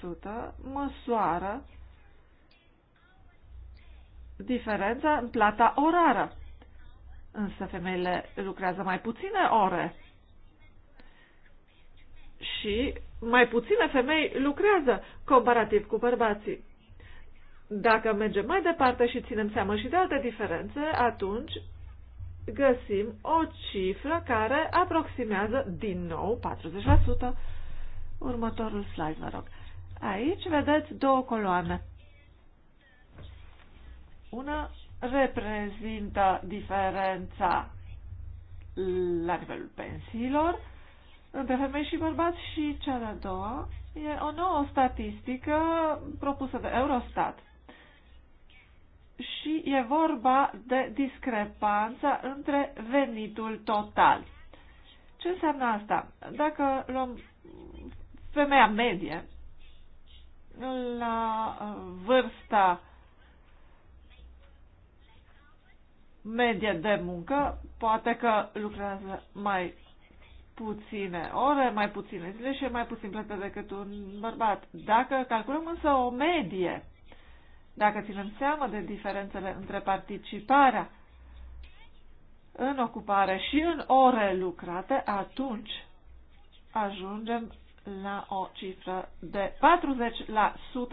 16% măsoară diferența în plata orară. Însă femeile lucrează mai puține ore și mai puține femei lucrează comparativ cu bărbații. Dacă mergem mai departe și ținem seama și de alte diferențe, atunci găsim o cifră care aproximează din nou 40%. Următorul slide, vă rog. Aici vedeți două coloane. Una reprezintă diferența la nivelul pensiilor între femei și bărbați și cea de-a doua e o nouă statistică propusă de Eurostat. Și e vorba de discrepanța între venitul total. Ce înseamnă asta? Dacă luăm femeia medie, la uh, vârsta medie de muncă, poate că lucrează mai puține ore, mai puține zile și e mai puțin plătă decât un bărbat. Dacă calculăm însă o medie, dacă ținem seama de diferențele între participarea în ocupare și în ore lucrate, atunci ajungem la o cifră de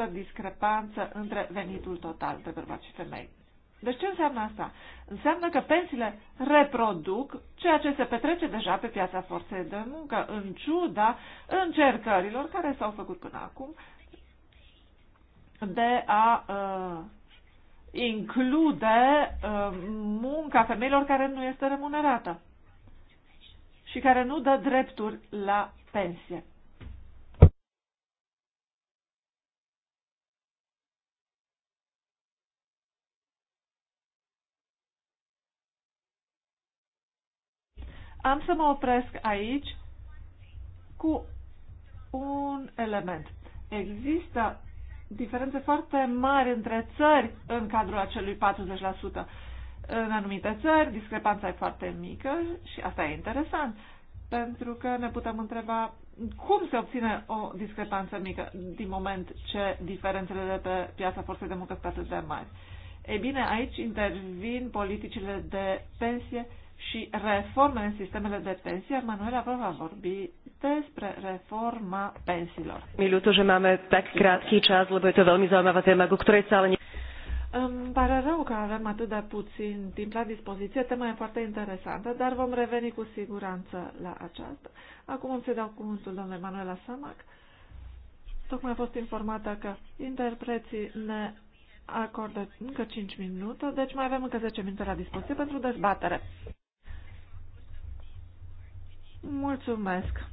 40% discrepanță între venitul total de bărbați și femei. Deci ce înseamnă asta? Înseamnă că pensiile reproduc ceea ce se petrece deja pe piața forței de muncă, în ciuda încercărilor care s-au făcut până acum de a uh, include uh, munca femeilor care nu este remunerată și care nu dă drepturi la pensie. Am să mă opresc aici cu un element. Există diferențe foarte mari între țări în cadrul acelui 40%. În anumite țări, discrepanța e foarte mică și asta e interesant, pentru că ne putem întreba cum se obține o discrepanță mică din moment ce diferențele de pe piața forței de muncă sunt atât de mari. Uh, ei bine, aici intervin politicile de pensie și reformele în sistemele de pensie, Manuela vă va vorbi despre reforma pensiilor. Miluto, că že máme tak krátky čas, lebo je to veľmi zaujímavá téma, ku ktorej sa ale... Îmi pare rău că avem atât de puțin timp la dispoziție, tema e foarte interesantă, dar vom reveni cu siguranță la aceasta. Acum îmi se dau cuvântul domnului Manuela Samac. Tocmai a fost informată că interpreții ne acordă încă 5 minute, deci mai avem încă 10 minute la dispoziție pentru dezbatere. Mulțumesc!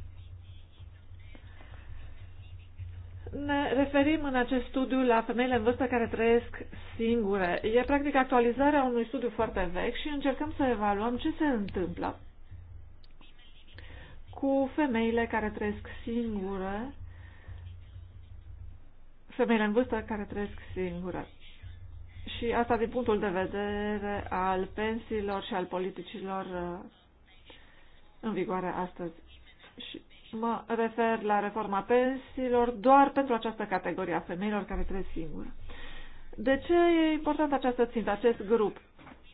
Ne referim în acest studiu la femeile în vârstă care trăiesc singure. E practic actualizarea unui studiu foarte vechi și încercăm să evaluăm ce se întâmplă cu femeile care trăiesc singure, femeile în vârstă care trăiesc singure. Și asta din punctul de vedere al pensiilor și al politicilor uh, în vigoare astăzi. Și mă refer la reforma pensiilor doar pentru această categorie a femeilor care trăiesc singură. De ce e important această țintă, acest grup?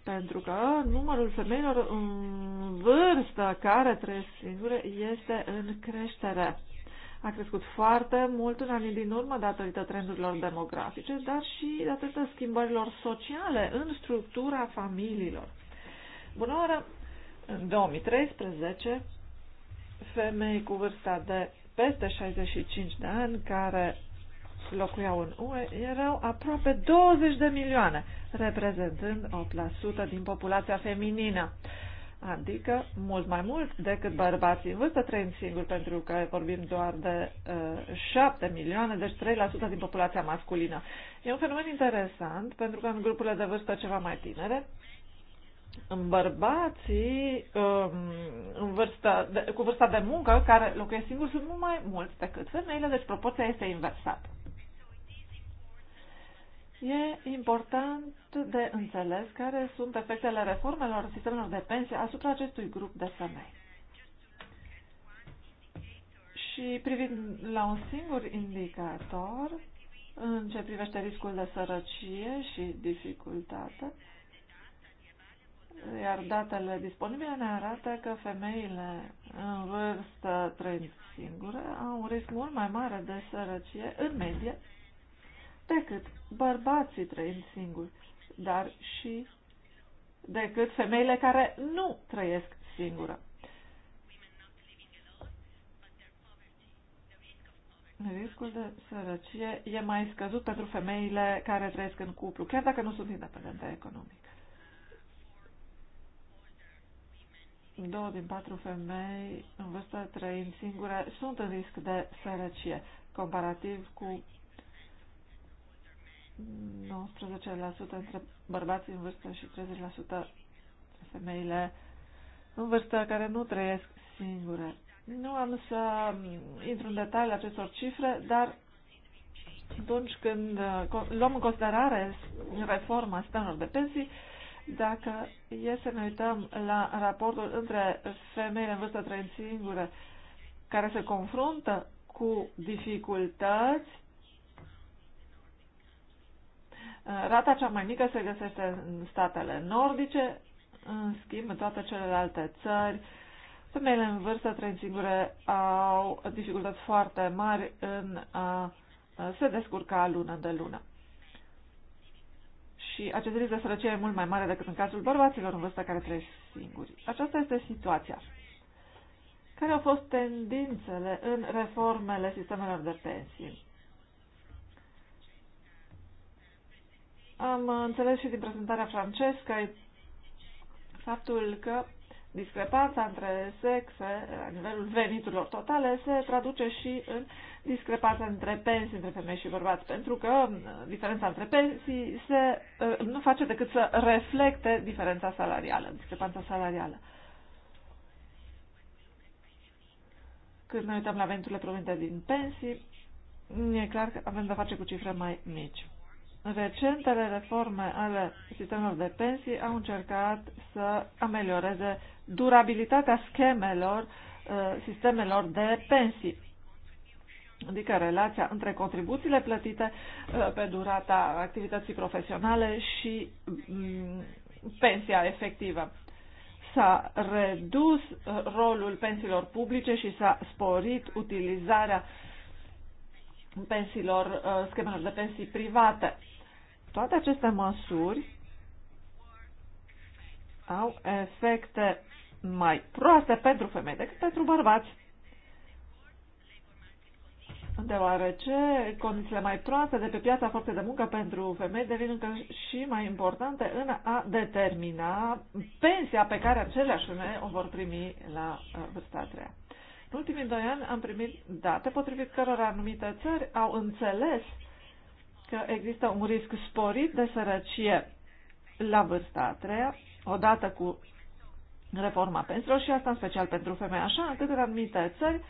Pentru că numărul femeilor în vârstă care trăiesc singure este în creștere a crescut foarte mult în anii din urmă datorită trendurilor demografice, dar și datorită schimbărilor sociale în structura familiilor. Bună oară! În 2013, femei cu vârsta de peste 65 de ani care locuiau în UE erau aproape 20 de milioane, reprezentând 8% din populația feminină adică mult mai mult decât bărbații în vârstă trăim singuri, pentru că vorbim doar de uh, 7 milioane, deci 3% din populația masculină. E un fenomen interesant, pentru că în grupurile de vârstă ceva mai tinere, în bărbații um, în vârstă, de, cu vârsta de muncă care locuiesc singuri sunt mult mai mulți decât femeile, deci proporția este inversată. E important de înțeles care sunt efectele reformelor sistemelor de pensie asupra acestui grup de femei. Și privind la un singur indicator, în ce privește riscul de sărăcie și dificultate, iar datele disponibile ne arată că femeile în vârstă trăind singure au un risc mult mai mare de sărăcie, în medie, decât bărbații trăind singuri, dar și decât femeile care nu trăiesc singură. Riscul de sărăcie e mai scăzut pentru femeile care trăiesc în cuplu, chiar dacă nu sunt independente economic. Două din patru femei în vârstă trăind singure sunt în risc de sărăcie, comparativ cu 19% între bărbații în vârstă și 30% femeile în vârstă care nu trăiesc singure. Nu am să intru în detalii acestor cifre, dar atunci când luăm în considerare reforma sistemelor de pensii, dacă e să ne uităm la raportul între femeile în vârstă trăind singure care se confruntă cu dificultăți Uh, rata cea mai mică se găsește în statele nordice, în schimb, în toate celelalte țări, femeile în vârstă trei singure au dificultăți foarte mari în a se descurca lună de lună. Și acest risc de sărăcie e mult mai mare decât în cazul bărbaților în vârstă care trăiesc singuri. Aceasta este situația. Care au fost tendințele în reformele sistemelor de pensii? Am înțeles și din prezentarea francescă faptul că discrepanța între sexe, la nivelul veniturilor totale, se traduce și în discrepanța între pensii între femei și bărbați, pentru că uh, diferența între pensii se, uh, nu face decât să reflecte diferența salarială, discrepanța salarială. Când ne uităm la veniturile provenite din pensii, e clar că avem de-a face cu cifre mai mici. Recentele reforme ale sistemelor de pensii au încercat să amelioreze durabilitatea schemelor, uh, sistemelor de pensii, adică relația între contribuțiile plătite uh, pe durata activității profesionale și mm, pensia efectivă s-a redus uh, rolul pensiilor publice și s-a sporit utilizarea pensiilor, schemelor de pensii private. Toate aceste măsuri au efecte mai proaste pentru femei decât pentru bărbați. Deoarece condițiile mai proaste de pe piața forței de muncă pentru femei devin încă și mai importante în a determina pensia pe care aceleași femei o vor primi la uh, vârsta a treia. În ultimii doi ani am primit date potrivit cărora anumite țări au înțeles uh, că există un risc sporit de sărăcie la vârsta a treia, odată cu reforma pensiilor și asta în special pentru femei, așa încât în anumite țări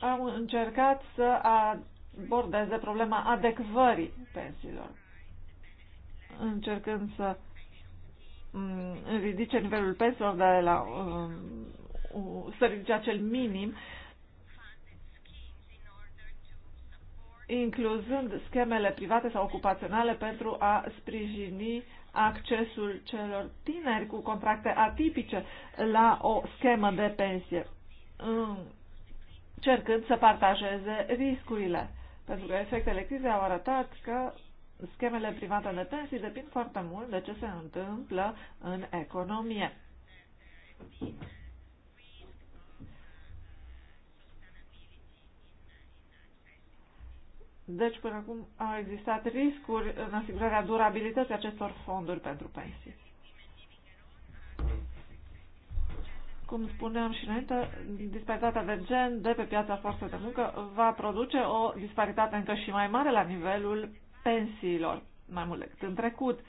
au încercat să abordeze problema adecvării pensiilor, încercând să mm, ridice nivelul pensiilor de la mm, să ridice acel minim incluzând schemele private sau ocupaționale pentru a sprijini accesul celor tineri cu contracte atipice la o schemă de pensie, cercând să partajeze riscurile. Pentru că efectele crizei au arătat că schemele private de pensii depind foarte mult de ce se întâmplă în economie. Deci, până acum au existat riscuri în asigurarea durabilității acestor fonduri pentru pensii. Cum spuneam și înainte, disparitatea de gen de pe piața forței de muncă va produce o disparitate încă și mai mare la nivelul pensiilor, mai mult decât în trecut.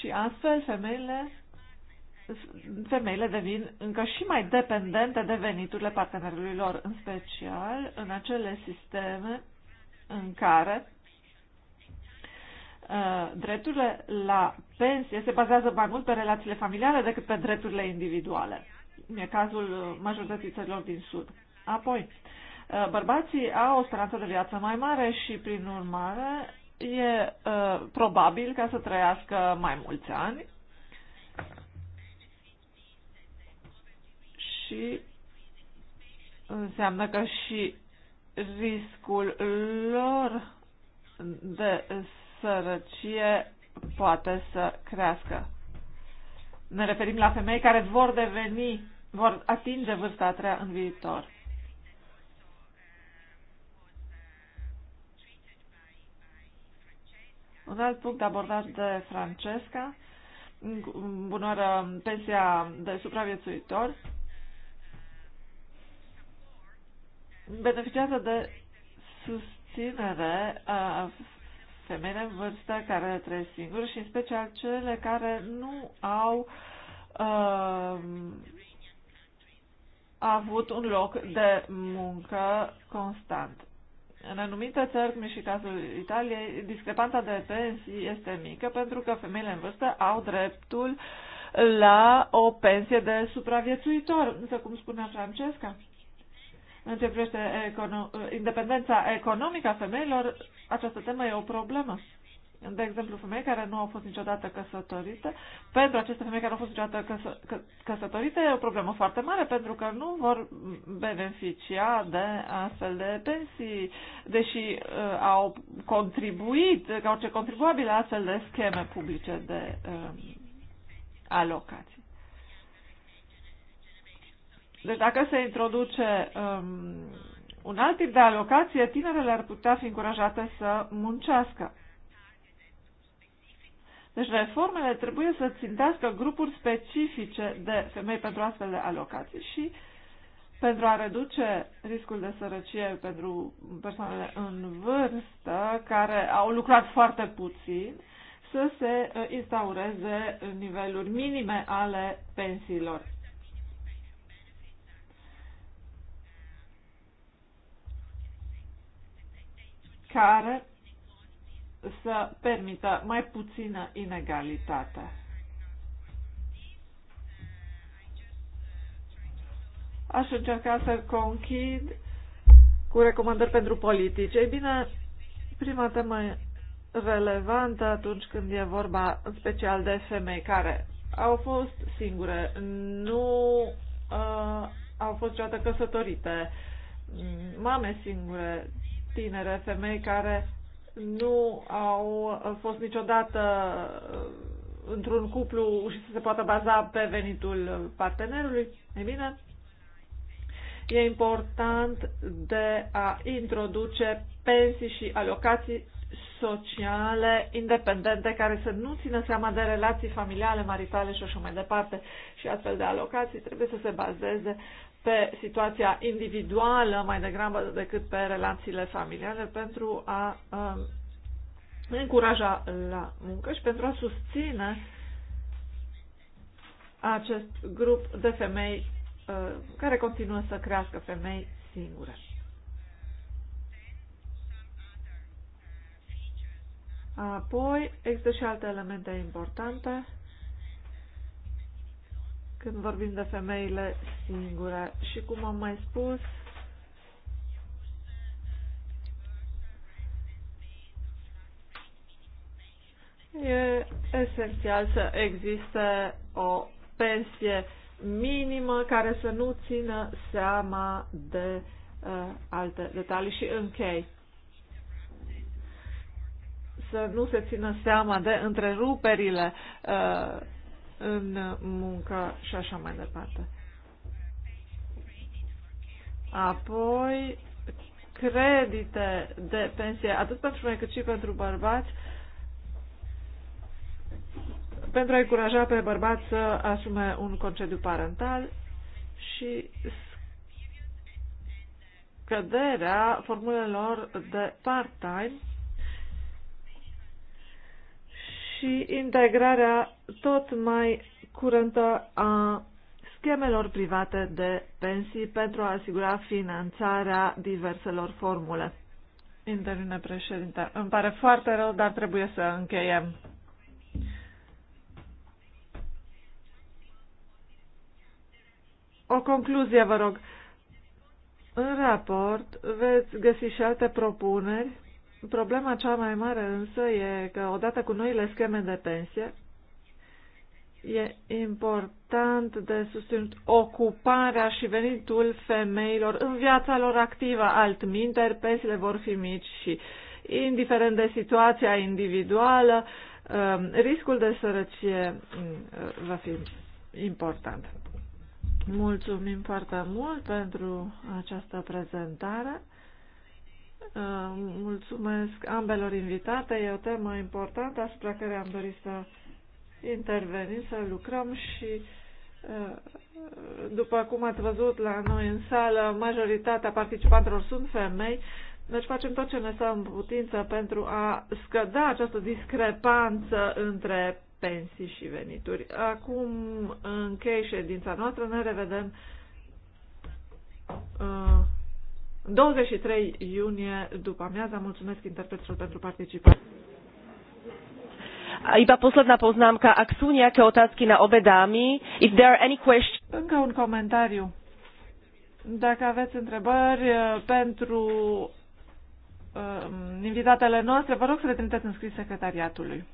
Și astfel, femeile femeile devin încă și mai dependente de veniturile partenerului lor, în special în acele sisteme în care uh, drepturile la pensie se bazează mai mult pe relațiile familiale decât pe drepturile individuale. E cazul uh, majorității țărilor din Sud. Apoi, uh, bărbații au o speranță de viață mai mare și, prin urmare, e uh, probabil ca să trăiască mai mulți ani și înseamnă că și riscul lor de sărăcie poate să crească. Ne referim la femei care vor deveni, vor atinge vârsta a treia în viitor. Un alt punct de abordat de Francesca, bunoară pensia de supraviețuitor, beneficiază de susținere a femeile în vârstă care trăiesc singuri și în special cele care nu au uh, avut un loc de muncă constant. În anumite țări, cum și cazul Italiei, discrepanța de pensii este mică pentru că femeile în vârstă au dreptul la o pensie de supraviețuitor. Însă, cum spunea Francesca, în ce privește econo- independența economică a femeilor, această temă e o problemă. De exemplu, femei care nu au fost niciodată căsătorite, pentru aceste femei care nu au fost niciodată căsă, că, căsătorite, e o problemă foarte mare, pentru că nu vor beneficia de astfel de pensii, deși uh, au contribuit, ca orice contribuabil, la astfel de scheme publice de uh, alocații. Deci dacă se introduce um, un alt tip de alocație, tinerele ar putea fi încurajate să muncească. Deci reformele trebuie să țintească grupuri specifice de femei pentru astfel de alocații și pentru a reduce riscul de sărăcie pentru persoanele în vârstă care au lucrat foarte puțin, să se uh, instaureze niveluri minime ale pensiilor. care să permită mai puțină inegalitate. Aș încerca să conchid cu recomandări pentru politici. Ei bine, prima temă relevantă atunci când e vorba în special de femei care au fost singure, nu uh, au fost niciodată căsătorite, mame singure, tinere, femei care nu au fost niciodată uh, într-un cuplu și să se poată baza pe venitul partenerului. E bine, e important de a introduce pensii și alocații sociale independente care să nu țină seama de relații familiale, maritale și așa mai departe. Și astfel de alocații trebuie să se bazeze pe situația individuală mai degrabă decât pe relațiile familiale pentru a uh, încuraja la muncă și pentru a susține acest grup de femei uh, care continuă să crească femei singure. Apoi există și alte elemente importante când vorbim de femeile singure. Și cum am mai spus, e esențial să existe o pensie minimă care să nu țină seama de uh, alte detalii și închei. Să nu se țină seama de întreruperile uh, în muncă și așa mai departe. Apoi, credite de pensie, atât pentru femei cât și pentru bărbați, pentru a încuraja pe bărbați să asume un concediu parental și scăderea formulelor de part-time și integrarea tot mai curentă a schemelor private de pensii pentru a asigura finanțarea diverselor formule. Intervine președinte. Îmi pare foarte rău, dar trebuie să încheiem. O concluzie, vă rog. În raport veți găsi și alte propuneri Problema cea mai mare însă e că odată cu noile scheme de pensie, e important de susținut ocuparea și venitul femeilor în viața lor activă. Altminteri, pensiile vor fi mici și, indiferent de situația individuală, um, riscul de sărăcie um, va fi important. Mulțumim foarte mult pentru această prezentare. Uh, mulțumesc ambelor invitate. E o temă importantă asupra care am dorit să intervenim, să lucrăm și uh, după cum ați văzut la noi în sală, majoritatea participantelor sunt femei, deci facem tot ce ne stă în putință pentru a scădea această discrepanță între pensii și venituri. Acum închei ședința noastră, ne revedem uh, 23 iunie după amiaza. Mulțumesc interpreților pentru participare. Iba posledná poznámka, ak sú nejaké otázky na obe dámy, if there are any questions... Încă un comentariu. Dacă aveți întrebări uh, pentru uh, invitatele noastre, vă rog să le trimiteți în scris secretariatului.